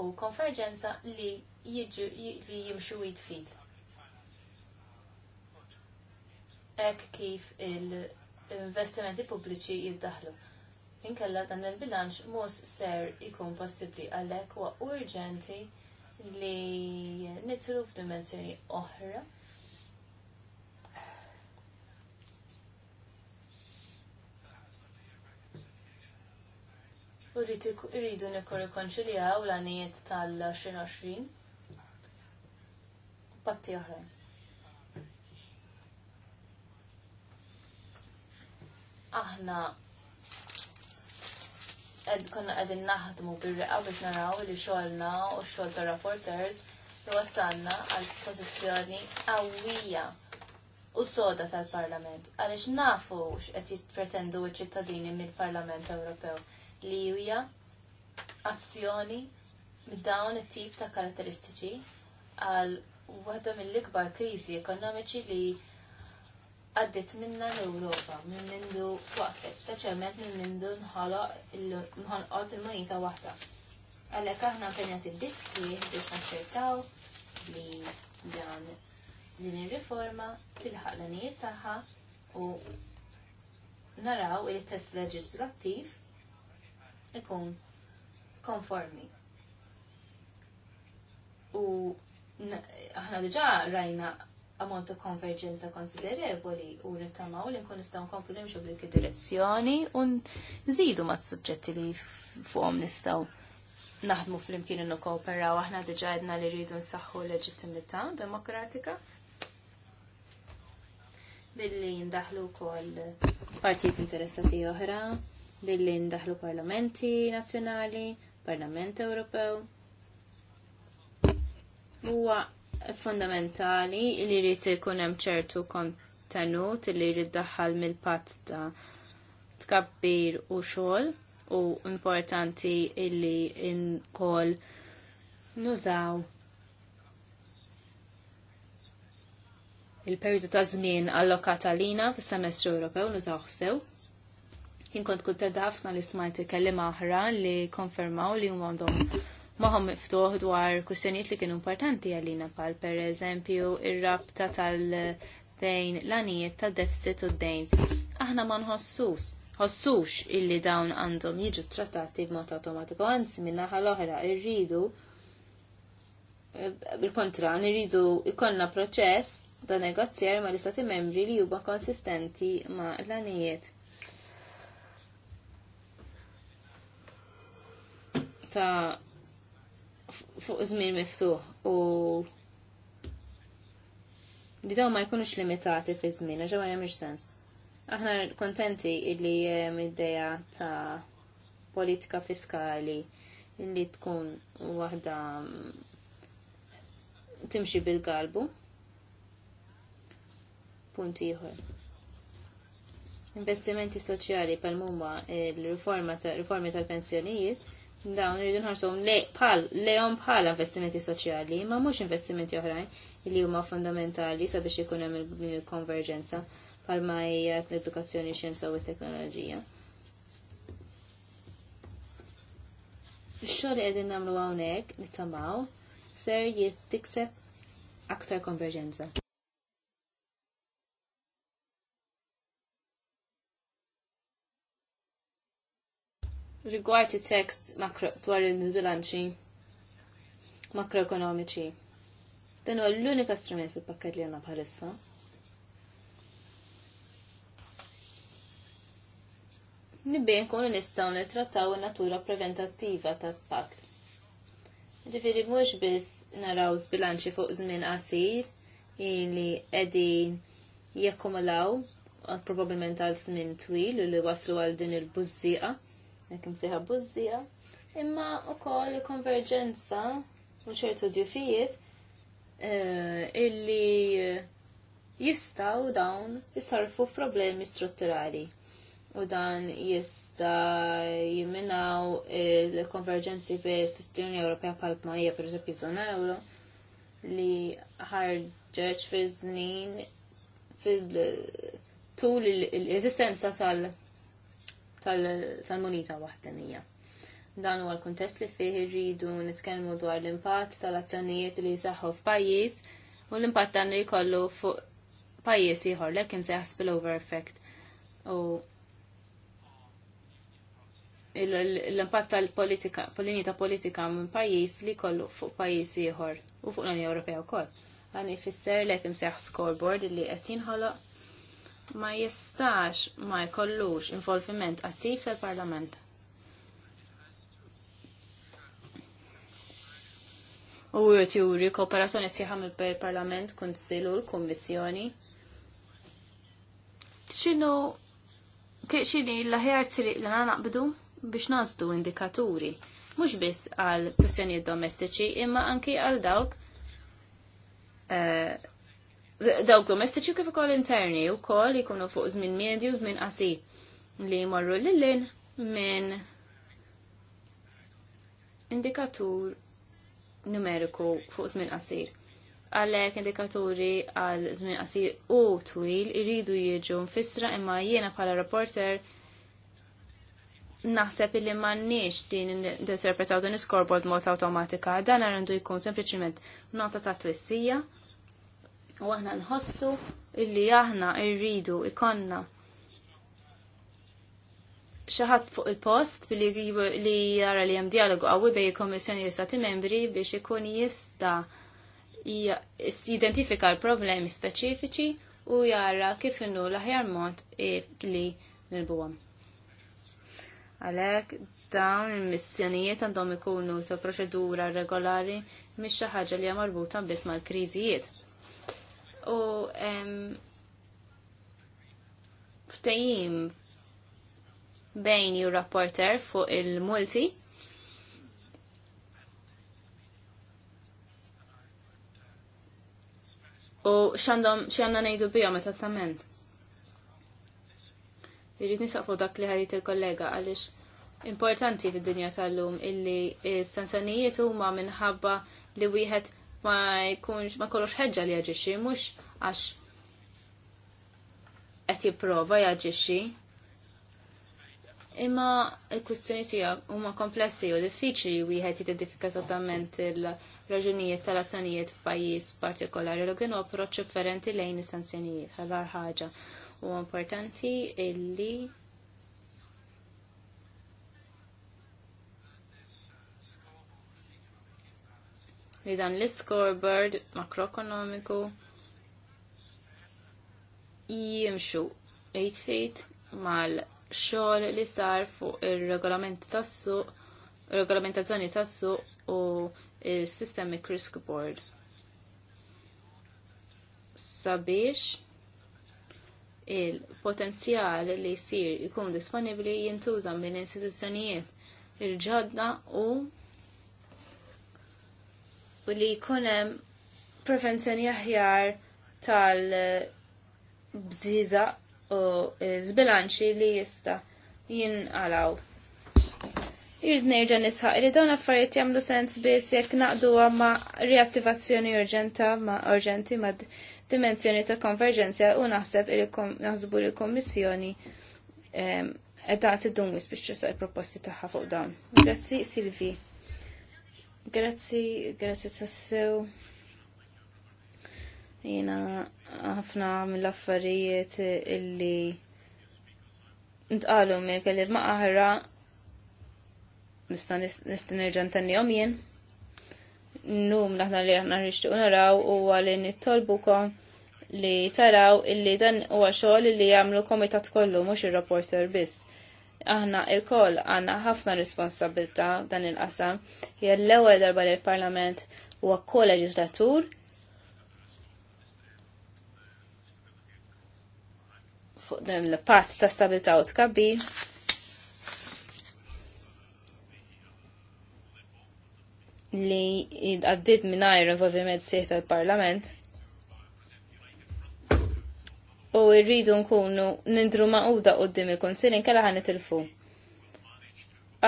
u konverġenza li li jimxu id fit. Ek kif il-investimenti pubbliċi jiddaħlu. Inkella dan il-bilanċ mhux ser ikun possibbli għalhekk huwa urġenti li nitlu f'dimensjoni oħra. U rridu nikkorrikonċiljaw l-għanijiet tal-2020 patti oħrajn. aħna konna għedin naħdmu bil-reqa biex naraw li xolna u xol ta' reporters li wassalna għal pozizjoni għawija u soda tal-Parlament. Għalix nafu x'qed jitpretendu ċ-ċittadini mill-Parlament Ewropew li hija azzjoni dawn it-tip ta' karatteristiċi għal waħda mill-ikbar kriżi ekonomiċi li għaddit minna l-Europa minn mindu waqfet, speċjalment minn mindu nħoloq nħolqot il monita waħda. Għalhekk aħna penjat il diski biex naċċertaw li dan din ir-riforma tilħaq l-anijiet tagħha u naraw il test leġislattiv ikun konformi. U aħna diġa rajna ammont ta' konverġenza konsiderevoli u nittamaw li nkun nistgħu nkomplu nimxu b'dik id-direzzjoni u nżidu mas-suġġetti li fuqom nistgħu naħdmu fl-imkien innu kooperaw, aħna diġa għedna li rridu nsaħħu leġittimità demokratika. Billi ndaħlu kol partijiet interessati oħra, billi ndaħlu parlamenti nazjonali, parlament Ewropew. Huwa Fundamentali li jrid ikun hemm ċertu kontenut li jrid daħħal mill-patt ta' tkabbir u xogħol u importanti illi nkoll nużaw il-periodu ta' żmien allokata lina fis-semestru Ewropew nużaw ħsew. kont kuntent ħafna li smajt kelliema oħra li konfermaw li huma għandhom maħom miftuħ dwar kwistjonijiet li kienu importanti għalina pal per eżempju ir-rabta tal-dejn l-anijiet tad-deficit u d-dejn. Aħna ma nħossus ħossux illi dawn għandhom jiġu trattati b'mod automatiku, anzi minn naħa l-oħra irridu bil-kontra eh, nirridu ikollna proċess ta' negozjar ma' l-istati membri li juba konsistenti ma' l-anijiet ta' fuq żmien miftuħ u li dawn ma jkunux limitati fi żmien, għax ma jagħmilx sens. Aħna kontenti illi id-deja ta' politika fiskali illi tkun waħda timxi bil-galbu. Punti ieħor. Investimenti soċjali pal-mumma il-riformi tal-pensjonijiet dawn irridu nħarsom le pal, leon bħala investimenti soċjali, ma mhux investimenti oħrajn li huma fundamentali sabiex ikun hemm il-konverġenza ma hija l-edukazzjoni xjenza u t-teknoloġija. Ix-xogħol li qegħdin nagħmlu hawnhekk nittamaw ser jittikseb aktar konverġenza. rigward il-tekst dwar il-bilanċi makroekonomiċi. Dan huwa l-unika strument fil-pakket li għandna bħalissa. Nibbien kunu nistgħu nittrattaw in-natura preventattiva tal-pakt. Ġifieri mhux biss naraw bilanċi fuq żmien qasir li qegħdin jakkumulaw probabbilment għal żmien twil u li waslu għal din il bużzieqa jekk imsejħa buzzija, imma wkoll konverġenza u ċertu ġifijiet eh, illi jistaw dawn jisarfu f'problemi strutturali u dan jista jiminaw il-konverġenzi fil-Unjoni Ewropea bħal bnajja per eżempju euro li ħarġeġ fil-żnin fil-tul l-eżistenza tal- tal-munita waħdenija. Dan huwa l-kuntest li fih irridu nitkellmu dwar l-impatt tal-azzjonijiet li jsaħħu f'pajjiż u l-impatt dan li jkollu fuq pajjiż ieħor lek hemm seħ spillover effect. U l-impatt tal-politika, polinita politika minn pajjiż li kollu fuq pajjiż ieħor u fuq l-Unjoni Ewropea wkoll. Dan ifisser lek imseħ scoreboard li qed jinħoloq ma jistax ma jkollux involviment attiv tal-Parlament. U jgħet juri kooperazzjoni siħam il parlament silu l-Kommissjoni. Xinu, xini l-ħjar triq l-għana naqbdu biex nazdu indikaturi, mux biss għal kwestjonijiet domestiċi, imma anki għal dawk eh, dawk domestiċi kif ukoll interni wkoll ikunu fuq żmien medju żmien qasi li jmorru lilin minn indikatur numeriku fuq żmien qasir. Għalhekk indikaturi għal żmien qasir u twil iridu jiġu mfissra imma jiena bħala reporter naħseb illi m'għandniex din interpretaw din iskorbod mod awtomatika, dan għandu jkun sempliċiment nota ta' twissija U aħna nħossu illi aħna irridu ikonna xaħat fuq il-post li jara li jem dialogu għawi bej komissjoni jistati membri biex ikun jista jidentifika l-problemi speċifiċi u jara kif innu l-aħjar mod li nilbuwam. Għalek, dawn il-missjonijiet għandhom ikunu ta' proċedura regolari mhix xi ħaġa li hija marbuta biss mal-kriżijiet u ftajim bejn ju rapporter fuq il-multi. U xandom xandom nejdu bijom esattament. Irrit nisaqfu dak li ħajt il-kollega għalix importanti fid-dinja tal-lum illi s-sanzjonijiet huma minħabba li wieħed ma jkunx ma kollox ħeġġa li jaġixxi mhux għax qed jipprova jaġixxi. Imma l-kwistjoni tiegħek huma komplessi u diffiċli wieħed jidentifika esattament il-raġunijiet tal-azzjonijiet f'pajjiż partikolari u kienu approċċ differenti lejn is-sanzjonijiet ħabar ħaġa. U importanti illi li dan l-scoreboard makroekonomiku jimxu 8 feet mal-xogħol li sar fuq ir-regolament tassu, suq regolamentazzjoni tas-suq u il-Systemic Risk Board. Sabiex il-potenzjal li jsir ikun disponibbli jintuża minn istituzzjonijiet il-ġodda u u li jkunem prevenzjoni aħjar tal-bżiza u zbilanċi li jista jinqalaw. Irrid nerġa' nisħaq li dawn affarijiet jagħmlu sens biss jekk naqdu ma' riattivazzjoni urġenta ma' urġenti ma' dimensjoni ta' konverġenzja u naħseb li naħsbu li kommissjoni ehm, qed tagħti dunwis biex ċessar proposti tagħha fuq dawn. Grazzi Silvi. Grazzi, grazzi tassew. Jena ħafna mill-affarijiet illi ntqalu li ma aħra nista' nista' nerġa' ntennihom jien. Num naħna li aħna nixtieq naraw huwa li nittolbukom li taraw illi dan huwa xogħol li jagħmlu komitat kollu mhux ir-rapporter biss aħna il-koll għanna ħafna responsabilta dan il-qasam, jgħal l-ewwel darba li l-Parlament huwa koleġislatur fuq dan il pat ta' stabilta u tkabbir. li għaddit minnajr involviment seħta l parlament u rridu nkunu nindru maquda qoddim il-konsil inkella ħan nitilfu.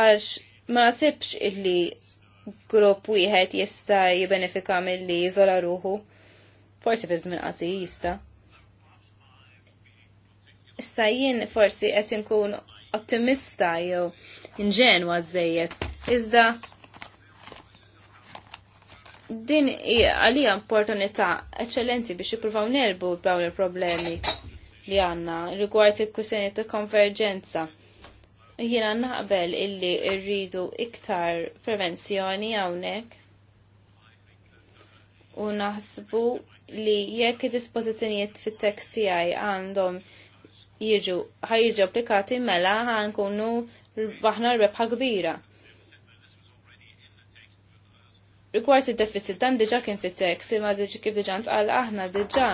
Għax ma nasibx illi grupp wieħed jista' jibbenefika milli jiżola ruħu. Forsi fi żmien qasi jista'. Issa jien forsi qed inkun ottimista jew inġenwa żejjed. Iżda din għalija opportunità eċċellenti biex jippruvaw nerbu dawn il-problemi li għanna rigward il-kwistjoni ta' konverġenza. Jiena naqbel illi rridu iktar prevenzjoni hawnhekk u naħsbu li jekk id-dispożizzjonijiet fit-tekst tiegħi għandhom jiġu ħajġu applikati mela ħankunu baħna rebħa kbira Rigward id-deficit dan diġa kien fit-tekst, imma diġa kif diġa ntqal aħna diġa.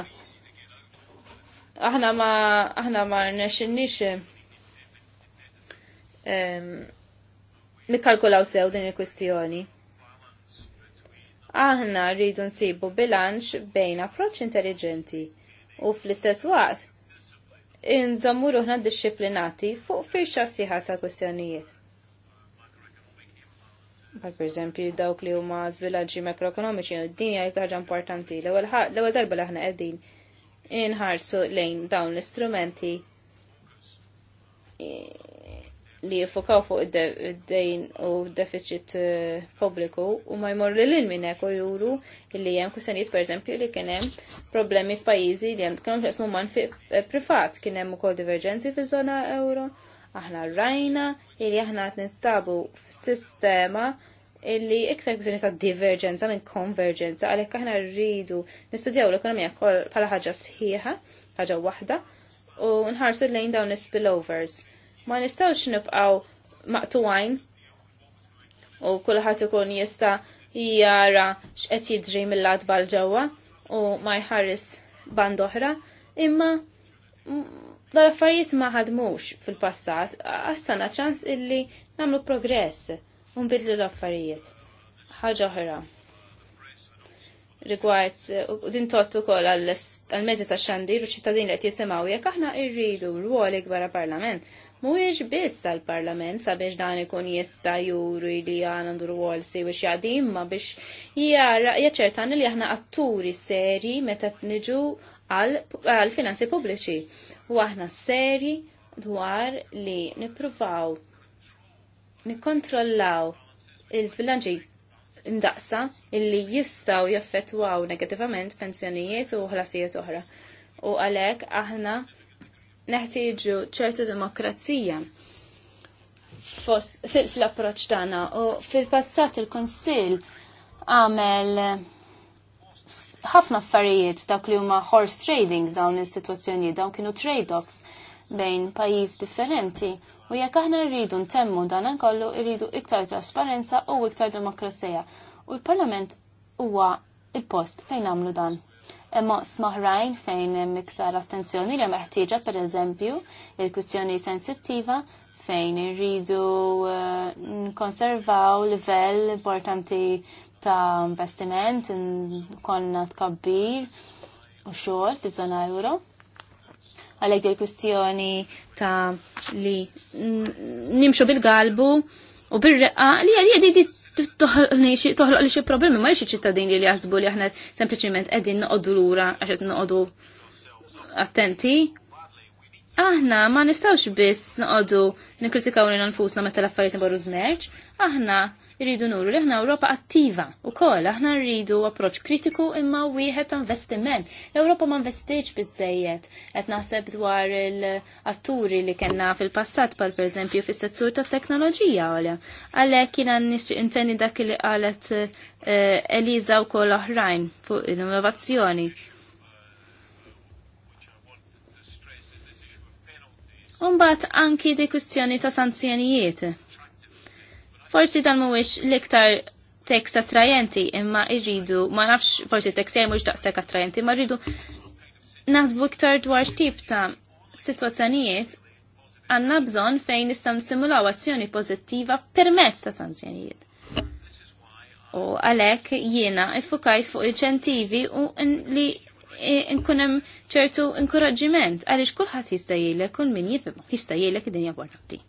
Aħna ma aħna ma rnexxinniex nikkalkulaw sew din il-kwistjoni. Aħna rridu nsibu bilanċ bejn approċċ intelligenti u fl-istess waqt inżommu ruħna disciplinati fuq firxa sieħa ta' kwistjonijiet. Għal per eżempju dawk li huma żvilaġġi makroekonomiċi din hija ħaġa importanti. L-ewwel darba l'aħna aħna qegħdin inħarsu lejn dawn l-istrumenti li jifukaw fuq id-dejn u deficit eh, pubbliku u ma jmorru lil min hekk u juru li hemm per pereżempju li kien hemm problemi f'pajjiżi li jem kienem xasmu man eh, privat kien hemm ukoll diverġenzi fiż-żona euro Aħna rajna illi aħna għat nistabu f'sistema illi iktar kwistjoni ta' divergenza minn konverġenza għalhekk aħna rridu nistudjaw l-ekonomija bħala ħaġa sħiħa, ħaġa waħda, u nħarsu lejn dawn l spillovers Ma nistgħux nibqgħu maqtuwajn u kulħadd ikun jista' jara x'qed jidri mill-lat bal ġewwa u ma jħares band oħra, imma L-affarijiet ma ħadmux fil-passat, għassana ċans illi namlu progress unbidlu l-affarijiet. ħaġa oħra. Rigward, din tottu kol għal-mezzi ta' xandir u ċittadin li jisimaw jek aħna irridu l għoli gbara parlament. Mhuwiex biss għal-parlament sabiex dan ikun jista juru li għandu għol si biex jadim ma biex jaċertan li aħna atturi seri meta t-nġu għal finanzi pubbliċi. U aħna seri dwar li nippruvaw nikontrollaw il-bilanċi imdaqsa illi jistaw jaffetwaw negativament pensjonijiet u ħlasijiet oħra. U għalek aħna neħtieġu ċertu demokrazija fil-approċ tagħna u fil-passat il konsil għamel ħafna affarijiet dak li huma horse trading dawn is sitwazzjoni dawn kienu trade-offs bejn pajjiż differenti. U jekk aħna rridu ntemmu dan kollu rridu iktar trasparenza u iktar demokrasija. U l-Parlament huwa il-post fejn għamlu dan. Imma smaħrajn fejn hemm iktar attenzjoni li meħtieġa pereżempju il-kwistjoni sensittiva fejn irridu eh, nkonservaw livell importanti ta' investiment konna tkabbir u xogħol fiż-żona euro. Għalhekk dil kwistjoni ta' li nimxu bil-galbu u bil-reqqa li hija di toħloq li xi problemi ma xi ċittadini li jaħsbu li aħna sempliċement qegħdin noqogħdu lura għax qed noqogħdu attenti. Aħna ma nistgħux biss noqogħdu nikkritikaw lil nfusna meta l-affarijiet imorru żmerġ. Aħna Irridu nuru li ħna Ewropa attiva u kol, aħna rridu approċ kritiku imma wieħed ta' investiment. L-Ewropa ma investiġ bizzejiet, qed naħseb dwar il-atturi li kellna fil-passat pal pereżempju fis-settur tat teknoloġija għalja. Għalhekk jiena nixtieq intenni dak li qalet eh, Eliza wkoll oħrajn fuq l-innovazzjoni. Umbat anki di kustjoni ta' sanzjonijiet Forsi dan mhuwiex l-iktar tekst attrajenti imma irridu ma nafx forsi tekst jgħid mhux daqshekk attrajenti ma rridu naħsbu iktar dwar x'tip ta' sitwazzjonijiet għandna bżonn fejn nistgħu nistimulaw azzjoni pożittiva permezz ta' sanzjonijiet. U għalhekk jiena ifukajt fuq inċentivi u li nkunem ċertu inkoraġġiment għaliex kulħadd jista' jgħidlek kull min jifhem jista' jgħidlek id-dinja importanti.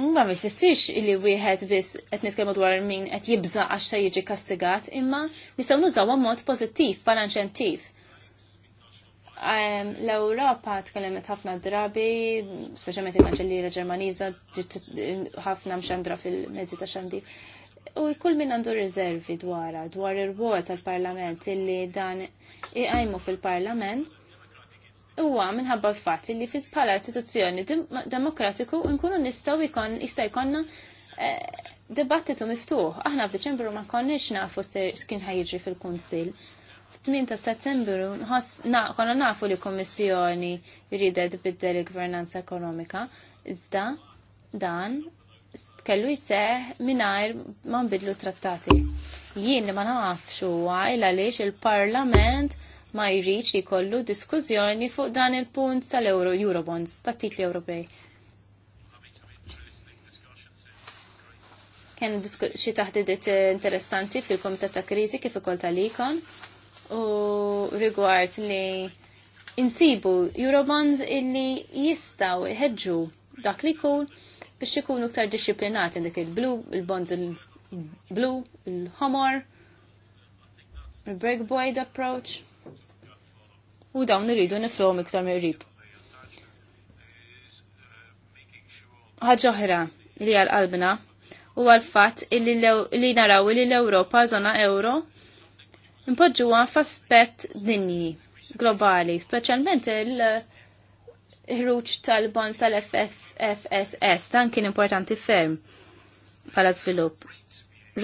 ma mi fissirx illi wieħed biss qed nitkellmu dwar min qed jibża għax se jiġi kastigat, imma nistgħu nużawha mod pożittiv bħala inċentiv. L-Ewropa tkellemet ħafna drabi, speċjalment il-Kanċelliera Ġermaniża ħafna mxandra fil-mezzi ta' xandi. U kull min għandu riservi dwar dwar ir-rwol tal-Parlament illi dan iqajmu fil-Parlament huwa minħabba l-fatt li fit bħala istituzzjoni demokratiku nkunu nistaw ikon jista' jkollna eh, dibattitu miftuħ. Aħna f'Deċembru ma konniex nafu skin ħajġi fil-Kunsill. 8 ta' settembru konna nafu li kommissjoni jridet biddel il-gvernanza ekonomika. Iżda dan kellu jseħ minnajr ma nbidlu trattati. Jien li ma nafx huwa il għaliex il-Parlament il parlament ma jriċ li kollu diskużjoni fuq dan il-punt tal-Euro Eurobonds, tat-titli Ewropej. Kien xi taħdidiet interessanti fil-Komitat ta' Kriżi kif ukoll tal-ikon u rigward li insibu Eurobonds illi jistaw iħeġġu dak li jkun biex ikunu iktar disciplinati dik il-blu, il-bonds il-blu, il-homor, il breakboid approach u dawn irridu niflohom iktar mirrib. Ħaġa oħra li għal qalbna u għal fatt li naraw li l-Ewropa zona euro impoġġuha f'aspett dinji globali, speċjalment il-ħruġ tal-bond tal-FFSS dan kien importanti ferm bħala żvilupp.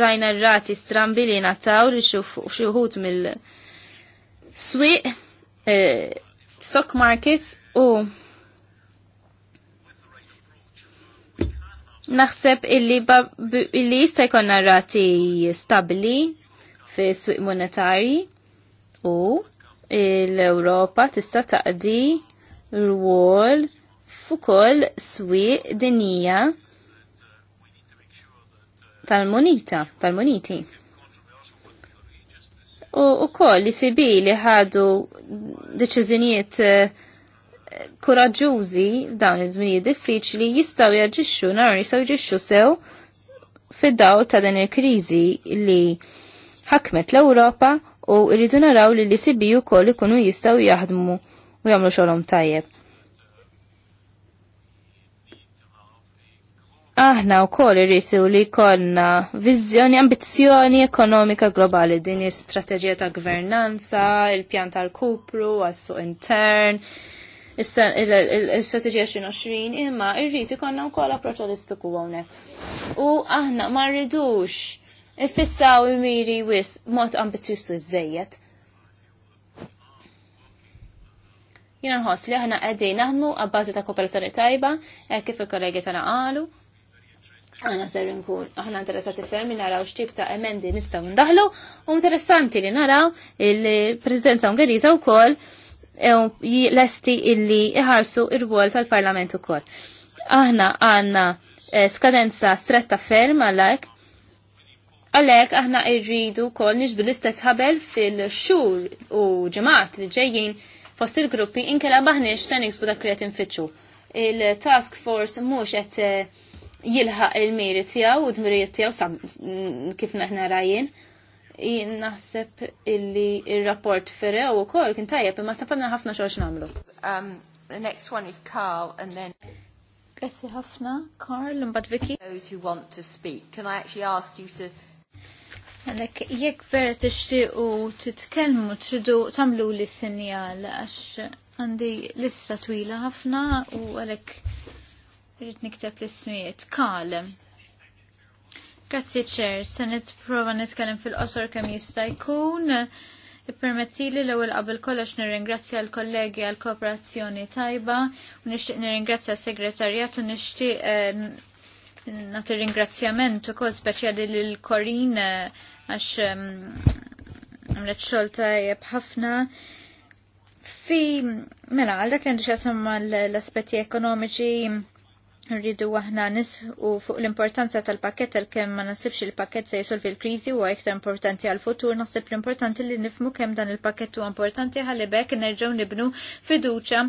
Rajna r-rati strambi li nataw li xuħut mill-swiq E, stock markets u naħseb illi, illi jista' jkollna rati stabbli fis-suq monetari u l-Ewropa tista' taqdi rwol fukol swieq dinija tal-munita, tal-muniti. tal tal tal munita tal muniti u koll li e sibi li ħadu deċiżjonijiet eh, koraġġużi f'dawn iż-żminijiet diffiċli jistgħu jaġixxu nhar jistgħu jaġixxu sew fid-daw ta' dan il-kriżi li ħakmet l-Ewropa u rridu naraw li li sibi wkoll ikunu jistgħu jaħdmu u jagħmlu xogħolhom tajjeb. aħna u koll irritu li konna vizjoni, ambizjoni ekonomika globali din strategija ta' gvernanza, il-pjan tal-kupru, għassu intern, il-strategija 2020, imma irritu konna u koll approċ holistiku għone. U aħna ma rridux ifissaw il-miri wis mod ambizjustu iż-żejjed. Jina nħoss li aħna għedin naħmu għabbażi ta' kooperazzjoni tajba, kif il-kollegi tana għalu, Għana ser nkun, aħna interesati fermi naraw xtib ta' emendi nistaw ndaħlu, u interessanti li naraw il-Presidenza Ungheriza u kol, e, l-esti illi iħarsu ir-għol tal-Parlament u kol. Aħna għanna e, skadenza stretta ferm għalek, għalek aħna irridu kol nġbu l-istess ħabel fil-xur u ġemat li ġejjin fost il-gruppi inkela maħniex sen iksbu dak li il-task force mux għet jilħaq il-miri tijaw u d-mirijiet tiegħu mm, kif naħna rajin. Naħseb illi il-rapport ferew u kol kien tajjeb imma tafanna ħafna xoċ namlu. Um, the next one is Carl and then Grazzi ħafna, Carl, mbad Vicky. Those who want to speak, can I actually ask you to Għalek, jekk vera t-ixti t-tkelmu t-ridu tamlu li s sinjal għax għandi lissa twila ħafna u għalhekk Rrit nikteb l-ismijiet. Kalem. Grazzi ċer, se prova nitkellem fil-qosor kemm jista' jkun. Ippermetti li l-ewwel qabel kollox nirringrazzja l-kollegi għal kooperazzjoni tajba u nixtieq nirringrazzja s-segretarjat u nixtieq eh, nati ringrazzjament ukoll speċjali l Korin eh, għax mm, għamlet xogħol tajjeb ħafna. Fi mela għal dak li għandu l-aspetti ekonomiċi Rridu aħna u fuq l-importanza tal-pakket tal-kem ma nasibx il-pakket se jisolvi l-krizi u għajk importanti għal-futur nasib l-importanti li nifmu kem dan il-pakket u importanti għalli bekk nerġaw nibnu fiduċa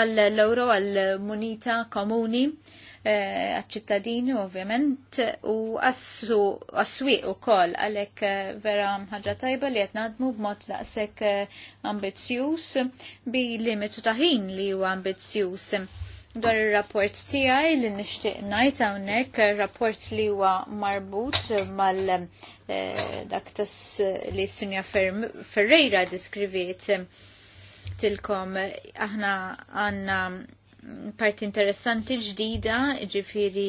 għall-euro għall-munita komuni eh, għal-ċittadini ovvjament u għassu u kol għalek eh, vera ħagġa tajba li għetnadmu b'mod laqsek eh, ambizjus bi limitu taħin li huwa ambizjus dwar ir-rapport tiegħi li nixtieq ngħid hawnhekk rapport li huwa marbut mal eh, dak tas li Sunja Ferreira diskriviet eh, tilkom aħna għandna parti interessanti ġdida ġifiri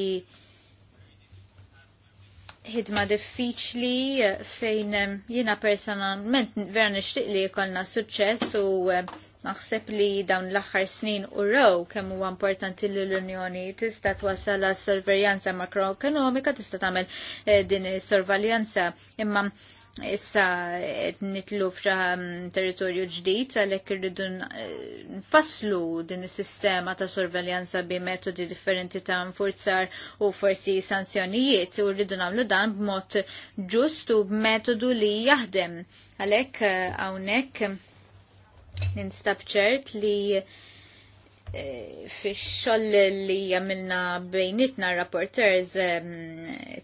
ħidma diffiċli fejn jiena personalment vera nixtieq li jkollna suċċess u eh, Naħseb li dawn l-aħħar snin u raw kemm huwa importanti li l-Unjoni tista' twassal għas sorveljanza makroekonomika, tista' tagħmel eh, din is-sorveljanza imma issa qed nitlu f'xa mm, territorju ġdid għalhekk irridu eh, nfasslu din is-sistema ta' sorveljanza bi metodi differenti ta' nfurzar u forsi sanzjonijiet u rridu nagħmlu dan b'mod ġust u b'metodu li jaħdem. Għalhekk eh, hawnhekk Ninstab ċert li eh, fi xoll li jamilna bejnitna rapporters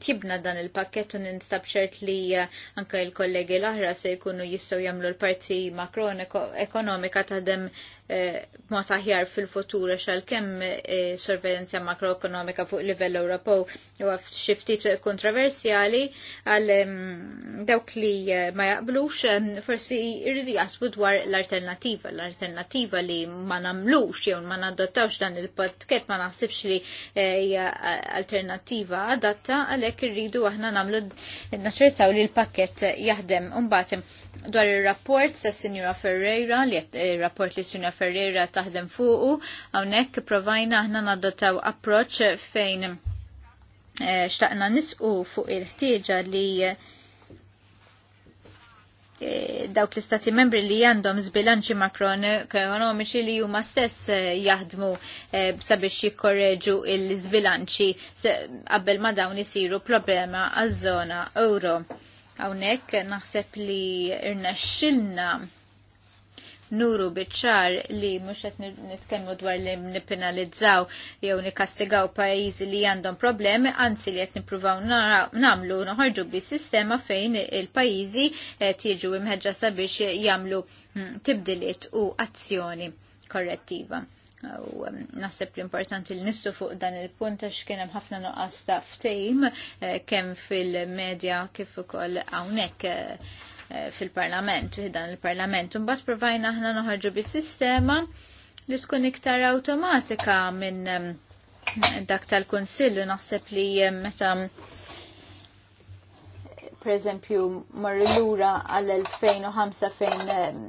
tibna dan il-pakket u ninstab ċert li eh, anka il-kollegi l-ahra se jkunu jissu jamlu l-parti makroekonomika ta' dem Eh, ma taħjar fil-futur għax kem eh, sorveljanza makroekonomika fuq livell Ewropew u xi ftit kontroversjali għal dawk li eh, ma jaqblux forsi jridu jasbu dwar l-alternattiva, l-alternattiva li ma nagħmlux jew ma nadottawx dan il podcast ma naħsibx li hija alternattiva adatta għalhekk irridu aħna nagħmlu naċċertaw li l-pakket jaħdem. mbagħad dwar ir-rapport tas Sinjura Ferreira li rapport li Sinjura Ferreira taħdem fuqu, hawnhekk provajna aħna nadotaw approċ fejn eh, xtaqna nisqu fuq il-ħtieġa li eh, dawk l-istati membri li għandhom zbilanċi ekonomiċi li huma stess eh, jaħdmu sabiex jikkorreġu il-zbilanċi qabel ma dawn isiru problema għaż-żona euro. Hawnhekk naħseb li irnexxilna nuru biċċar li mhux qed nitkellmu dwar li nipenalizzaw jew nikastigaw pajjiżi li għandhom problemi, anzi li qed nippruvaw nagħmlu noħorġu bi sistema fejn il-pajjiżi qed jiġu imħeġġa sabiex jagħmlu hm, tibdiliet u azzjoni korrettiva. U hm, naħseb l-importanti li nistu fuq dan il-punt għax kien hemm ħafna nuqqas ta' ftejm eh, kemm fil-medja kif ukoll hawnhekk eh, Eh, fil-parlament, dan il-parlament. Mbagħad provajna aħna noħarġu bis-sistema li tkun iktar automatika minn mm, dak tal-Kunsillu naħseb li mm, meta mm, per eżempju lura għal-2005 fejn ehm,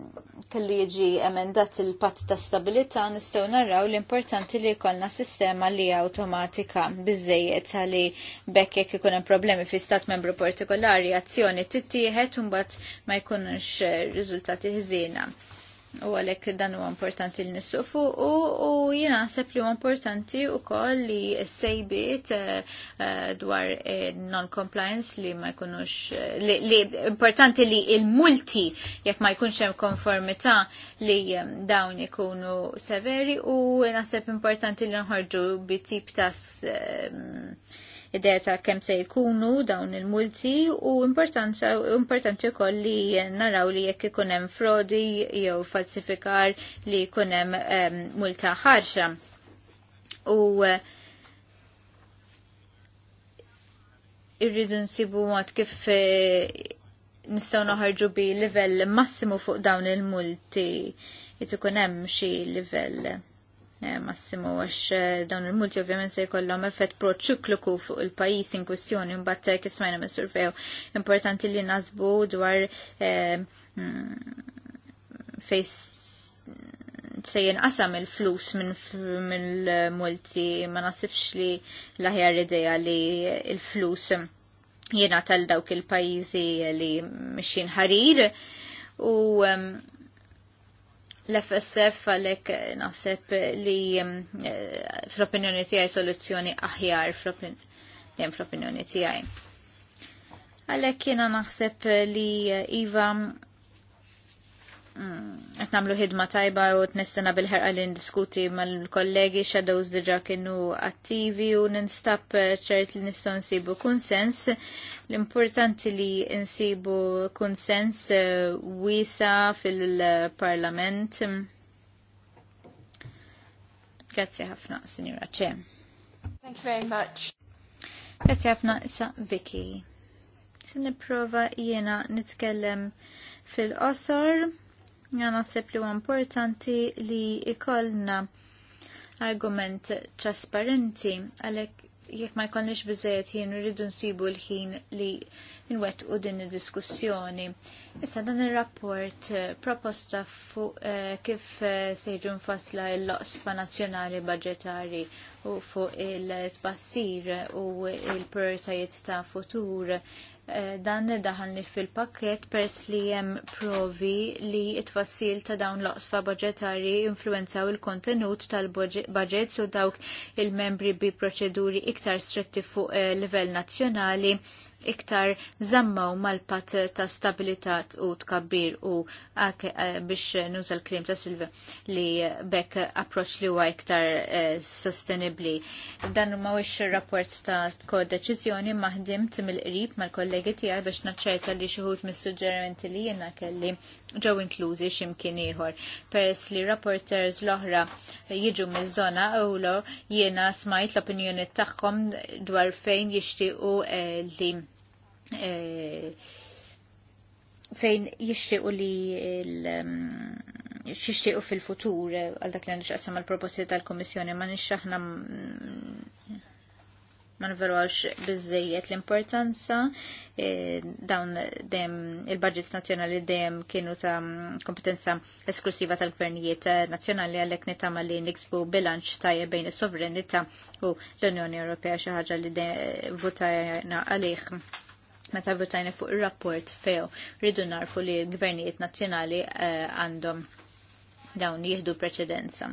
kellu jiġi emendat il-patt ta' stabilità nistgħu narraw l-importanti li jkollna sistema li awtomatika biżejjed għali bekk jekk ikun hemm problemi fi stat membru partikolari azzjoni tittieħed u mbagħad ma jkunux eh, riżultati ħżiena u għalek dan huwa importanti li nissufu u, jina naħseb li huwa importanti u koll li sejbiet eh, eh, dwar eh, non-compliance li ma jkunux li, importanti li il-multi jekk ma jkunx hemm konformità li dawn ikunu severi u naħseb importanti li nħarġu bi tip tas uh, idea ta' kemm se jkunu dawn il-multi u importanti wkoll li naraw li jekk ikun hemm frodi jew falsifikar li jkun hemm multa ħarxa. U irridu nsibu mod kif e, nistgħu noħarġu bi livell massimu fuq dawn il-multi jt ikun hemm xi livell Eh, massimu għax eh, dawn il-multi ovvjament se jkollhom effett proċikliku fuq il-pajjiż in kwestjoni imbagħad eh, kif smajna mis surfew importanti li nasbu dwar mm, fejn se jinqasam il-flus minn multi ma nasibx li l-aħjar idea li il-flus jiena tal dawk il-pajjiżi li mixin ħarir u um, l-FSF għalek eh, naħseb li mm, eh, fl-opinjoni tijaj soluzzjoni aħjar fl-opinjoni tijaj. Għalek jena naħseb li eh, Iva Mm. qed nagħmlu ħidma tajba u t-nistana bil-ħerqa li ndiskuti mal-kollegi shadows diġà kienu attivi u ninstab eh, ċert li nistgħu nsibu konsens. L-importanti li nsibu konsens eh, wiesa fil-parlament. Grazzi ħafna, Signora Ċe. Thank you very much. Grazzi ħafna, sa Vicky. Se nipprova jiena nitkellem fil-qosor naħseb li huwa importanti li ikollna argument trasparenti għalhekk jekk ma jkollniex biżejjed jien rridu nsibu l-ħin li nwettqu din id-diskussjoni. Issa dan ir-rapport eh, proposta fuq eh, kif eh, se jiġu nfasla l-loqsfa nazzjonali baġetari u fuq il-tbassir u il-prioritajiet ta' futur Eh, dan daħalni fil-pakket pers li hemm provi li t tfassil ta' dawn l-oqsfa budgetari influenzaw il-kontenut tal-budget su dawk il-membri bi proċeduri iktar stretti fuq eh, livell nazzjonali iktar zammaw mal-pat ta' stabilitat u tkabbir u eh, biex nuża l-klim ta' Silva li bekk approċ li huwa iktar eh, sostenibli. Dan ma wix rapport ta' kod maħdim maħdimt mill-qrib mal-kollegi tiegħi biex naċċerta li xi ħut mis-suġġerimenti li jiena kelli ġew inklużi x'imkien ieħor. Peress li rapporters l-oħra jiġu miż-żona ewlo jiena smajt l-opinjoni tagħhom dwar fejn jixtiequ eh, li Eh, fejn jixtiequ li xixtiequ fil-futur eh, għal dak li għasam għal-proposti tal-Komissjoni ma aħna ma nverwax bizzejiet l-importanza eh, dawn dem il-budget nazjonali dem kienu ta' kompetenza esklusiva tal-gvernijiet nazjonali għalek nitama li niksbu bilanċ tajja bejn is-sovranità u l-Unjoni Ewropea xi ħaġa li votajna għalih meta votajna fuq ir-rapport few rridu narfu li l-gvernijiet nazzjonali eh, għandhom dawn jieħdu preċedenza.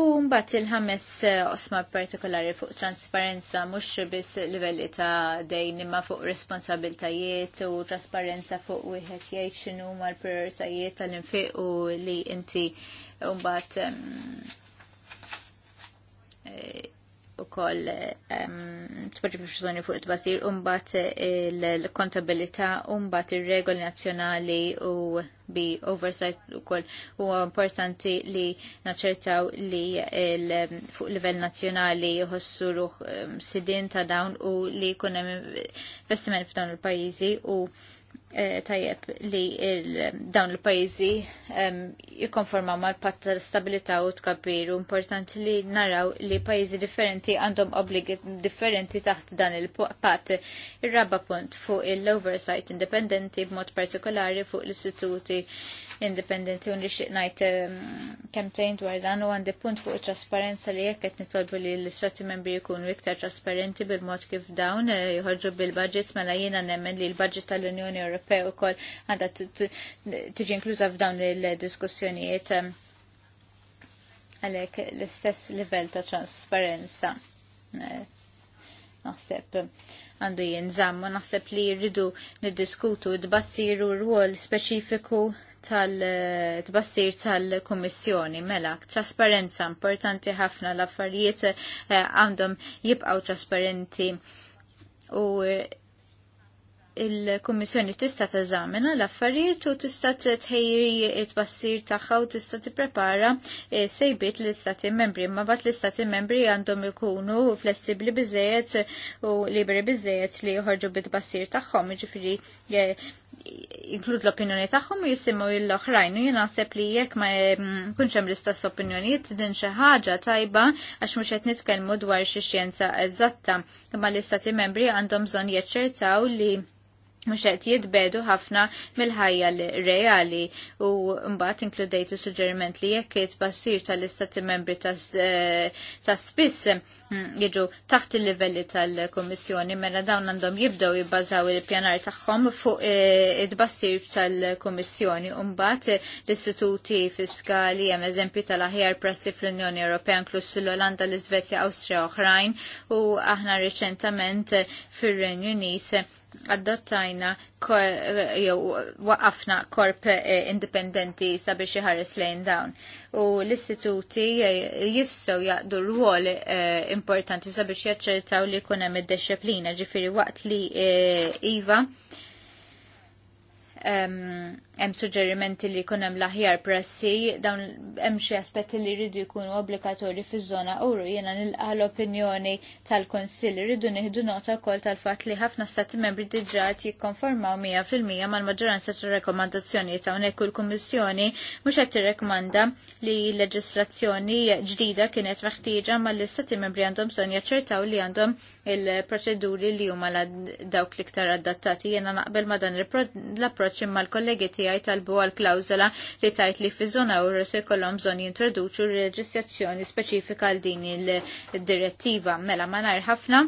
U mbagħad il-ħames eh, osma partikolari fuq trasparenza mhux biss livelli ta' dejn imma fuq responsabiltajiet u trasparenza fuq wieħed jgħid x'inhu mal prioritajiet tal-infiq u li inti mbagħad eh, u koll t-proġifiċzjoni fuq it-basir umbat l-kontabilita umbat il-regoli nazjonali u bi oversight u koll u importanti li naċertaw li fuq livell nazjonali jħossu ruħ sidin ta' dawn u li kunem investiment f'dawn il-pajizi u Eh, tajjeb li dawn il pajzi jikonforma mal patt tal stabilità u tkabbiru importanti li naraw li pajzi differenti għandhom obbligi differenti taħt dan il-patt. ir rabba punt fuq il-oversight indipendenti b'mod partikolari fuq l-istituti Independenti u nixtieq ngħid um, kemtejn dwar dan u għandi punt fuq trasparenza li jekk qed nitolbu li l-istati membri jkunu iktar trasparenti bil-mod kif dawn eh, jħorġu bil-budgets mela jiena nemmen li l-budget tal-Unjoni Ewropea wkoll għandha tiġi inkluza f'dawn il-diskussjonijiet um, għalek l-istess livell ta' trasparenza. Eh, naħseb għandu jenżammu, naħseb li jridu niddiskutu d-bassiru r-rwol speċifiku tal-tbassir tal-Kommissjoni mela. Trasparenza importanti ħafna l-affarijiet eh, għandhom jibqaw trasparenti u il-Kommissjoni tista' teżamina l-affarijiet u tista' tħejri t-bassir tagħha u tista' tipprepara eh, sejbiet l-istati membri. Ma bat l-istati membri għandhom ikunu flessibbli biżejjed u liberi biżejjed li joħorġu bit-bassir tagħhom, ġifieri eh, jinklud l-opinjoni tagħhom u jisimgħu l-oħrajn u jiena naħseb li jekk ma mm, kunx hemm l-istess opinjonijiet din xi ħaġa tajba għax mhux qed nitkellmu dwar xi xjenza eżatta imma l-istati membri għandhom bżonn jaċċertaw li Muxet qed jitbedu ħafna mill-ħajja reali u mbagħad inkludejt is-suġġeriment li jekk it-bassir tal-istati membri ta' eh, spiss mm, jiġu taħt il-livelli tal-Kummissjoni mela dawn għandhom jibdew jibbażaw il-pjanar tagħhom fuq eh, it-bassir tal-Kummissjoni u mbagħad l-istituti fiskali hemm eżempju tal-aħjar prassi fl-Unjoni Ewropea inklus l-Olanda, l-Iżvezja, Awstrija oħrajn u aħna reċentament fir-Renju Unit adottajna jew waqafna korp eh, indipendenti sabiex iħares lejn dawn. U l-istituti eh, jistgħu jaqdu rwol eh, importanti sabiex jaċċertaw li jkun hemm id-disciplina ġifieri waqt li iva. Um, hemm suġġerimenti li jkun hemm l-aħjar pressi, dawn hemm xi aspetti li jridu jkunu obbligatorji fiż-żona uru jiena nilqa' l-opinjoni tal-Kunsill irridu nieħdu nota wkoll tal-fatt li ħafna stati membri diġà jikkonformaw 100% mal-maġġoranza tar-rekomandazzjonijiet hawnhekk u l-Kummissjoni mhux qed tirrekomanda li l-leġislazzjoni ġdida kienet meħtieġa mal istati membri għandhom bżonn jaċċertaw li għandhom il-proċeduri li huma dawk l-iktar adattati jiena naqbel ma dan l-approċċ imma l-kollegi tiegħi tiegħi talbu għal klawzola li tajt li fi żona euro se jkollhom bżonn jintroduċu reġistrazzjoni speċifika għal din il-direttiva. Mela ma nar ħafna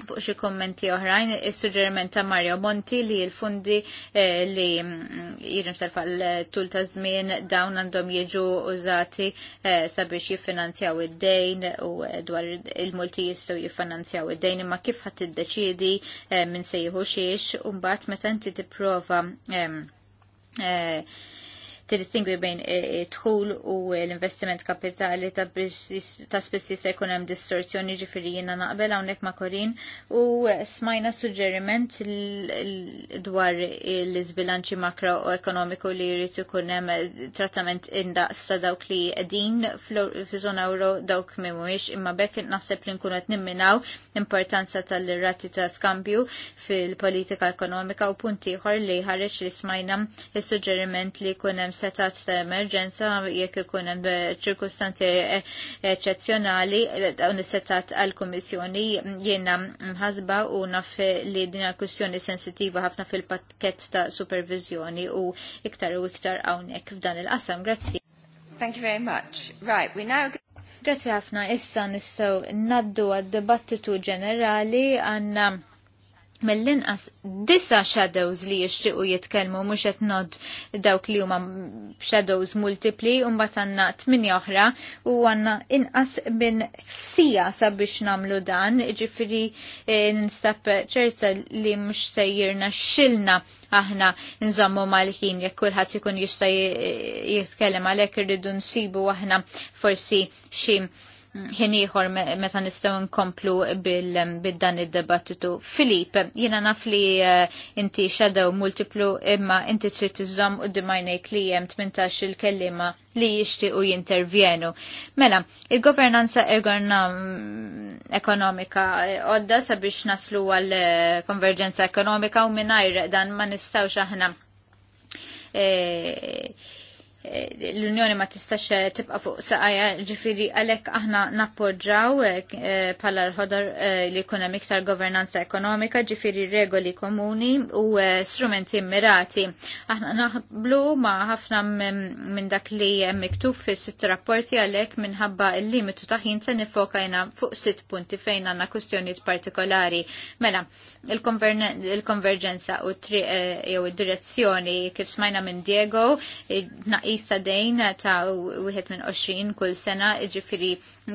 fuq xi kommenti oħrajn, is-suġġeriment ta' Mario Monti li l-fundi eh, li mm, jiġu msalfa għal tul ta' żmien dawn għandhom jiġu użati eh, sabiex jiffinanzjaw id-dejn u eh, dwar il-multi jistgħu jiffinanzjaw id-dejn imma kif ħadd tiddeċiedi min minn se jieħu xiex u mbagħad meta inti tipprova eh, t-distingwi bejn dħul u l-investiment kapitali ta' spiss jista' jkun hemm distorzjoni ġifieri jiena naqbel hawnhekk ma' korin u smajna suġġeriment dwar l izbilanċi makroekonomiku li jrid ikun hemm trattament indaqs ta' dawk li din f'żona euro dawk minn mhuwiex imma bekk naħseb li nkunet nimminaw importanza tal-rati ta' skambju fil-politika ekonomika u punti ieħor li ħareġ li smajna is-suġġeriment li jkun hemm setat ta' emerġenza jekk ikun hemm ċirkustanti eċċezzjonali dawn is-setat għall-Kummissjoni jiena mħasba u naf li din kwistjoni sensittiva ħafna fil-pakkett ta' supervizjoni u iktar u iktar hawnhekk f'dan il-qasam. Grazzi. Thank you very much. Right, we now Grazzi ħafna, issa nistgħu naddu għad-dibattitu ġenerali għandna mill-inqas disa shadows li jixtiequ jitkellmu mhux qed nod dawk li huma shadows multipli u mbagħad għandna tmini oħra u għandna inqas bin sija sabiex nagħmlu dan, ġifieri eh, nistab ċerta li mhux sejjirna xilna aħna nżommu mal-ħin jekk kulħadd ikun jista' jitkellem għalhekk irridu nsibu aħna forsi xi ħin ieħor meta nistgħu nkomplu bil-dan id-debattitu. Filip, jiena naf li eh, inti xadew multiplu imma inti trid tiżomm u dimajnejk li hemm 18 il-kellima li jixtiequ jintervjenu. Mela, il-governanza ekonomika eh, għodda sabiex naslu għal eh, konverġenza ekonomika u mingħajr dan ma nistgħux aħna l-Unjoni ma tistax eh, tibqa fuq saqajja ġifiri għalek aħna nappoġġaw eh, eh, pala l-ħodor li kuna miktar governanza ekonomika ġifiri regoli komuni u strumenti mirati. Aħna naħblu ma ħafna minn dak li miktub fi sitt rapporti għalek minħabba il-limitu taħin se nifokajna fuq sitt punti fejn għanna kustjoniet partikolari. Mela, il-konverġenza u triq jew id-direzzjoni kif smajna minn Diego, tnaqis dejn ta' wieħed minn 20 kull sena, iġifiri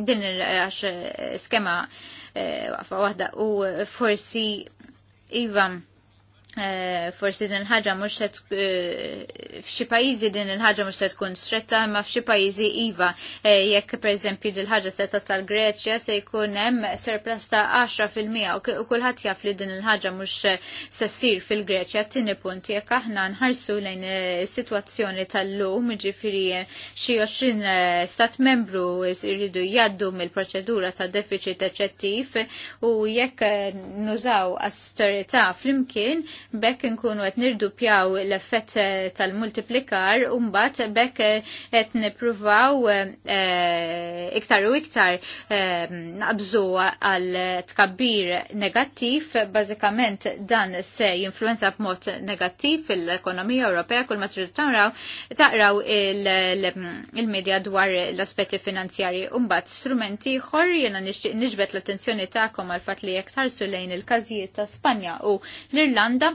din il-skema waqfa eh, waħda u forsi iva Eh, forsi din il-ħagġa mux eh, f'xi pajjiżi din il-ħagġa mhux se tkun stretta imma f'xi pajjiżi iva eh, jekk pereżempju din il-ħaġa se tal Greċja se jkun hemm surplus ta' 10% u kulħadd jaf li din il-ħaġa mhux se ssir fil-Greċja tieni punt jekk aħna nħarsu lejn is-sitwazzjoni tal-lum jiġifieri xi 20 stat membru jridu jgħaddu mill-proċedura ta' deficit eċettiv u jekk nużaw asterità flimkien bekk nkunu qed pjaw l-effett eh, tal-multiplikar u mbagħad bekk eh, qed nippruvaw eh, iktar u iktar naqbżu għal tkabbir negattiv bażikament dan se jinfluenza b'mod negattiv fil-ekonomija Ewropea kull ma tridu taqraw il-medja dwar l-aspetti finanzjari mbagħad strumenti ħor jena nixbet l-attenzjoni tagħkom għal fat li jektar tarsu lejn il-kazijiet ta' Spanja u l-Irlanda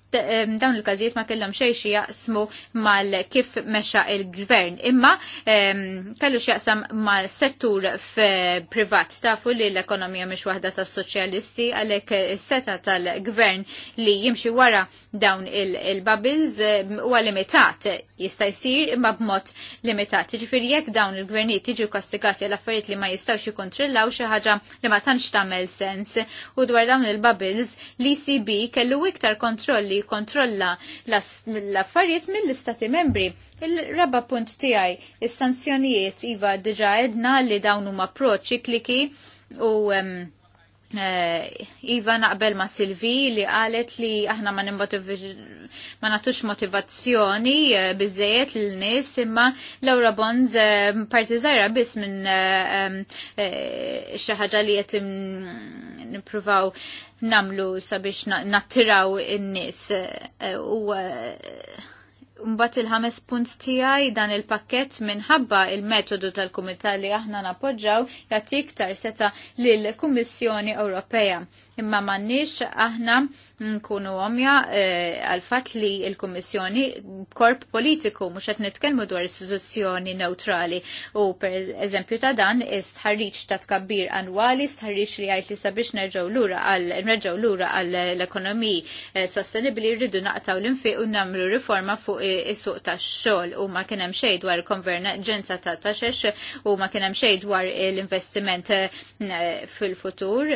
dawn il-każijiet ma kellhom xejn xi jaqsmu mal kif mexa il-gvern. Imma kellu x'jaqsam mal settur privat tafu li l-ekonomija mhix waħda tas-soċjalisti għalhekk is-seta tal-gvern li jimxi wara dawn il-bubbles huwa limitat jista' jsir imma b'mod limitat. Jiġifieri jekk dawn il-gvernijiet jiġu kastigati għal affarijiet li ma jistgħux jikkontrillaw xi ħaġa li ma tantx tagħmel sens u dwar dawn il-bubbles l-ECB kellu iktar kontrolli jikkontrolla l-affarijiet mill-istati membri. Il-raba punt tiegħi is-sanzjonijiet iva diġa edna li dawn huma proċikliki u um, Eh, iva naqbel ma' Silvi li qalet li aħna ma' ma' natux motivazzjoni eh, bizzejet l-nis imma Laura Bonds eh, partizajra bis minn xaħġa li jettim nipruvaw namlu sabiex nattiraw in nis u Mbagħad il-ħames punt tiegħi dan il-pakkett minħabba il-metodu tal-Kumitat li aħna napoġġaw jagħti iktar seta' lill-Kummissjoni Ewropea imma mannix aħna nkunu omja eh, għal fatt li l-Kummissjoni korp politiku mhux qed nitkellmu dwar istituzzjoni neutrali u per eżempju ta' dan istħarriġ ta' tkabbir annwali stħarriġ li għajt li sabiex nerġgħu lura għal nerġgħu lura għal l-ekonomiji eh, sostenibbli rridu naqtaw l-infiq u nagħmlu riforma fuq eh, is-suq tax-xogħol u ma kien hemm xejn dwar konverġenza ta' taxex u ma kien hemm xejn dwar l-investiment fil-futur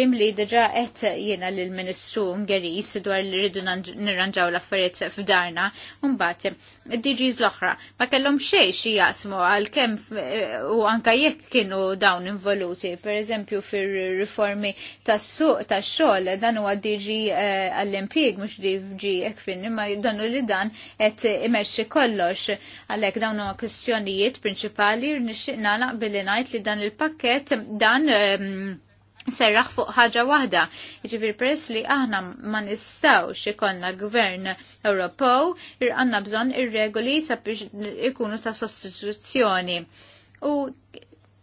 klim li deġa għet jiena lill-Ministru Ungeris dwar li rridu nirranġaw l-affarijiet f'darna, mbagħad id-DGs l-oħra ma kellhom xie jasmu għal għalkemm eh, u anka jekk kienu dawn involuti, pereżempju fir-riformi tas-suq tax-xogħol dan huwa diġi eh, għall-impjieg mhux DG ekfin, dan u li dan qed imexxi kollox għalhekk dawn u kwistjonijiet prinċipali nixtieq nagħlaq billi ngħid li dan il-pakkett dan ehm, serraħ fuq ħaġa waħda. Ġifir press li aħna ma nistaw xikonna gvern Ewropew, għandna bżonn ir-regoli sabiex ikunu ta' sostituzzjoni. U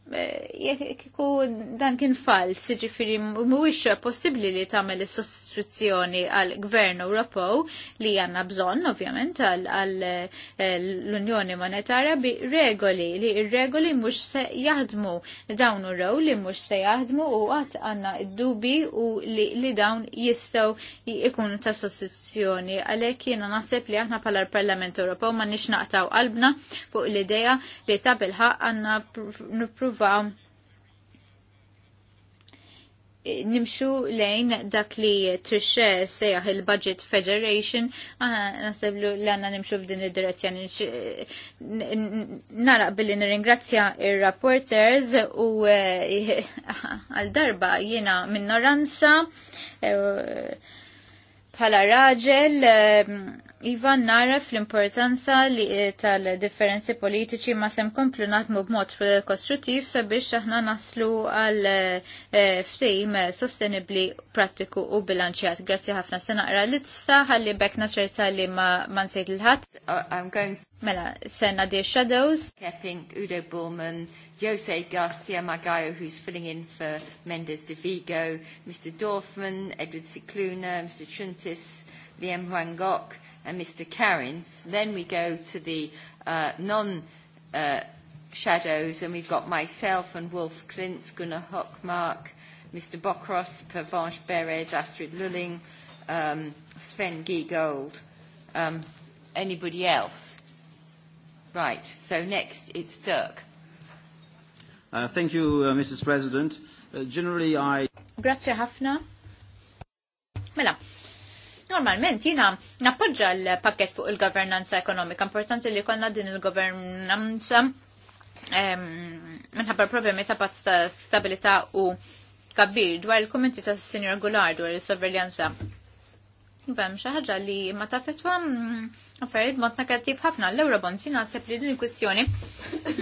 Eh, kiku dan kien fals, ġifiri mhuwiex possibbli li tagħmel is-sostituzzjoni għal Gvern Ewropew li għandna bżonn ovvjament għal eh, l-Unjoni Monetarja bi regoli li r-regoli mhux se jaħdmu dawn u raw li mhux se jaħdmu u għat għandna id-dubi u li dawn jistgħu ikunu ta' sostituzzjoni għalhekk jiena naħseb li aħna bħala parlament Ewropew ma nix naqtaw qalbna fuq l-idea li ta' bilħaq għandna nippruv nippruvaw nimxu lejn dak li trixe sejjaħ il-Budget Federation, naseblu li għanna nimxu f'din id-direzzjoni. Naraq billi nir-ingrazzja il-rapporters u għal-darba jena minnoranza bħala raġel Iva naraf l-importanza li eh, tal-differenzi politiċi ma sem komplu natmu b'mod kostruttiv sabiex aħna naslu għal eh, ftejm eh, sostenibli prattiku u bilanċjat. Grazzi ħafna sena għra li tista ħalli bekna ċerta li ma mansejt l ħat Mela, sena di Shadows. Kepping, Udo Borman, Jose Garcia Magallo, who's filling in for Mendes de Vigo, Mr. Dorfman, Edward Cicluna, Mr. Chuntis, Liam Huangok, and Mr. Karins. Then we go to the uh, non-shadows, uh, and we've got myself and Wolf Klintz, Gunnar Hockmark, Mr. Bokros, Pervanche Beres, Astrid Lulling, um, Sven Giegold. Um, anybody else? Right, so next it's Dirk. Uh, thank you, uh, Mrs. President. Uh, generally, I... Grazie, Hafna. Mela, Normalment jina nappoġġa l-pakket fuq il-governanza ekonomika. Importanti li konna din il-governanza ehm, minħabba problemi ta' pazz ta' stabilita' u kabir, dwar il komenti ta' Senior Gular dwar il-sorveljanza. Bem, iva, xaħġa li ma ta' fetwa mm, affarid mod negativ ħafna l-Eurobond sina sepp li din il-kwistjoni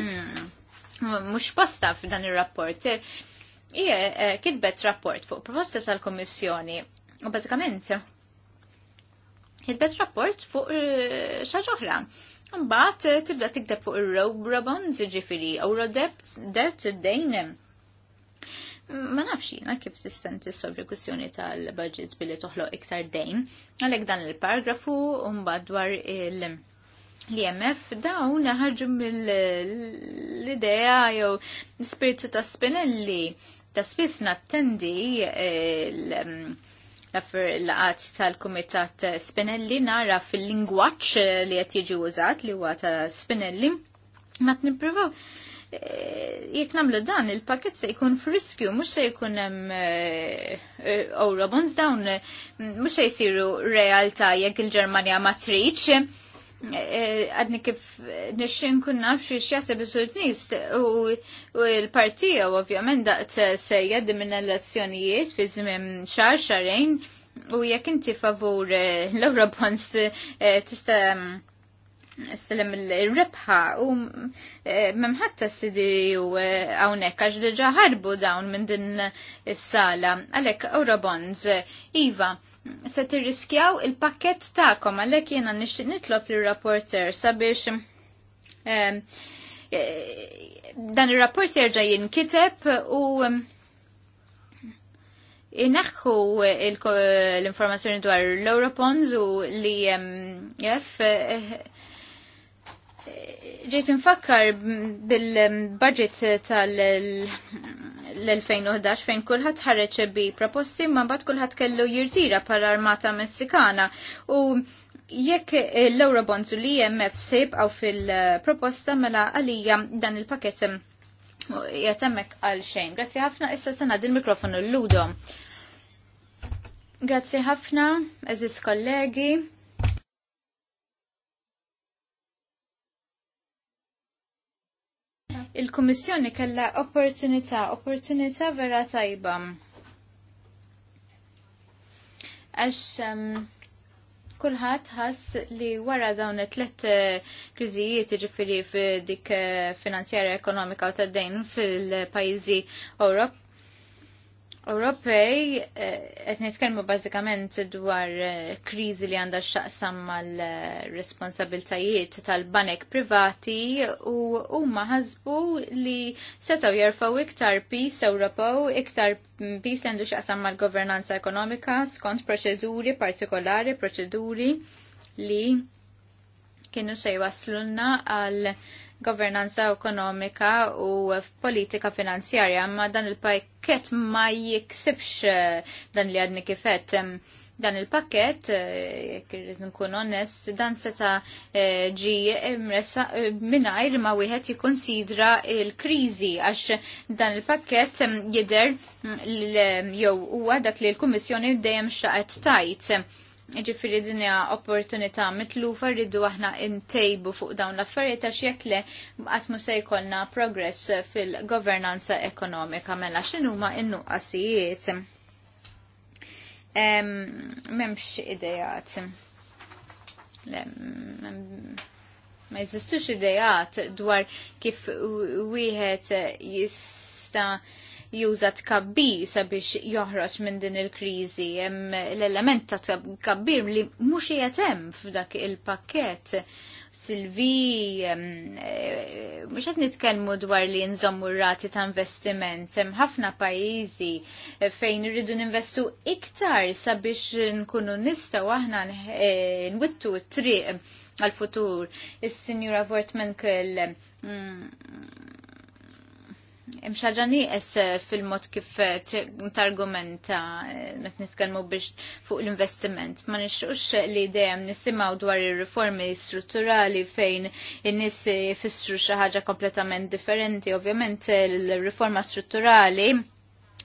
mux mm, posta f'dan il-rapport. Ije eh, kitbet rapport fuq proposta tal komissjoni u bazzikament il-bet rapport fuq eh, xaġoħra. Mbagħad eh, tibda tikdeb fuq ir-row bonds ġifiri, euro debt dejn. Ma nafx jiena kif tistenti solvi kwistjoni tal-budgets billi toħloq iktar dejn, għalhekk dan il-paragrafu mbagħad dwar il- l-IMF dawn ħarġu mill-idea jew l-spiritu ta' Spinelli ta' spiss nattendi l- naffer l għat tal-Kumitat Spinelli nara fil-lingwaċ li qed jiġi użat li huwa ta' Spinelli. Ma t eh, jek namlu dan, il-paket se jkun friskju, mux se jkun eh, eh, Eurobonds dawn, mux se jisiru realtà jekk il-Germania ma għadni kif nixin kun naf xie xjaseb iż-sultnist u l-partija ovvjament daqt se jeddi minn elezzjonijiet fi żmien xar xarajn u jekk inti favur eh, l-Ewra għans eh, tista' mm, s-salem il-rebħa u eh, memħatta s-sidi u għawnek għax li ħarbu dawn minn din s-sala għalek Eurobonds Iva se tirriskjaw il-pakket ta'kom għalhekk jiena nixtieq nitlob l rapporter sabiex e, dan ir-rapport jerġa' jinkiteb u Inaħħu l-informazzjoni dwar l-Europons u li jaff ġejt nfakkar bil-budget tal- l-2011 fejn kulħadd ħareġ bi proposti ma mbagħad kulħadd kellu jirtira bħala armata Messikana u jekk l-Eurobonds u l-IMF se għaw fil-proposta mela għalija dan il-pakett jatemmek għal xejn. Grazzi ħafna, issa sena il mikrofonu l-ludo. Grazzi ħafna, eżis kollegi. il-Kummissjoni kellha opportunità, opportunità vera tajba. Għax ehm, kulħadd ħass li wara dawn it-tlet eh, kriżijiet ġifiri dik eh, finanzjarja ekonomika u tad-dejn fil-pajjiżi Ewropa Ewropej eh, qed nitkellmu bażikament dwar eh, kriżi li għandha x'aqsam mal-responsabiltajiet tal-banek privati u huma ħasbu li setgħu jerfgħu iktar pis Ewropew iktar pis li għandu x'aqsam mal-governanza ekonomika skont proċeduri partikolari, proċeduri li kienu se jwaslulna għal governanza ekonomika u politika finanzjarja, ma dan il-pakket ma jiksibx eh, dan li għadni kifet dan il-pakket, eh, jekk irrid nkun onest, dan seta eh, ġi imressa mingħajr ma wieħed jikkonsidra l-kriżi għax dan il-pakket jidher mm, jew huwa dak li l-Kummissjoni dejjem xaqet tajt Ġifiri dinja opportunità mitlufa rridu aħna intejbu fuq dawn l-affarijiet għax jekk le għatmu se jkollna progress fil-governanza ekonomika mela x'inhuma n-nuqqasijiet. M'hemmx idejat. Ma jeżistux idejat dwar kif wieħed jista' juża tkabbi sabiex joħroġ minn din il-kriżi. Hemm l-element ta' tkabbir li mhux qiegħed hemm f'dak il-pakkett. Silvi, mux eh, għet nitkelmu dwar li nżommu rati ta' investiment, hemm ħafna pajizi fejn rridu ninvestu iktar sabiex nkunu nistaw aħna eh, nwittu t-triq għal-futur. Is-Sinjura Vortman kell mm, Imxaġa nieqes eh, fil-mod kif eh, targumenta eh, met nitkellmu biex fuq l-investiment. Ma nixux li dejem nisimgħu dwar ir-riformi strutturali fejn in-nies jfissru xi ħaġa kompletament differenti. Ovvjament l-riforma strutturali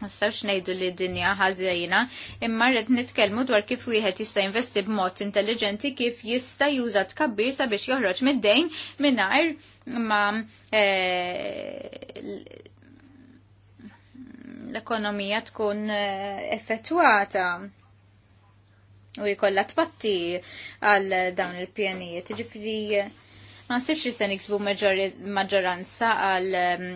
Nistawx nejdu li dinja ħażejna, imma rrid nitkellmu dwar kif wieħed jista' jinvesti b'mod intelligenti kif jista' juża tkabbir sabiex joħroġ mid-dejn mingħajr ma eh, l-ekonomija tkun eh, effettwata u jkollha tbatti għal dawn il-pjanijiet. Ġifri Ma nsibx li se niksbu maġġoranza għal ehm,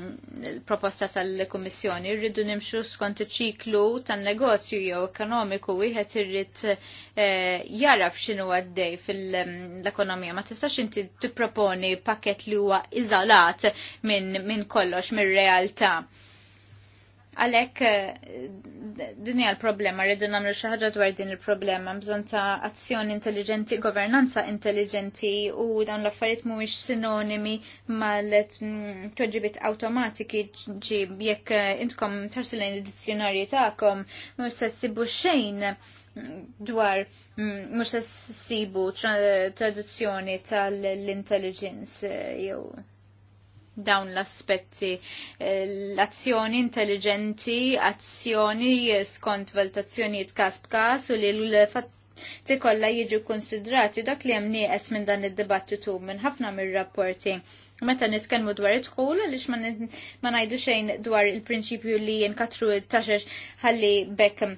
proposta tal-Kummissjoni, rridu nimxu skont ċiklu tan-negozju jew ekonomiku wieħed irrid eh, jara f'xinu għaddej fil-ekonomija. Ma tistax inti tipproponi pakket li huwa iżolat minn kollox, mir-realtà. Għalek, eh, din hija l-problema, rridu nagħmlu xi ħaġa dwar din il-problema, bżonn ta' azzjoni intelligenti, governanza intelligenti u dawn l-affarijiet mhumiex sinonimi mal-tweġibiet awtomatiki ġi jekk eh, intkom tarsu lejn id-dizzjonarji tagħkom mhux se ssibu xejn dwar mm, mhux se ssibu traduzzjoni tal-intelligence eh, jew dawn l-aspetti eh, l-azzjoni intelligenti, azzjoni skont valutazzjonijiet kas b'kas u li l-fatt tikolla jiġu konsidrati dak li hemm nieqes minn dan id-dibattitu minn ħafna mir-rapporti. Meta nitkellmu dwar id-dħul għaliex ma ngħidu xejn dwar il-prinċipju li jinkatru t-taxex ħalli bekk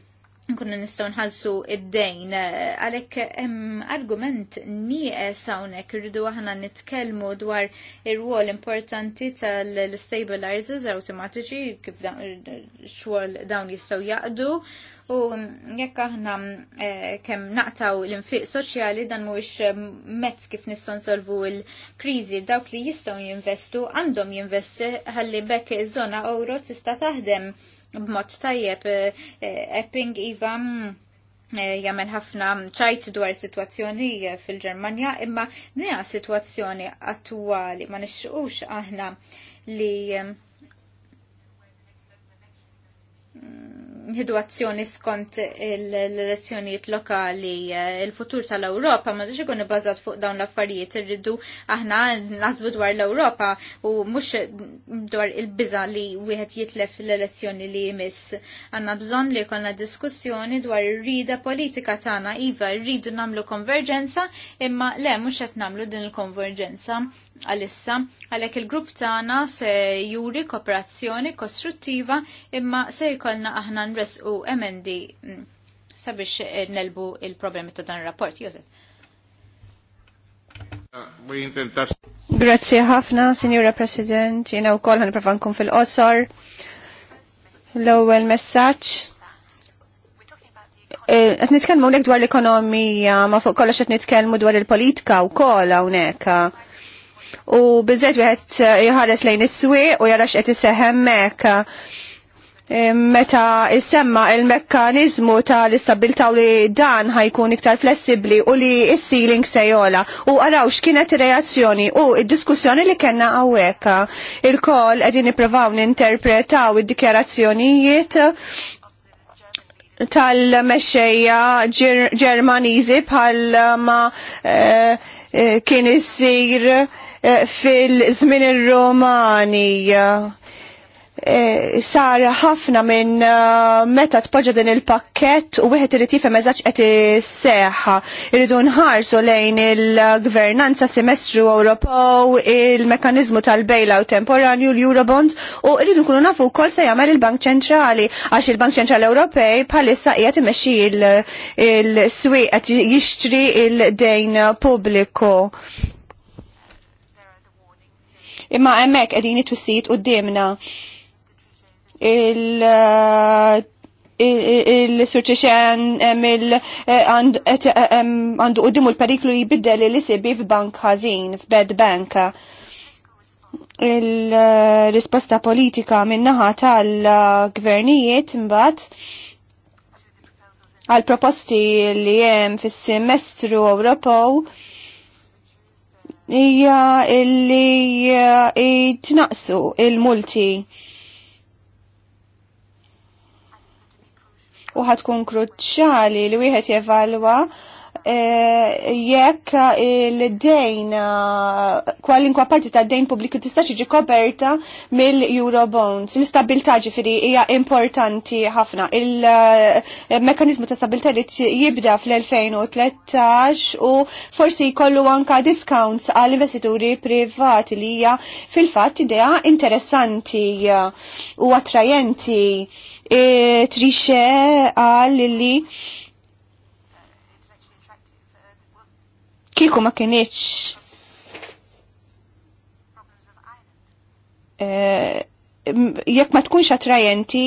kunna nistaw nħalsu id-dejn. Eh, Għalek hemm argument nieqes hawnhekk irridu aħna nitkellmu dwar ir-rwol importanti tal-stabilizers awtomatiċi kif xogħol dawn jistgħu jaqdu. U jekk aħna eh, kemm naqtaw l-infiq soċjali dan mhuwiex eh, mezz kif nistgħu nsolvu l-kriżi dawk li jistgħu jinvestu għandhom jinvesti ħalli bekk iż-żona euro tista' taħdem b'mod tajjeb eh, eh, Epping Iva mm, eh, jamen ħafna mm, ċajt dwar situazzjoni fil-Ġermanja, imma nija situazzjoni attwali ma nixxuqux aħna li mm, nħidu azzjoni skont l-elezzjonijiet lokali, eh, il-futur tal-Ewropa, ma diġi kun bazzat fuq dawn l-affarijiet, irridu aħna nazbu dwar l-Ewropa u mux dwar il-biza li wieħed jitlef l-elezzjoni li jmiss. Għanna bżon li konna diskussjoni dwar ir-rida politika tagħna iva rridu namlu konverġenza, imma le mhux qed namlu din il-konverġenza għalissa, għalek il-grupp tagħna se juri kooperazzjoni kostruttiva imma se jkollna aħna nresqu emendi mm, sabiex eh, nelbu il-problemi ta' dan il-rapport. Josef. Ah, Grazie ħafna, Signora President, jena u koll ħanprofankum fil-qosor. L-ewel messaċ. Għet eh, nitkelmu l dwar l-ekonomija, ma fuq kollox għet nitkelmu dwar il-politika u koll għawnek u bizzet wieħed eh, jħares lejn is-swieq u jarax qed mek eh, meta issemma il-mekkanizmu tal-istabilta u li dan ħajkun iktar flessibli u li s-sealing sejola u għaraw x'kienet reazzjoni u id-diskussjoni li kena għawek il-kol għedin niprofaw ninterpretaw id-dikjarazzjonijiet tal mesċeja Ġermaniżi bħal ma eh, kien issir Eh, fil-żmien ir-Romani eh, eh, sar ħafna minn meta tpoġġa din il-pakket u wieħed irid jifhem eżatt qed isseħħa. Irridu nħarsu lejn il-gvernanza semestru Ewropew, il-mekkaniżmu tal-bailout temporanju l-Eurobond u rridu nkunu nafu wkoll se jagħmel il-Bank Ċentrali għax il-Bank Ċentrali Ewropej bħalissa qiegħed imexxi il-swieq qed jixtri il-dejn pubbliku imma emmek qegħdin it-twissijiet qudiemna il- uh, il-surċiċen eh, għandu għoddimu l-periklu jibiddel li bank. għazin f bed bank. Il-risposta politika minnaħa tal-gvernijiet mbagħad għal proposti li jem fis-semestru Ewropew hija illi eh, jitnaqsu il-multi u ħatkun kruċċali li wieħed jevalwa Eh, jekk il-dejn, eh, kwalinkwa parti ta' dejn publiku tista' ġi koperta mill-Eurobonds. L-istabilta ġifiri hija importanti ħafna. Il-mekanizmu ta' stabilta li jibda fl-2013 u forsi jkollu anka discounts għal investituri privati li hija fil-fatt idea interessanti u attrajenti. E, trixe għal li Kieku ma kienieċ eh, jekk ma tkunx attrajenti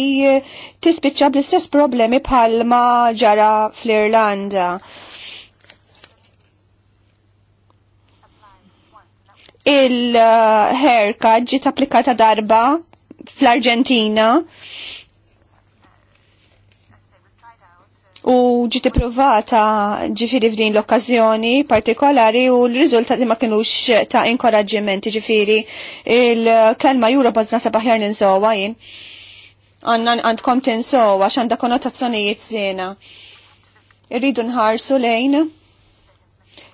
tispiċċa bl-istess problemi bħal ma ġara fl-Irlanda. Il-herka ġiet applikata darba fl-Arġentina u ġiet ipprovata ġifiri f'din l-okkażjoni partikolari u l-riżultati ma kinux ta' inkoraġġimenti, ġifiri il-kelma jura bazna sabaħjar ninsowa jien. Għanna għandkom tinsowa x'għandha konnotazzjonijiet żiena. Irridu nħarsu lejn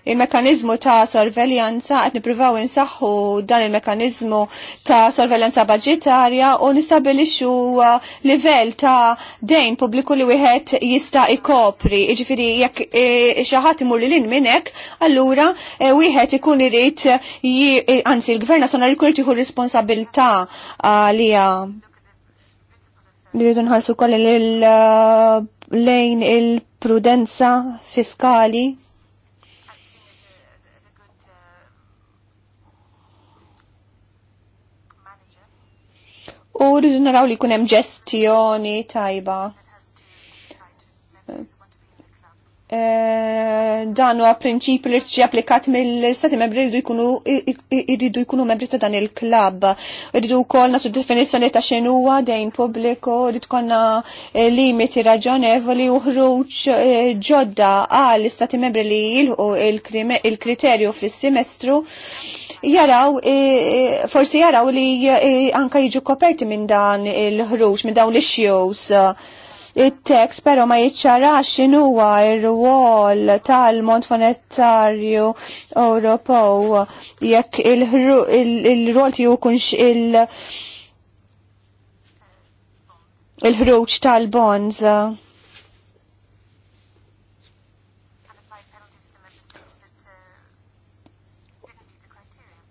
il-mekanizmu ta' sorveljanza, għet niprivaw insaxħu dan il-mekanizmu ta' sorveljanza budgetarja u nistabilixu uh, livell ta' dejn publiku li wieħed jista' ikopri. Iġifiri, jekk e, xaħat imur li lin minnek, allura e, wieħed ikun irrit, e, anzi il-gvern nazjonali jkun irrit responsabilta uh, li uh, nirridu nħassu koll lejn il-prudenza fiskali u rridu naraw li kunem ġestjoni tajba. Eh, dan huwa prinċipju li tiġi applikat mill-Stati membri jridu jkunu jridu jkunu membri ta' dan il-klabb. Jridu wkoll nagħtu definizzjoni ta' xejn huwa dejn pubbliku, jrid konna eh, limiti raġonevoli u ħruġ eh, ġodda għal istati membri li jilħu il-kriterju fis-semestru jaraw, eh, forsi jaraw li anka jiġu koperti minn dan il-ħruġ, minn dawn l-issues il-tekst pero ma jitxarax x'inhuwa r-rwol tal mont Monetarju Ewropew jekk il-rwol tiegħu kunx il- il-ħruġ tal bonza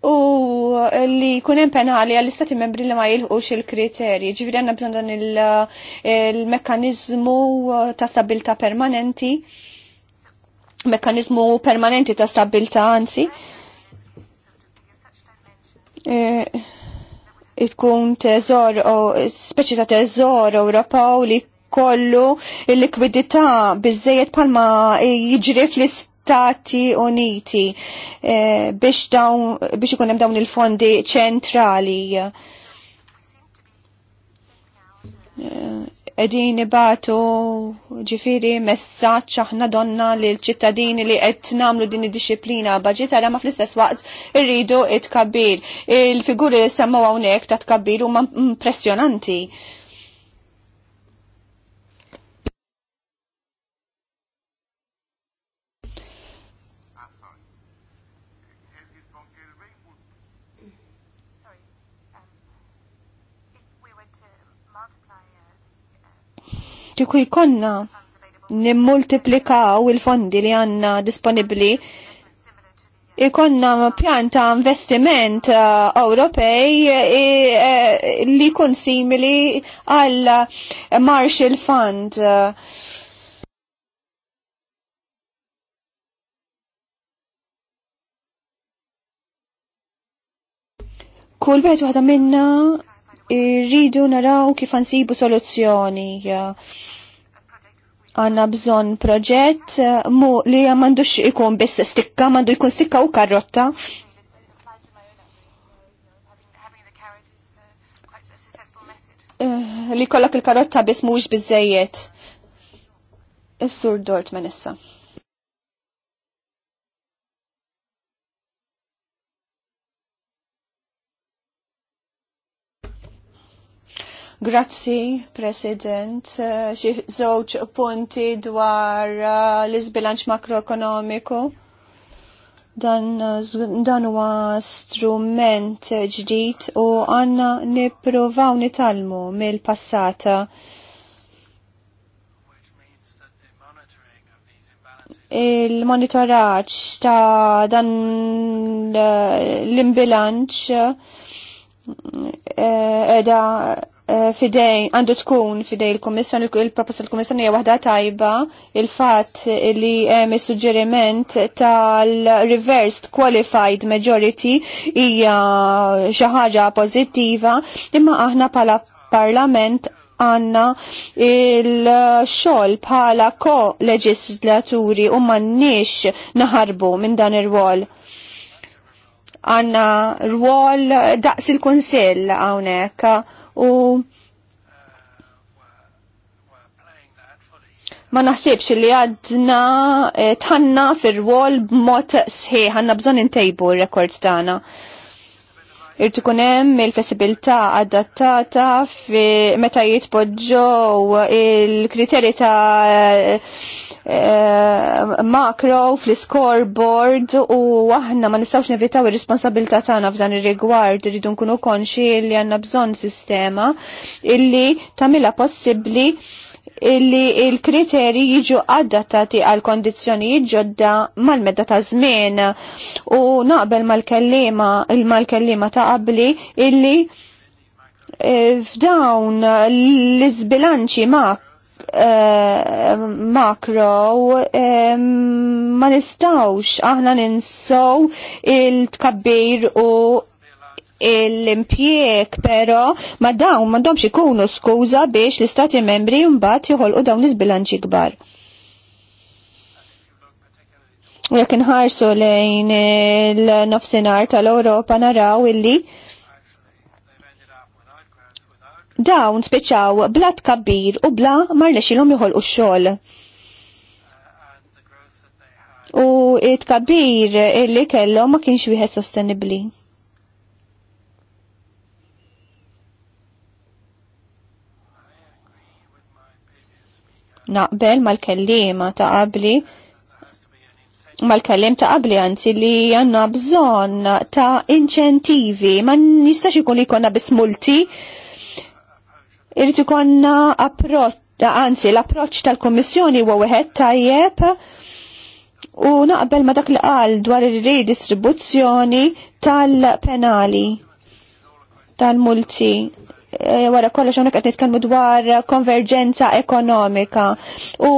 u li kunem penali għall-istati membri li ma jilħux il-kriterji. Ġifiri għanna bżon dan il-mekkanizmu ta' stabilta permanenti, mekkanizmu permanenti ta' stabilta anzi. E, itkun teżor, speċi ta' teżor Ewropew li kollu il-likwidità bizzejiet palma jiġri fl-istati Stati Uniti eh, biex dawn biex ikun hemm dawn il-fondi ċentrali. Eh, Edini ibatu ġifiri messaċ aħna donna li l-ċittadini li qed namlu din id-disciplina Baġitara ma fl-istess waqt irridu it tkabbir Il-figuri li semmu hawnhekk ta' tkabbir huma impressjonanti. Tiku jkonna nimmultiplikaw il-fondi li għanna disponibli ikonna pjan ta' investiment uh, Ewropej uh, li kun simili għal Marshall Fund. Kull bħet waħda minna irridu naraw kif ansibu soluzzjoni. Għanna bżon proġett eh, mu li mandux ikun biss stikka, mandu jkun stikka u karrotta. Eh, li kollok il-karotta biss mux bizzejiet. Is-sur Dortman issa. Grazzi, President. Eh, xi żewġ punti dwar eh, l-isbilanċ makroekonomiku. Eh, dan huwa strument ġdid u għanna nippruvaw nitalmu mill-passata. il-monitoraċ ta' dan l-imbilanċ edha Eh, fidej, għandu tkun fidej il komissjon il-proposta il komissjon hija waħda tajba il-fatt li hemm is-suġġeriment tal-reversed qualified majority hija xi ħaġa pożittiva, imma aħna pala parlament għanna il-xol bħala ko-leġislaturi u mannix naħarbu minn dan ir-rwol għanna rwol daqs il-konsill għawnek u ma naħsibx li għadna eh, tħanna fir-rwol b'mod sħiħ, għanna bżon intejbu r-rekord tagħna irtikunem il-flessibilità adattata fi meta jitpoġġo il-kriterji ta' eh, eh, makro fl-scoreboard u aħna ma nistawx nevitaw ir-responsabilità tagħna f'dan ir-rigward irridu nkunu konxi li għandna bżonn sistema illi tagħmilha possibbli illi il-kriteri jiġu adattati għal kondizzjonijiet ġodda mal-medda ta' żmien u naqbel mal-kellima il-mal-kellima ta' qabli illi e, f'dawn l-izbilanċi ma' e, makro e, ma nistawx aħna ninsow il-tkabbir u l-impjieg, pero ma dawn m'għandhomx ikunu skuża biex l-istati membri mbagħad joħolqu dawn iż-bilanċi kbar. U jekk inħarsu lejn l-nofsinhar tal-Ewropa naraw illi dawn speċaw bla tkabbir u bla ilhom joħolqu x-xogħol u it-kabir illi kellhom ma kienx wieħed sostenibbli. naqbel mal-kellima ta' qabli mal-kellim ta' qabli għanti li għanna bżon ta' inċentivi, ma' nistax ikun li konna bismulti, irrit ikonna approċ, anzi l-approċ tal-Kommissjoni huwa wieħed tajjeb u naqbel ma dak li qal dwar ir-redistribuzzjoni tal-penali tal-multi Eh, wara kollox hawnhekk qed nitkellmu dwar konverġenza ekonomika u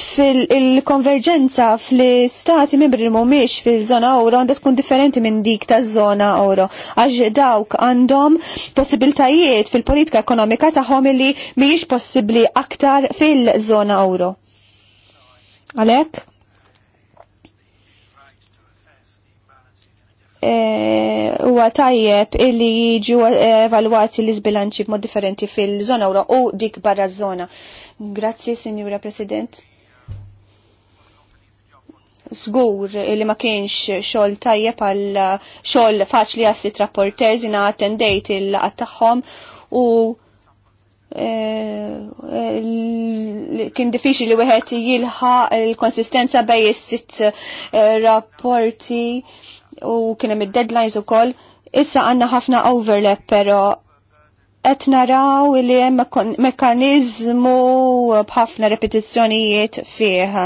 fil-konverġenza fl-istati membri mhumiex fil-żona euro għandha tkun differenti minn dik taż-żona euro għax dawk għandhom possibiltajiet fil-politika ekonomika tagħhom li mhijiex possibbli aktar fil zona euro. Għalhekk? E, huwa tajjeb illi jiġu e, evalwati l iżbilanċi b'mod differenti fil-żona ura u dik barra żona. Grazzi, Sinjura President. Zgur li ma kienx xogħol tajjeb għal xogħol faċli għassit rapporters jina attendejt il-laqat tagħhom u e, kien diffiċi li wieħed jilħa l-konsistenza bej is-sitt rapporti u kienem id-deadlines u koll, issa għanna ħafna overlap, pero qed naraw li hemm mekkaniżmu b'ħafna repetizzjonijiet fih.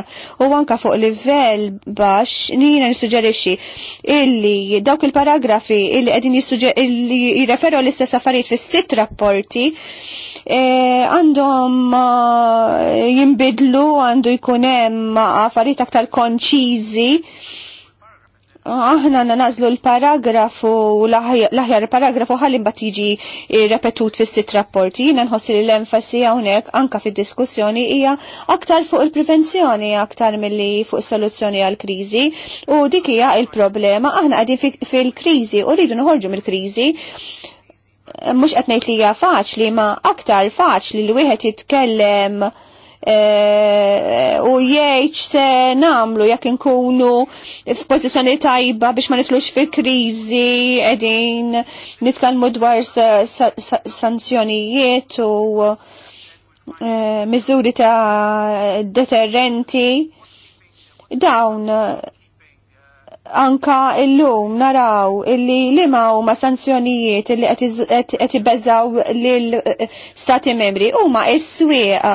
U anka fuq livell baxx nina nissuġġerixxi illi dawk il-paragrafi illi qegħdin illi jirreferu l-istess affarijiet fis-sitt rapporti e, għandhom jimbidlu jinbidlu għandu jkun hemm affarijiet aktar konċiżi Aħna nazlu l-paragrafu, l-aħjar paragrafu ħallim bat repetut fis sit rapporti, jina nħossi li l-enfasi għonek anka fid diskussjoni hija aktar fuq il-prevenzjoni, aktar mill-li fuq soluzzjoni għal-krizi, u dik hija il-problema, aħna għadin fil-krizi u rridu nħorġu mill-krizi. Mux qed ngħid li hija faċli, ma aktar faċli li wieħed jitkellem Eh, eh, u jgħid se namlu jekk inkunu f'pożizzjoni tajba biex ma nitlux fi kriżi qegħdin nitkellmu dwar sanzjonijiet u eh, miżuri ta' deterrenti dawn anka illum naraw illi li u ma sanzjonijiet illi qed ibeżaw lil stati membri huma is-swieqa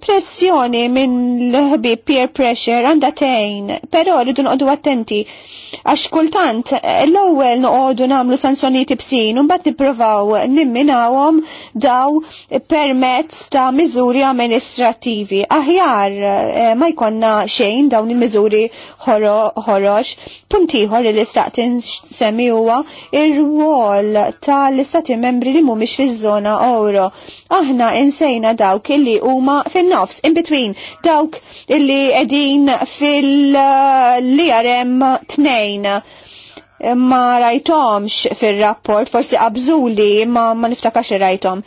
pressjoni minn l-ħbi peer pressure għanda tejn, pero rridu nqodu attenti. Għax kultant, l-ewwel noqogħdu nagħmlu sanzjonijiet bsin un mbagħad nippruvaw nimminawhom daw permezz ta' miżuri amministrativi. Aħjar eh, ma jkollna xejn dawn il-miżuri ħorox. Punt ieħor li l-istat semmi huwa ir-rwol tal-istati membri li mhumiex fiż-żona Oro. Aħna insejna dawk li huma fin fin-nofs, in between dawk illi qegħdin fil-IRM tnejn ma rajtomx fil-rapport, forsi qabżuli ma, ma niftakax rajtom.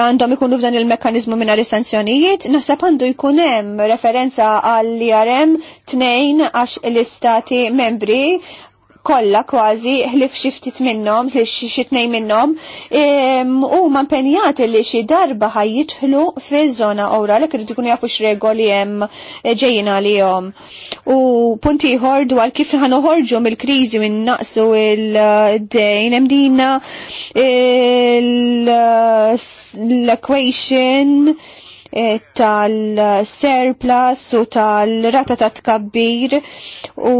Għandhom ikunu f'dan il mekanizmu minna sanzjonijiet, naħseb għandu jkunem referenza għall-IRM tnejn għax l-istati membri kolla kważi ħlif xiftit minnom, ħlif xitnej minnom, u man penjat li xi darba ħajjitħlu fi zona ora li kridu kunu jafu x'regoli hemm eh, ġejjin għalihom. U punti ieħor dwar kif ħan uħorġu mill-kriżi minn naqsu il-dejn hemm din l-equation eh, tal-surplus u tal-rata ta' tkabbir u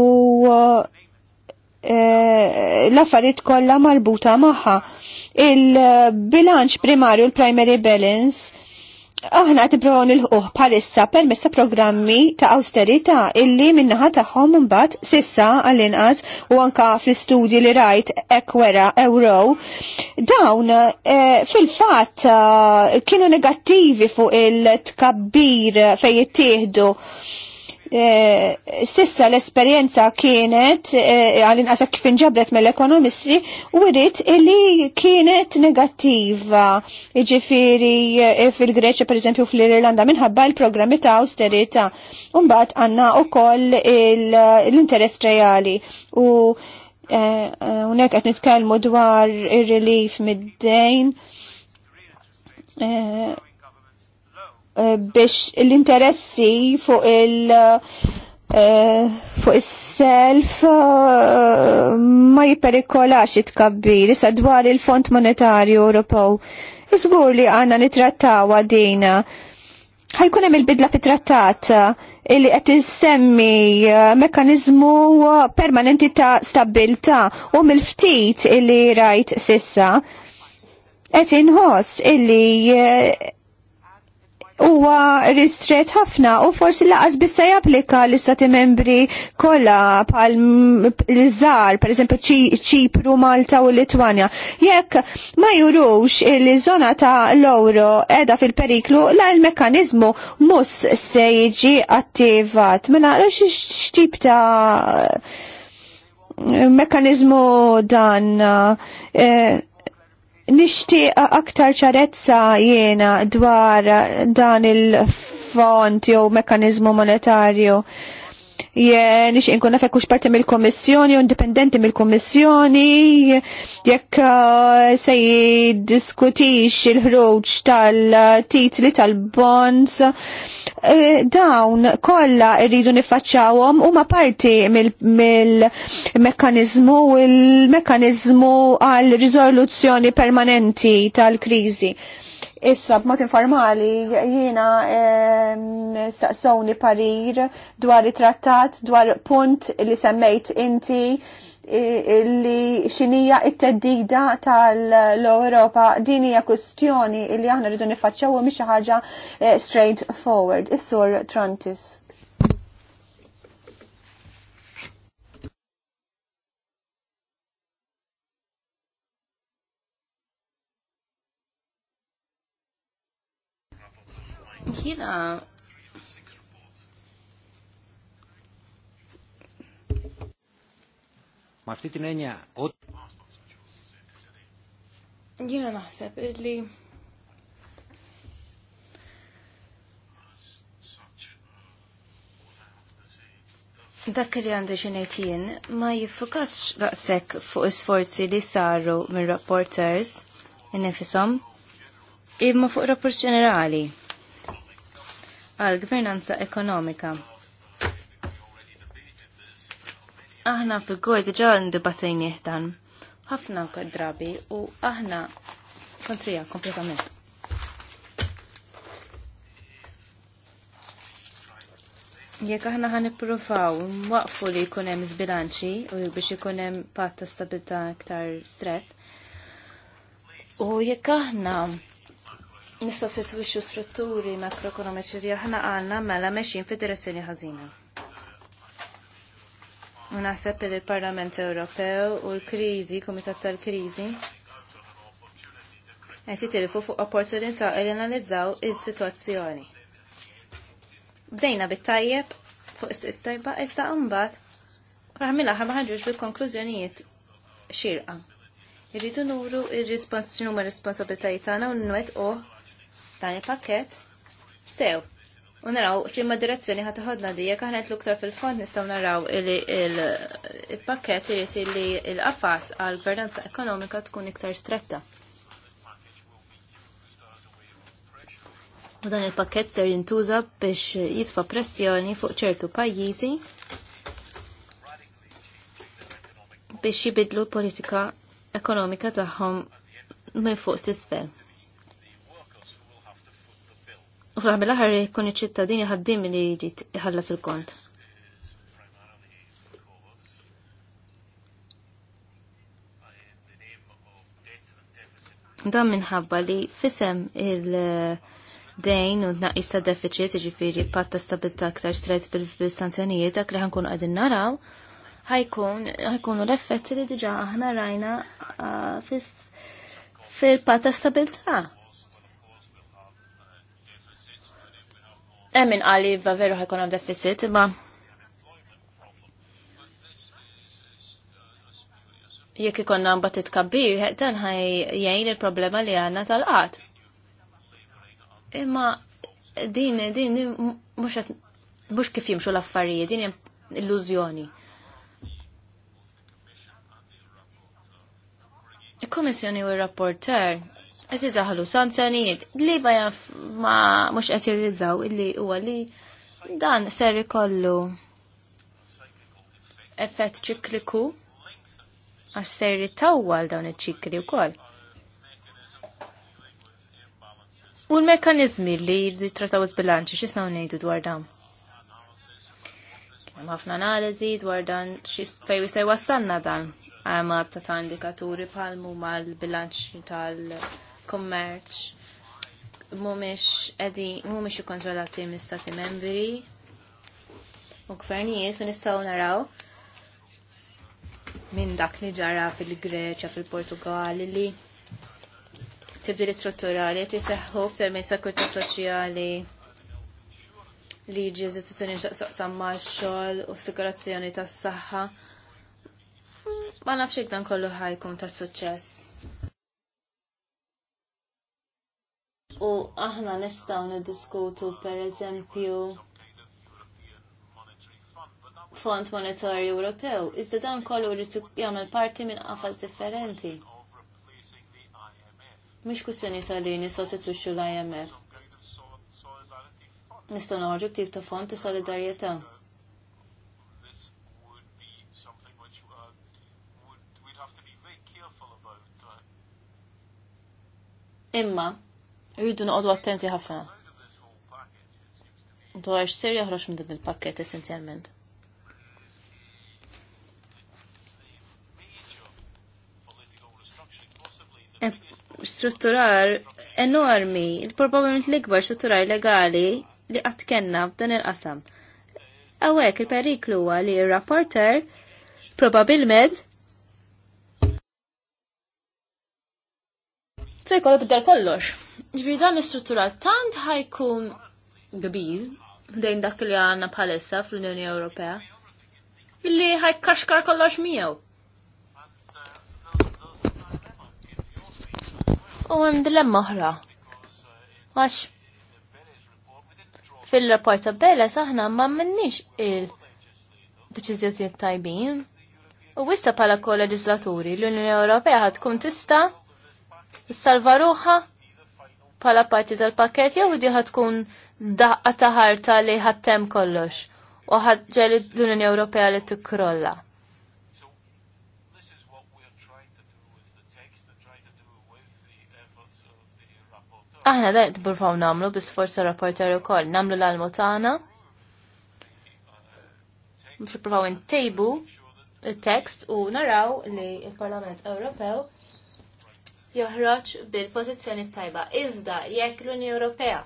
Eh, l-affarijiet kollha marbuta magħha. Il-bilanċ primarju l-primary balance aħna qed nipprovaw nilħuh bħalissa ta' programmi ta' austerità illi minnaħa tagħhom imbagħad sissa għall-inqas u anka fl-istudji li rajt hekk wera euro dawn eh, fil-fatt eh, kienu negattivi fuq il-tkabbir fejn jittieħdu Eh, sissa l-esperienza kienet eh, għalin għasak kif inġabret mill-ekonomisti u rrit illi kienet negattiva ġifiri eh, fil-Greċa per esempio fil-Irlanda minħabba il-programmi ta' austerita unbat għanna u koll l-interess reali u unek għet nitkelmu dwar il-relief mid-dejn Eh, biex l-interessi fuq il- eh, fuq is-self eh, ma jiperikolax it-kabbir, dwar il-Fond Monetarju Europow. Iżgur li għanna nitrattaw din. Ħajkun hemm il-bidla fit-trattat illi qed issemmi mekkaniżmu permanenti ta' stabilta u mill-ftit illi rajt sissa qed inħoss illi huwa ristret ħafna u forsi laqas bissa japplika l-istati membri kollha pal l-żar, pereżempju ċipru, Malta u Litwania. Jekk ma jurux il-żona ta' l oro edha fil-periklu, la l-mekkanizmu mus se jiġi attivat. Ma naqrax x'tip ta' mekkanizmu dan. Eh, Nishtiq aktar ċarezza jiena dwar dan il-font jew mekanizmu monetarju nix inkun nafek ux parti mill-Komissjoni, indipendenti mill-Komissjoni, jekk uh, se jiddiskutix il ħruġ tal-titli tal-bonds. Eh, dawn kolla rridu u huma parti mill mekanizmu u l-mekkanizmu għal riżoluzzjoni permanenti tal-kriżi. Issa b'mod informali jiena staqsowni parir dwar it-trattat dwar punt li semmejt inti li xinija it-teddida tal-Europa din hija kwestjoni li aħna rridu nifaċċaw mhix ħaġa eh, straight forward. Is-sur Trantis. Jiena Ma ftit nenja ot Jiena naħseb li Dak li għandi xinejtien ma jiffukax daqsek fuq sforzi li saru minn rapporters innifisom imma fuq rapport ġenerali għal gvernanza ekonomika. Aħna fil-gord diġa ndibatejn jihdan ħafna drabi u aħna kontrija kompletament. Jekk aħna ħan ippruvaw waqfu li jkun hemm żbilanċi u biex ikun hemm patt ta' stabilità iktar strett, u jekk aħna nista' sitwixxu strutturi makroekonomiċi li aħna għandna mela meċin fid-direzzjoni ħażina. Naħseb li l-Parlament Ewropew u l-kriżi, Kumitat tal-Kriżi, qed jitilfu fuq opportunità li analizzaw il-sitwazzjoni. Bdejna bit-tajjeb fuq is-tajba iżda għumbat, raħmila ħa ma ħarġux bil-konklużjonijiet xirqa. Irridu nuru il respons numa tagħna u nwet u dan il-pakket sew. U naraw ċimma direzzjoni ħat ħodna dija, jek aħna l-uktar fil-fond nistaw naraw il-pakket irrit li l-qafas għal verdanza ekonomika tkun iktar stretta. U dan il-pakket ser jintuża biex jitfa pressjoni fuq ċertu pajjiżi biex jibidlu l-politika ekonomika tagħhom minn fuq s-isfel u fl-ħar mill iċ-ċittadini ħaddim li jrid iħallas il-kont. Dan minħabba li fisem il- dejn u naqis ta' deficit, ġifiri patta stabilta aktar stret bil-stanzjonijiet, dak li ħankun għadin naraw, ħajkun, ħajkunu l-effetti li diġa aħna rajna ah, fil-patta stabilta. emin għali va veru ħajkun deficit, ma jekk ikonna batit kabbir, dan ħaj jgħin il-problema li għanna tal-qat. Imma din, din, mux kif jimxu l-affarijiet, din illużjoni. Il-Komissjoni u il-rapporter qed idaħlu sanzjonijiet li bajan ma mux qed jirrizzaw illi u għalli dan ser ikollu effett ċikliku għax ser jittawwal dawn iċ-ċikli u koll. U l-mekanizmi li jitrataw s bilanċi x'isnaw ngħidu dwar dawn? Kem għafna analizi dwar dan u sej wassanna dan għamma ta' ta' indikaturi palmu mal bilanċi tal- kummerċ mhumiex qegħdi mhumiex ikkontrollati mistati membri u gvernijiet u nistgħu naraw minn dak li ġara fil-Greċja, fil-Portugal, li tibdil strutturali tiseħħu f'termin sekurta soċjali li ġi eżistazzjoni xaqsam ma' xogħol u sikurazzjoni tas-saħħa. Ma nafx dan kollu ħajkun ta' suċċess. U aħna nistgħu niddiskutu pereżempju Fond Monetarju Ewropew, iżda dan kollu rrid jagħmel parti minn qafas differenti. Mhix kwistjoni tal-li nissostitwixxu l-IMF. Nistgħu noħorġu ktieb ta' fond ta' solidarjetà. Imma, Rridu noqogħdu attenti ħafna. Dwar x'ser joħroġ minn din il-pakket essenzjalment. strutturar enormi, il probabilment l-ikbar strutturar legali li għatkenna f'dan il-qasam. Awek, il-periklu huwa li il-rapporter probabilment se jkollu bidel kollox. Ġviri dan l istruttura tant ħajkun kbir dejn dak li għanna palessa fl-Unjoni Ewropea illi ħajkaxkar kollox miegħu. U hemm dilemma oħra. Għax fil-rapport ta' Bella aħna ma minnix il-deċiżjoni tajbin. U wissa pala kol leġislaturi l-Unjoni Ewropea ħad tkun tista' salva ruħa pala parti tal-pakket jew di tkun daqqa ta' ħarta li ħattem kollox u ħadġeli l-Unjoni Ewropea li tikkrolla. Aħna da burfaw namlu bis forza rapporter ukoll namlu l almotana tagħna. Biex nippruvaw intejbu il-tekst u naraw li il-Parlament Ewropew joħroġ bil-pożizzjoni tajba. Iżda jekk l-Unjoni Ewropea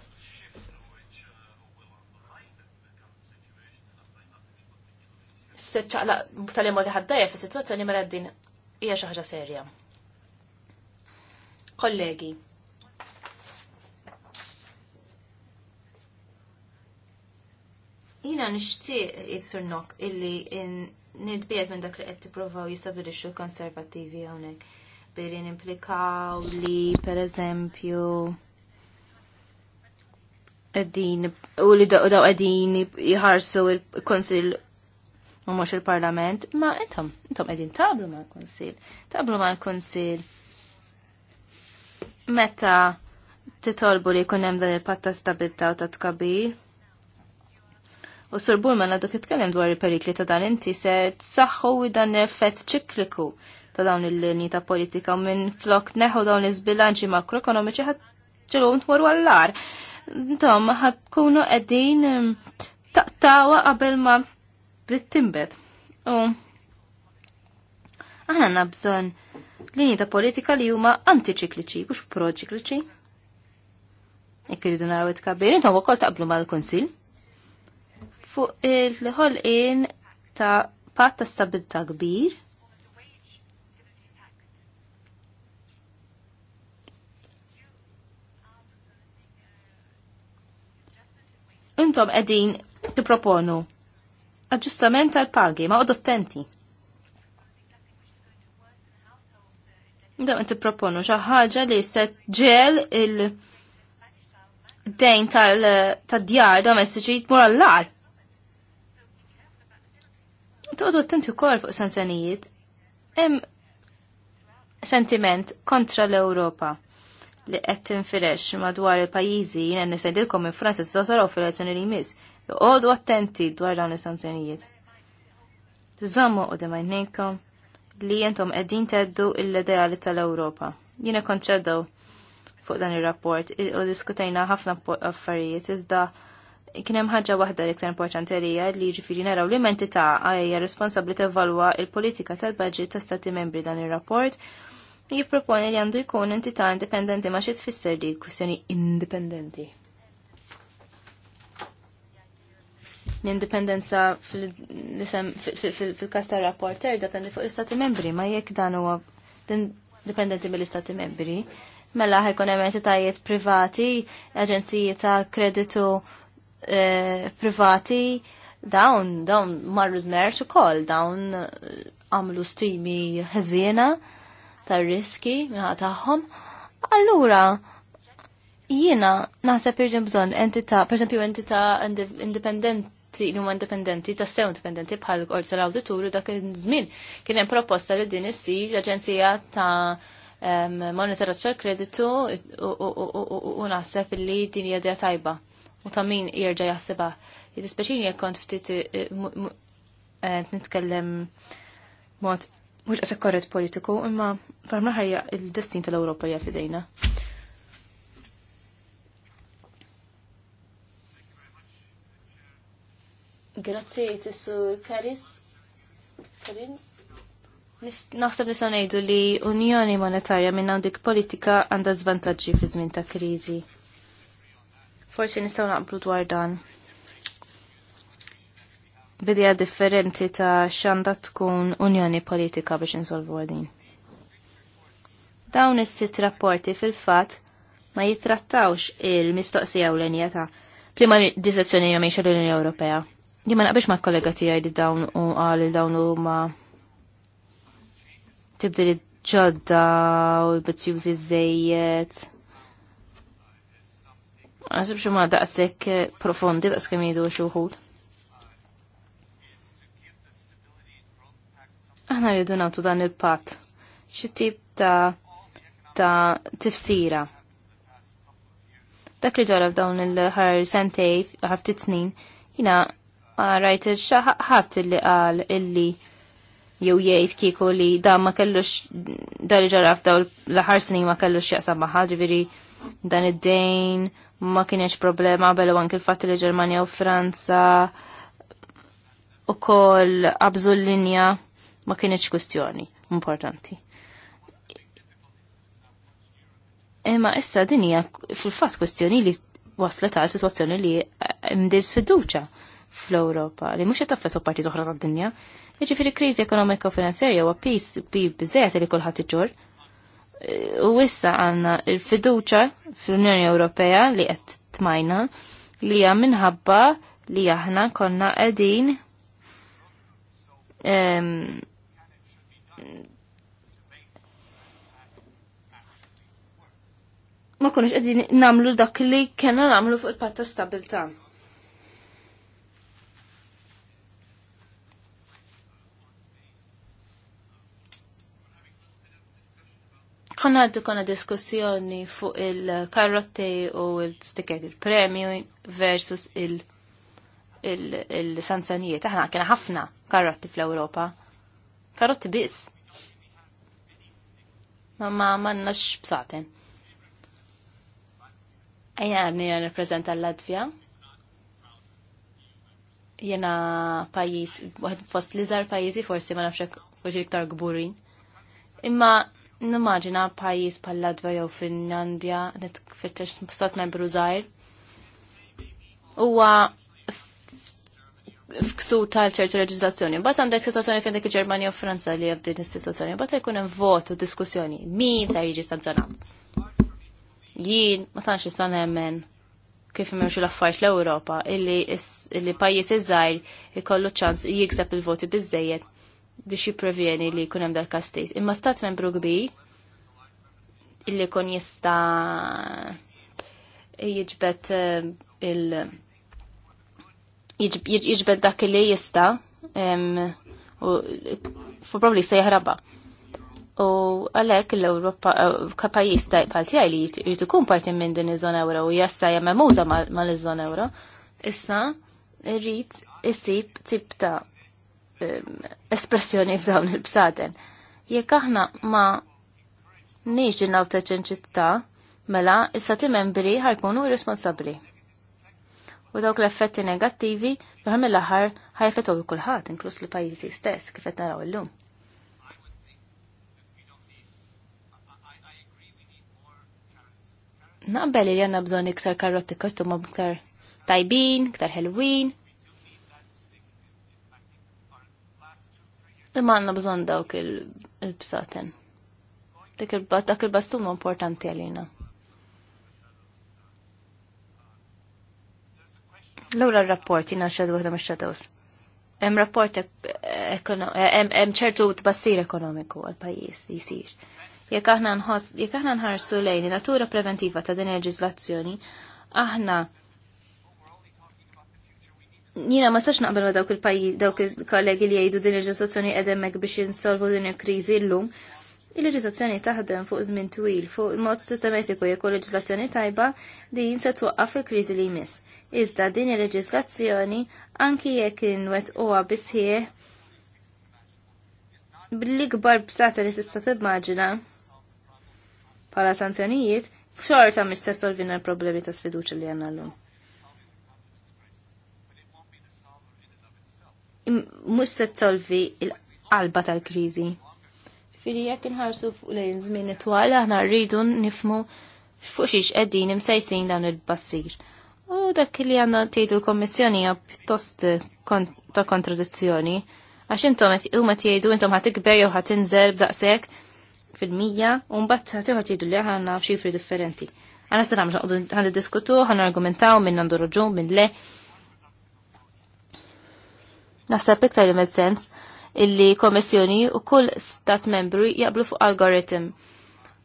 seċċaqla tal-imma li ħaddajja fi situazzjoni mela din hija xi ħaġa serja. Kollegi. Jina nixtieq jissurnok illi nidbiet minn dak li qed tippruvaw jistabilixxu konservattivi hawnhekk billi nimplikaw li per eżempju għedin u li daw għedin jħarsu il-konsil u mux il-parlament, ma intom, intom għedin tablu ma' l-konsil, tablu ma' l-konsil. Meta titolbu li kunem dan il-patta stabilta u ta' tkabir, U Sur Burman għadu kitkellem dwar il-perikli ta' dan inti se saħħu dan effett ċikliku ta' dawn il-linji ta' politika minn flok neħu dawn iż-bilanċi makroekonomiċi ħad ġelgħu għallar. għall-lar. kunu ħadkunu qegħdin mm, taqtawa qabel ma brittimbed. U aħna nabżon linji ta' politika li huma antiċikliċi, mhux proċikliċi. Jekk iridu naraw it-kabir, intom ukoll taqblu mal-Kunsill fuq il-ħolqin ta' patta stabilta' kbir intom edin t-proponu aġġustament tal-pagi, ma' odottenti. attenti. qed tipproponu proponu xaħġa li se ġel il-dejn tal-djar domestiċi tmur għall-lar. Toqgħodu attenti kol fuq sanzjonijiet. Hemm sentiment kontra l europa li qed tinfirex madwar il-pajjiżi jiena nisajdilkom minn Franza se tasaraw fil-elezzjoni li jmiss. Iqogħdu attenti dwar dawn is-sanzjonijiet. Tiżommu u demajnejkom li jentom qegħdin teddu l-ideali tal-Ewropa. Jiena konċedaw fuq dan ir-rapport u diskutejna ħafna affarijiet iżda kien hemm ħaġa waħda li kien importanti għalija li jiġifieri naraw li mentità hija responsabbli tevalwa il-politika tal-budget ta' stati membri dan ir-rapport jipproponi li għandu jkun entità indipendenti ma xi tfisser di kwestjoni indipendenti. L-indipendenza fil-kas ta' rapporter dependi fuq l-istati membri, ma jekk dan huwa dipendenti mill-istati membri, mela ħajkun hemm entitajiet privati, aġenziji ta' kreditu eh, privati, dawn, dawn marru zmerċ ukoll, dawn eh, għamlu stimi ħżiena ta riski minħa tagħhom, allura jiena naħseb irġen bżonn entità, pereżempju entità indipendenti li huma indipendenti, tassew indipendenti bħal l tal-awditur u dak iż-żmien kien hemm proposta li din issir l-Aġenzija ta' monitoraċċa tal kreditu u naħseb li din hija idea tajba u ta' min jerġa' jaħsibha. Jitispeċini jekk kont ftit eh, eh, nitkellem mod mux għasek korret politiku, imma farmna ħajja il-destin tal-Europa li dajna Grazzi, tissu Karis. Karins. Naħseb nisa ngħidu li Unjoni Monetarja minn għandik politika għandha zvantaġġi fi żmien ta' kriżi. Forsi nistgħu naqblu dwar dan bidja differenti ta' xanda tkun unjoni politika biex insolvu għadin. Dawn is-sitt rapporti fil-fatt ma jitrattawx il-mistoqsija u l-enija ta' prima dizazzjoni jamiex l-Unjoni Ewropea. Jimma naqbix ma' kollega tijaj di dawn u għal dawn u ma' tibdili ġodda u bittjużi z zzejiet. Għasib xumma daqsek profondi daqs jidu xuħut. Aħna rridu nagħtu dan il-patt. Xi tip ta' ta' tifsira. Dak li ġara f'dawn il-ħar sentej, ħaftit snin, jina rajt il-xaħat li qal illi jew jgħid kieku li da ma kellux da li ġara f'daw l-ħar snin ma kellux jaqsam ma' ġifieri dan id-dejn ma kienx problema qabel anke l-fatt li Ġermanja u Franza u koll qabżu l-linja ma kienieċ kustjoni importanti. Imma issa din hija fil-fatt kustjoni li waslet għal situazzjoni li mdiż fiduċa fl-Ewropa li mhux qed u partiz oħra tad-dinja. fil jiġifieri kriżi ekonomika u finanzjarja huwa għapis bi biżejjed li kulħadd iġur. U issa għandna l-fiduċa fl-Unjoni Ewropea li qed tmajna li hija minħabba li aħna konna qegħdin ma konix qegħdin namlu dak li kena namlu fuq il-patta stabilta. Konna għaddu konna diskussjoni fuq il-karotti u il-sticker il-premju versus il-sanzjonijiet. Aħna kena ħafna karotti fl-Europa karotti biss. Ma ma mannax bsaten. Ejja għadni għan reprezenta l-Latvija. Jena pajis, għed fost li izar pajizi forsi ma nafxek uġi iktar gburin. Imma nimmaġina pajis pal latvija jew Finlandja, s-sat membru zaħir. Uwa f'ksur tal-ċertu leġislazzjoni. Mbagħad għandek situazzjoni fejn dik il-Ġermanja u Franza li hemm din is-sitwazzjoni. jkun hemm vot u diskussjoni. Min se jiġi sanzjonat? Jien ma tantx nista' nemmen kif imexxu l-affarijiet l-Ewropa illi pajjiż iżgħir ikollu ċans jikseb il-voti biżejjed biex jipprevjeni li jkun hemm dal-kastit. Imma stat membru kbir illi kun jista' jiġbet eh, il- jiġbed dak li jista u for se jahraba. U għalek l-Europa kapajis eh, ta' pal-tijaj li jirtu kun parti minn din iż-żona euro u jassa jemma muza ma' l żona euro, issa rrit isib tip ta' espressjoni f'dawn il-bsaden. Jekk aħna ma nix ġinnaw ta' ċenċitta, mela issa tim membri ħarkunu responsabli u dawk l-effetti negattivi fl mill-aħħar ħajfetu kulħadd inklus l pajizi stess kif qed naraw lum Naqbel li għanna bżon iktar karotti kostum iktar tajbin, iktar helwin. Imma għanna bżon dawk il-bsaten. Dak il-bastum importanti għalina. L-ewwel rapport jiena xed waħda mix-shadows. Hemm rapport hemm ċertu tbassir ekonomiku għall pajjiż jisir. Jekk aħna nħoss jekk aħna nħarsu lejn natura preventiva ta' din il-leġiżlazzjoni, aħna Jina ma sax naqbel ma dawk il-pajjiż dawk il-kollegi li jgħidu din il-leġiżlazzjoni qegħdemek biex jinsolvu din il-kriżi llum. Il-leġiżlazzjoni taħdem fuq żmien twil, fuq mod sistematiku jekk l leġiżlazzjoni tajba din se twaqqaf il-kriżi li jmiss iżda din il-leġislazzjoni anki jekk inwet huwa bisħieħ bl-ikbar bsata li tista' timmaġina bħala sanzjonijiet xorta mhix se solvina l-problemi ta' sfiduċa li għandna llum. Mhux se tsolvi l-qalba tal-kriżi. Firi jekk inħarsu fuq lejn żmien itwal aħna rridu nifmu fuq xiex qegħdin imsejsin dan il-bassir. U dak li għanna tgħidu l-Kommissjoni hija pjuttost ta' kontradizzjoni. Għax intom qed huma tgħidu intom għat ikber jew għat inżel b'daqshekk fil-mija u mbagħad għat ieħor tgħidu li għanna xifri differenti. Għana se nagħmlu ħan diskutu, ħan argumentaw minn għandu raġun, minn le. Naħseb iktar li sens illi kommissjoni u kull stat membru jaqblu fuq algoritm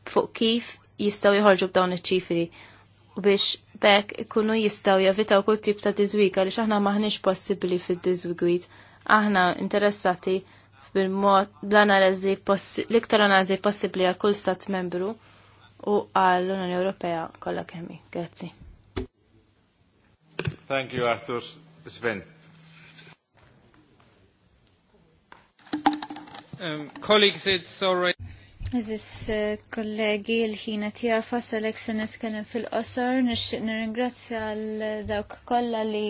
fuq kif jistgħu jħorġu b'dawn iċ-ċifri biex bekk ikunu jistaw javitaw kull tip ta' dizwiga li xaħna maħnix possibli fil-dizwigwit. Aħna interessati bil-mod l-analizi l-iktar analizi possibli għal kull stat membru u għall unjoni Ewropea kollha kemmi. Grazzi. Thank you, Arthur. Sven. Um, colleagues, it's already... Aziz eh, kollegi, l-ħina tijafa salek se nitkellem fil-qosor, nixtieq nirringrazzja għal dawk kollha li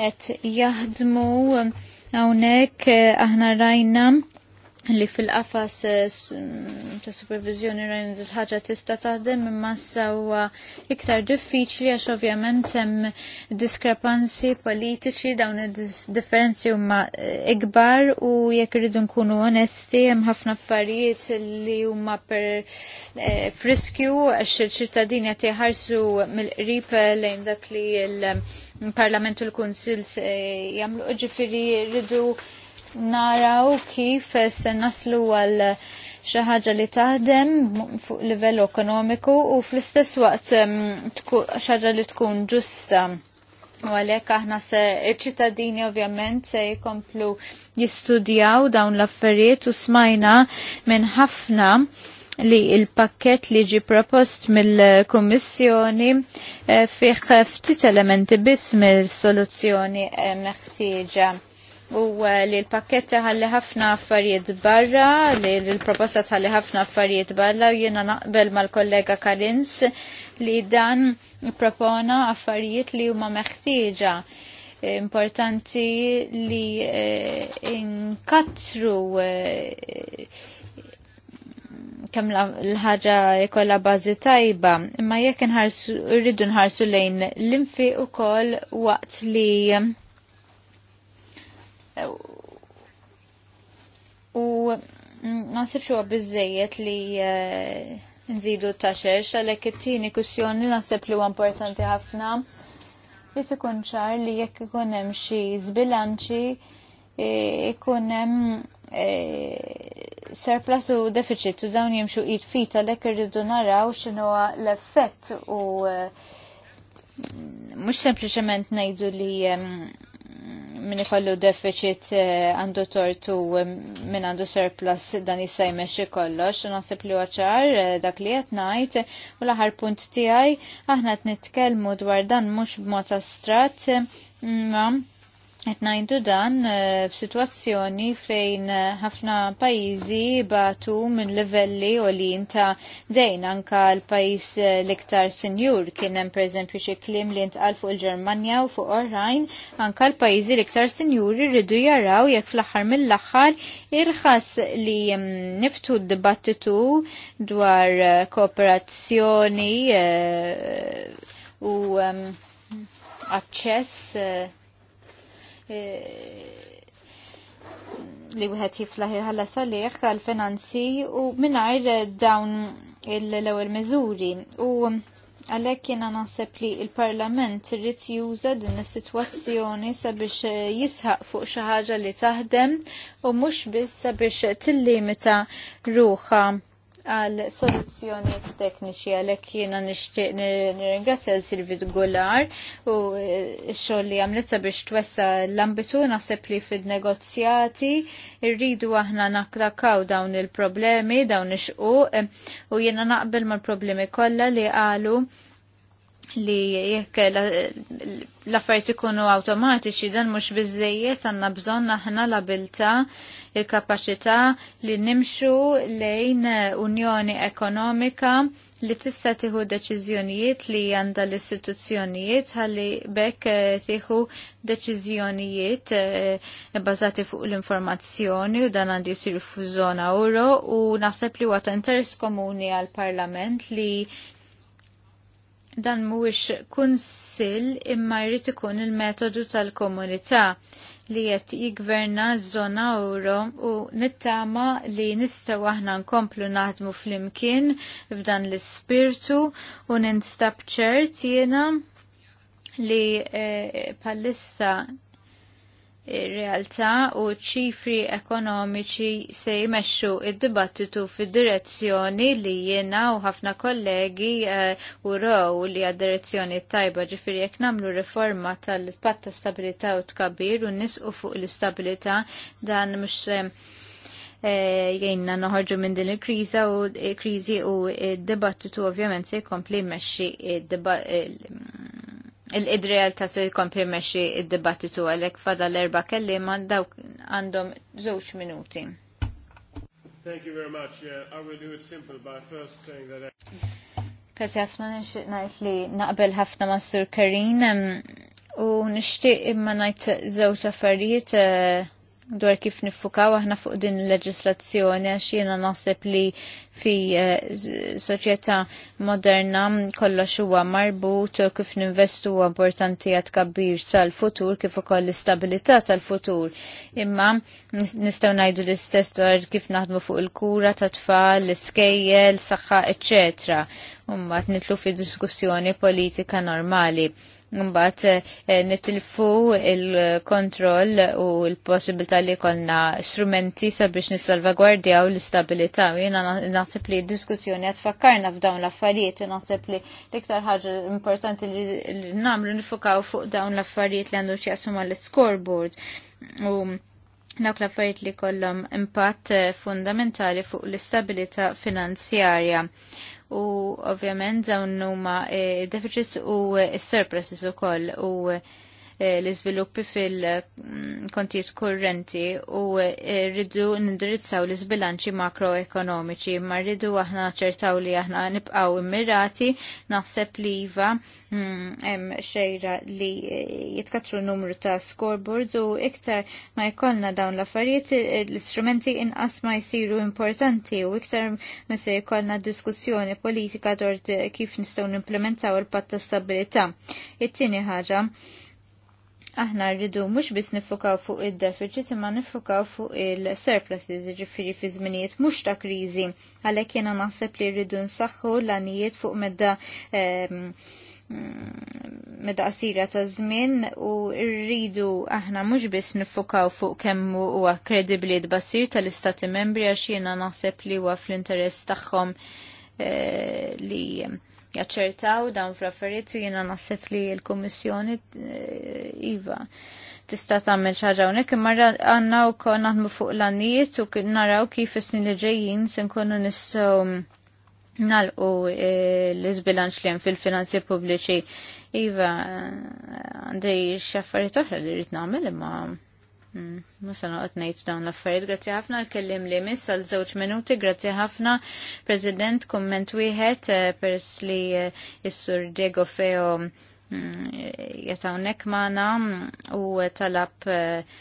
qed jaħdmu hawnhekk eh, aħna rajna li fil-qafas eh, ta' supervizjoni rajn il-ħagġa tista' taħdem imma sawa iktar diffiċli għax ovvjament hemm diskrepanzi politiċi dawn id-differenzi huma eh, ikbar u jekk irridu nkunu onesti hemm ħafna affarijiet li huma per eh, friskju għax il-ċittadini qed jħarsu mill-qrib lejn dak li l-Parlament u l kunsill jagħmlu ġifieri rridu naraw kif se naslu għal xi ħaġa li taħdem fuq livell ekonomiku u fl-istess waqt xaħġa li tkun ġusta. U għalek aħna se ċittadini ovvjament se jkomplu jistudjaw dawn l-affarijiet u smajna minn ħafna li il-pakket li ġi propost mill-Kommissjoni eh, fiħ ftit elementi biss mill-soluzzjoni eh, meħtieġa u uh, li l-pakket taħalli ħafna affarijiet barra, li l-proposta taħalli ħafna affarijiet barra u jena naqbel mal-kollega Karins li dan propona affarijiet li huma meħtieġa importanti li eh, inkatru eh, kem l-ħagġa jkolla bazi tajba, imma jekk rridu nħarsu lejn l-infi u koll waqt li U ma nsibx huwa biżejjed li eh, nżidu taxex għalhekk it-tieni kwistjoni naħseb li huwa importanti ħafna li tkun ċar li jekk ikun hemm xi żbilanċi eh, ikun hemm eh, surplus u deficit u dawn jimxu id fit għalhekk irridu naraw x'inhu l-effett u mhux sempliċement ngħidu li min ikollu deficit eh, għandu tortu eh, min għandu surplus dan jista' jmexxi kollox, naħseb li ċar eh, dak li qed ngħid u l-aħħar punt tiegħi aħna qed nitkellmu dwar dan mhux b'mod astrat ma' Et najdu dan eh, f'sitwazzjoni fejn eh, ħafna pajjiżi batu minn livelli u li inta dejn anka l-pajjiż eh, l-iktar senjur kien hemm pereżempju xi kliem li ntqal fuq il-Ġermanja u fuq orħajn anka l-pajjiżi l-iktar senjur irridu jaraw jekk fl-aħħar mill-aħħar irħas li mm, niftu d-dibattitu dwar kooperazzjoni u mm, aċċess E, li wieħed jiflaħi ħalla salih għal-finanzi u mingħajr dawn l-ewwel miżuri u għalhekk jiena naħseb li l parlament irid juża din is-sitwazzjoni sabiex jisħaq fuq xi ħaġa li taħdem u mhux biss sabiex tillimita ruħha għal soluzzjonijiet tekniċi għalhekk jiena nixtieq nirringrazzja l Silvi Gular u x-xogħol li għamlitza biex twessa l-ambitu naħseb li fid-negozjati irridu aħna naklakaw dawn il-problemi, dawn ix u jiena naqbel mal-problemi kollha li għalu li jekk l-affarijiet ikunu awtomatiċi dan mhux biżejjed għandna bżonn aħna l-abilità, il-kapaċità li nimxu lejn unjoni ekonomika li tista' tieħu deċiżjonijiet li għandha l-istituzzjonijiet ħalli bekk eh, tieħu deċiżjonijiet eh, bbażati fuq l-informazzjoni u dan għandi jsir fuż żona u naħseb li huwa ta' interess komuni għall-Parlament li dan mhuwiex kunsill imma jrid ikun il-metodu tal-komunità li qed jigverna ż-żona euro u nittama li nistgħu aħna nkomplu naħdmu flimkien f'dan l-ispirtu u ninstab ċert jiena li eh, bħalissa. palissa ir-realtà u ċifri ekonomiċi se jmexxu id-dibattitu fid-direzzjoni li jiena u ħafna kollegi eh, u row li għad-direzzjoni tajba ġifiri jekk namlu riforma tal-patta stabilità u tkabbir u nisqu fuq l-istabilità dan mhux eh, jgħinna noħorġu minn din il-kriża u eh, kriżi u d-dibattitu ovvjament se jkompli jmexxi il idrijal ta' se jkompli meċi id-dibattitu għalek fada l-erba kelli ma' dawk għandhom żewġ minuti. Thank you very much. Yeah, I will do it simple by first saying that Kasi ħafna nixtieq ngħid li naqbel ħafna ma' Sur Karin u nixtieq imma ngħid żewġ affarijiet uh, dwar kif nifukaw aħna fuq din il-leġislazzjoni għax jiena naħseb li fi eh, soċjetà moderna kollox huwa marbut kif ninvestu huwa importanti għad kabbir sal-futur kif ukoll l-istabilità tal-futur. Imma nistgħu ngħidu l-istess dwar kif naħdmu fuq il-kura tat tfal, l-iskejjel, saħħa, eccetera Umma nitlu fi diskussjoni politika normali Mbagħad eh, nitilfu il-kontroll u l-possibilità li jkollna strumenti sabiex nissalvagwardjaw l-istabilità. Jiena naħseb li d-diskussjoni qed f'dawn l-affarijiet u naħseb li l-iktar ħaġa importanti li nagħmlu nifukaw fuq dawn l-affarijiet li għandu x'jaqsmu għall scoreboard U nawk l-affarijiet li kollom impatt eh, fundamentali fuq l istabilita finanzjarja u ovvjament dawn huma eh, deficits u eh, surpluses ukoll u, u Eh, l-iżviluppi fil-kontijiet kurrenti u eh, rridu nindirizzaw l-iżbilanċi makroekonomiċi, ma rridu aħna ċertaw li aħna nibqaw immirati, naħseb li iva mm, hemm xejra li eh, jitkatru numru ta' scoreboards u iktar ma jkollna dawn l-affarijiet l-istrumenti inqas ma jsiru importanti u iktar ma se jkollna diskussjoni politika dwar kif nistgħu nimplementaw il-patt ta' stabilità. It-tieni ħaġa aħna rridu mhux biss nifukaw fuq id-deficit imma nifukaw fuq il-surpluses, ġifieri fi żminijiet mhux ta' kriżi. Għalhekk jiena naħseb li rridu nsaħħu l-għanijiet fuq medda ehm, meda qasira ta' żmien u rridu aħna mhux biss nifukaw fuq kemm huwa kredibbli d-basir tal-istati membri għax jiena naħseb li huwa fl-interess tagħhom eh, li jaċċertaw dawn fl-affarijiet u jiena naħseb li l-Kummissjoni eh, iva tista' tagħmel xi ħaġa hawnhekk imma għandna wkoll naħdmu fuq l annijiet u naraw kif is-snin li ġejjin se nkunu nistgħu nalqu eh, l-izbilanċ li hemm fil-finanzi pubbliċi. Iva, eh, għandi xi affarijiet oħra li rrid nagħmel imma Musa mm, noqgħod ngħid dawn l-affarijiet. Grazzi ħafna l-kellim li miss għal żewġ minuti, grazzi ħafna. President, kumment wieħed eh, peress li eh, s-sur Diego Feo mm, jetawnek maħna mm, u talab eh,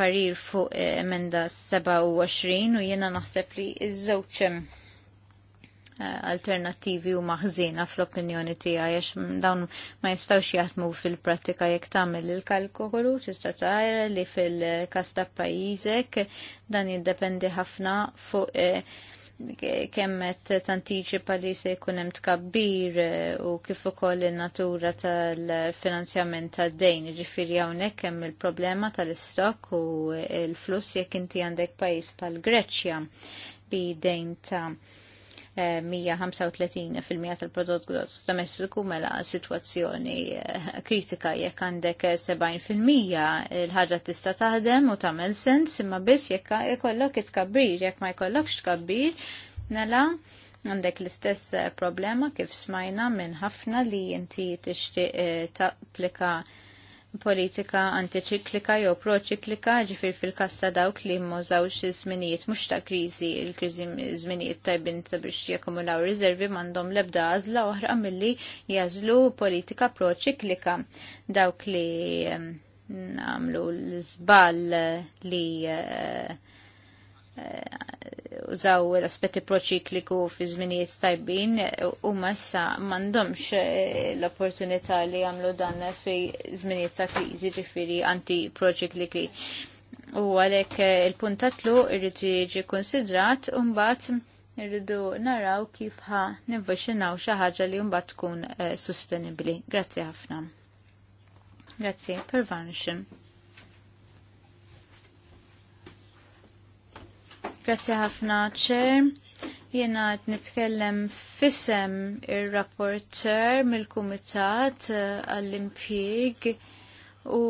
parir fuq emenda 27 u jiena naħseb li iż-żewġ Eh, alternattivi u maħżina fl-opinjoni tiegħi għax dawn ma jistgħux jaħdmu fil-prattika jekk tagħmel il-kalkolu tista' tara li fil-każ ta' pajjiżek dan jiddependi ħafna fuq eh, kemm qed tantiċipa li se jkun hemm tkabbir eh, u kif ukoll in-natura tal-finanzjament tad-dejn. Ġifieri hawnhekk hemm il-problema tal-istokk u l-fluss jekk inti għandek pajjiż bħal Greċja bi dejn ta' Eh, 135% tal-prodott gross domestiku mela situazzjoni eh, kritika jekk għandek 70% il-ħaġa tista' taħdem u tagħmel sens imma biss jekk ikollok itkabbir jekk ma jkollokx tkabbir mela għandek l-istess eh, problema kif smajna minn ħafna li inti tixtieq tapplika ta politika antiċiklika jew proċiklika ġifir fil-kassa dawk li mmużawx iż-żminijiet mhux ta' kriżi il-kriżi żminijiet tajbin sabiex jakkumulaw riservi m'għandhom l-ebda għażla oħra milli jażlu politika proċiklika dawk li għamlu l-żball li uh, Eh, użaw l-aspetti proċikliku fi żminijiet tajbin u massa m'għandhomx eh, l-opportunità li għamlu dan fi żminijiet ta' kriżi ġifiri anti proċikliki. U għalhekk eh, il-punt tatlu irrid jiġi konsidrat u mbagħad irridu naraw kif ħa nivvaxinaw xi ħaġa li mbagħad tkun sostenibbli. Grazzi ħafna. Grazzi, pervanxim. Grazzi ħafna ċer. Jena għed nitkellem fissem il-rapporter mill-Kumitat eh, għall-impjeg u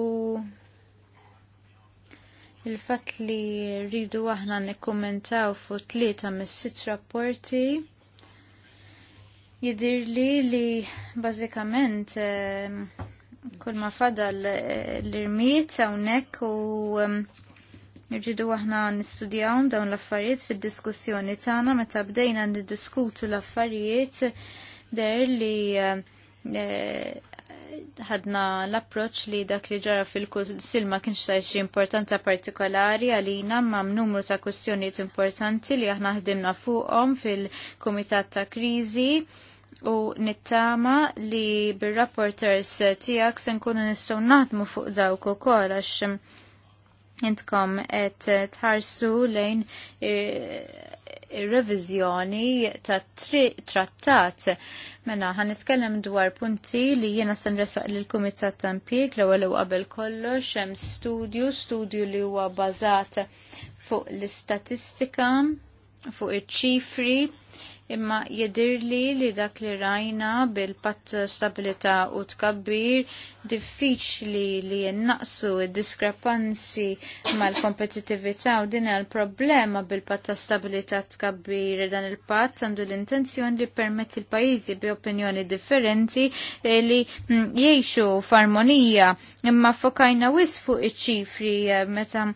il-fat li rridu aħna nikkommentaw fuq tlieta mis-sitt rapporti jidir li li bażikament eh, kull ma fadal eh, l-irmiet hawnhekk u Nirġidu aħna nistudjawm dawn l-affarijiet fid-diskussjoni tagħna meta bdejna niddiskutu l-affarijiet der li eh, ħadna l-approċ li dak li ġara fil-kunsil ma kienx ta' xi importanza partikolari għalina ma' numru ta' kwestjonijiet importanti li aħna ħdimna fuqhom fil-kumitat ta' kriżi u nittama li bir-rapporters tiegħek se nkunu nistgħu naħdmu fuq dawk ukoll għax intkom qed tħarsu lejn ir-reviżjoni tri trattat. Mela, ħan nitkellem dwar punti li jiena se nresaq l kumitat Tampik l-ewwel u qabel kollox hemm studju, studju li huwa bazat fuq l-istatistika, fuq iċ-ċifri imma jidirli li dak li rajna bil-patt stabilita u tkabbir diffiċli li jennaqsu diskrepanzi mal-kompetitivita u din għal-problema bil-patt stabilita tkabbir dan il-patt għandu l-intenzjon li permetti l-pajizi bi opinjoni differenti li mm, jiexu f'armonija imma fokajna wis fuq iċ-ċifri eh, meta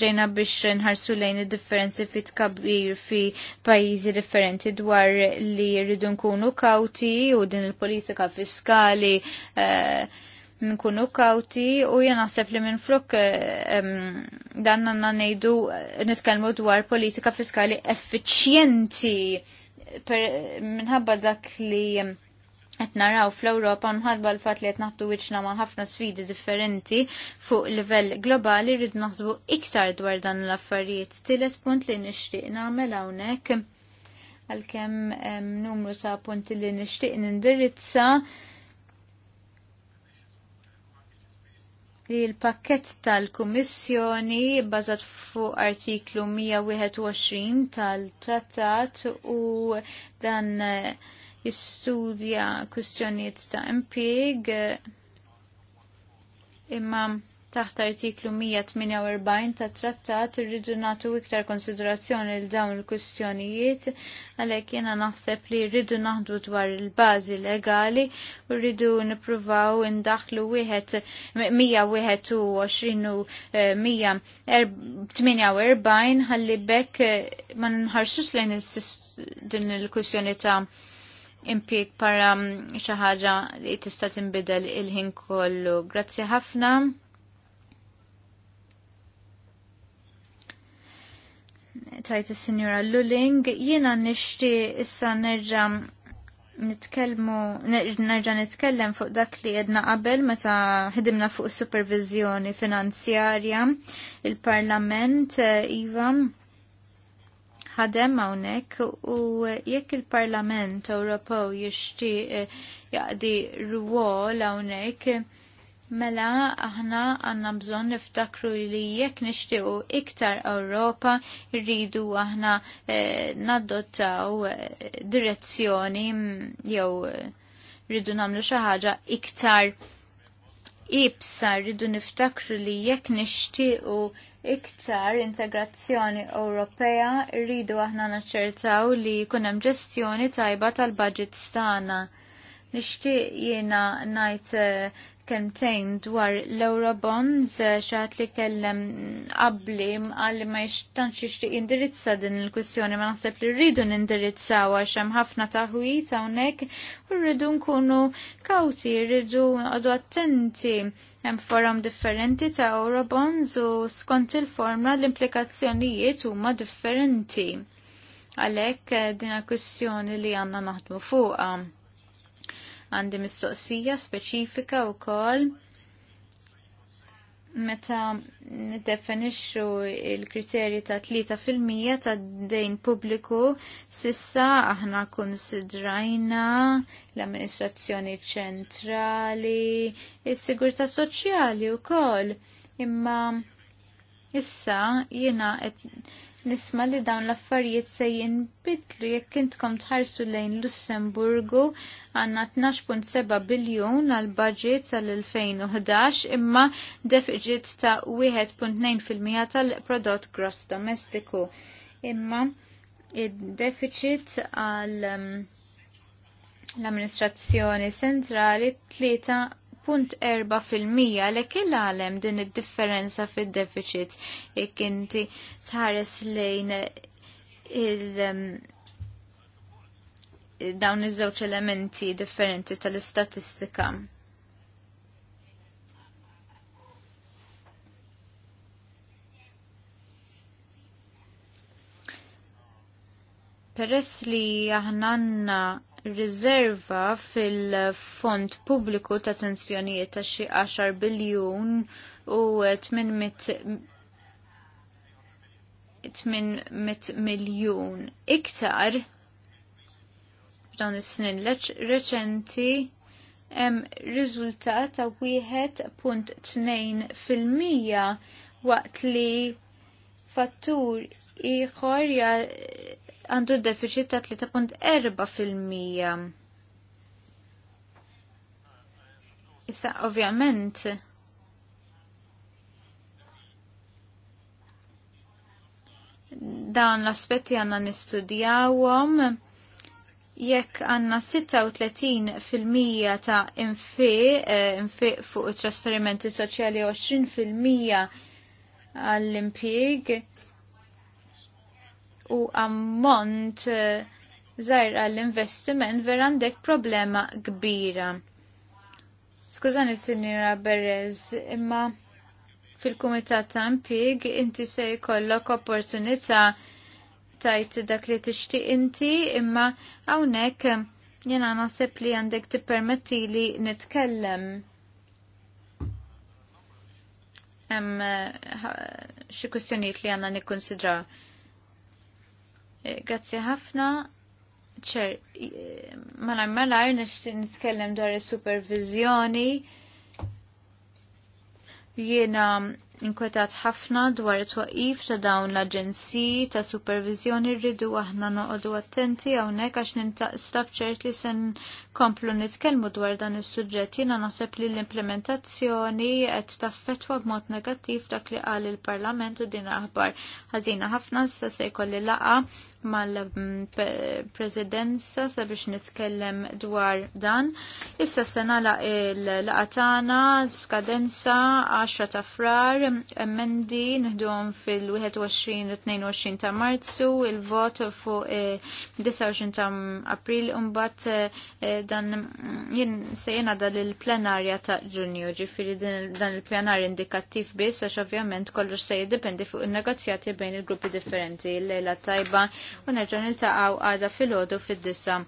ġejna biex nħarsu lejn id-differenzi fi tkabbir fi pajjiżi differenti dwar li rridu nkunu kawti u din il-politika fiskali eh, nkunu kawti u jena naħseb li minn flok eh, dan nanna nejdu nitkelmu dwar politika fiskali effiċjenti minħabba dak li qed naraw fl-Ewropa nħadba l-fatt li qed naħdu wiċċna ma' ħafna sfidi differenti fuq livell globali rrid naħsbu iktar dwar dan l-affarijiet. Tillet punt li nixtieq nagħmel hawnhekk għalkemm numru ta' punti li nixtieq nindirizza li l-pakket tal-Kummissjoni bbażat fuq artiklu 121 tal-Trattat u dan uh, jistudja kwistjonijiet ta' impjieg imma taħt artiklu 148 ta' trattat irridu nagħtu iktar konsiderazzjoni l dawn il-kwistjonijiet għalhekk jiena naħseb li rridu naħdu dwar il-bażi legali u rridu nippruvaw indaħlu wieħed 121 u 148 għalli bekk ma nħarsux lejn din il-kwistjoni ta' Impik para mm, xi ħaġa li tista' tinbidel il-ħin kollu. Grazzi ħafna. Tajt is-Sinjura Lulling, jiena nixti issa nerġa' nitkellmu nerġa' nitkellem fuq dak li jedna qabel meta ħidimna fuq supervizjoni finanzjarja il-Parlament eh, iva ħadem hawnhekk u jekk il-Parlament Ewropew jixtieq eh, jaqdi rwol hawnhekk Mela, aħna għanna bżon niftakru li jekk nixtiequ iktar Ewropa, rridu aħna eh, nadottaw naddottaw eh, direzzjoni mm, jew rridu namlu xi ħaġa iktar ibsa rridu niftakru li jekk nixtiequ iktar integrazzjoni Ewropea rridu aħna naċċertaw li jkun hemm ġestjoni tajba tal-budget tagħna. Nixtieq jiena ngħid eh, kemtejn dwar l-Eurobonds eh, xaħat li kellem qabli għalli ma jxtanx ixtiq indirizza din il kussjoni ma naħseb li rridu indirizza għax hemm ħafna taħwit hawnhekk u rridu nkunu kawti, rridu għadu attenti hemm foram differenti ta' Eurobonds u skont il-forma l-implikazzjonijiet huma differenti. Għalhekk eh, din kwissjoni li għandna naħdmu fuqha. Għandi mistoqsija speċifika u kol meta niddefinixxu il-kriterju ta' 3% ta' dejn pubbliku sissa aħna konsidrajna l-amministrazzjoni ċentrali, is-sigurtà soċjali wkoll. Imma issa jiena qed nisma li dawn l-affarijiet se jinbidlu jekk intkom tħarsu lejn Lussemburgu għanna 12.7 biljun għal budget tal-2011 imma deficit ta' 1.9% tal-prodott gross domestiku. Imma il deficit għal um, l-amministrazzjoni centrali 3 0.4% li kell għalem din id-differenza fil-deficit jekk inti tħares lejn il- um, dawn iż-żewġ elementi differenti tal-istatistika. Peress li aħna riserva fil-fond pubbliku ta' tensjonijiet ta' xi 10 biljun u 800 miljun iktar f'dawn is-snin reċenti hemm riżultat ta' wieħed fil-mija waqt li fattur ieħor għandu deficit ta' 3.4%. Issa, ovvjament, dawn l-aspetti għanna nistudjawom jekk għanna 36% ta' infi, eh, infi fuq trasferimenti soċjali 20% għall-impieg, u ammont zaħir eh, għall-investiment ver għandek problema kbira. Skużani, Sinjora Berez, imma fil-Kumitat ta' Impieg inti se jkollok opportunità tajt dak li tixtieq inti imma hawnhekk jiena naħseb li għandek tippermetti li nitkellem. Hemm eh, xi kwistjonijiet li għandna nikkonsidraw. Eh, grazzi ħafna. ċer, malar eh, malar nitkellem dwar il-supervizjoni. Jiena inkwetat ħafna dwar it-twaqif ta' dawn l-aġenziji ta' supervizjoni rridu aħna noqogħdu attenti hawnhekk għax nintaqstab ċert li sen komplu nitkellmu dwar dan is-suġġett jiena naħseb li l-implementazzjoni qed taffettwa b'mod negattiv dak li qal il-Parlament u din aħbar ħażina ħafna sa se jkolli laqa mal-presidenza sabiex nitkellem dwar dan. Issa sena la il-laqatana, skadenza, 10 ta' frar, emmendi nħdum fil-21-22 ta' marzu, il-vot fuq 29 eh, ta' april, umbat dan jien se jenada l-plenarja ta' ġunju, ġifiri dan il-plenarja indikattiv biss, għax ovvjament kollox se jiddependi fuq il-negozjati bejn il-gruppi differenti, l-lejla tajba, u nerġan il-taqaw għada fil-ħodu fil-dissa.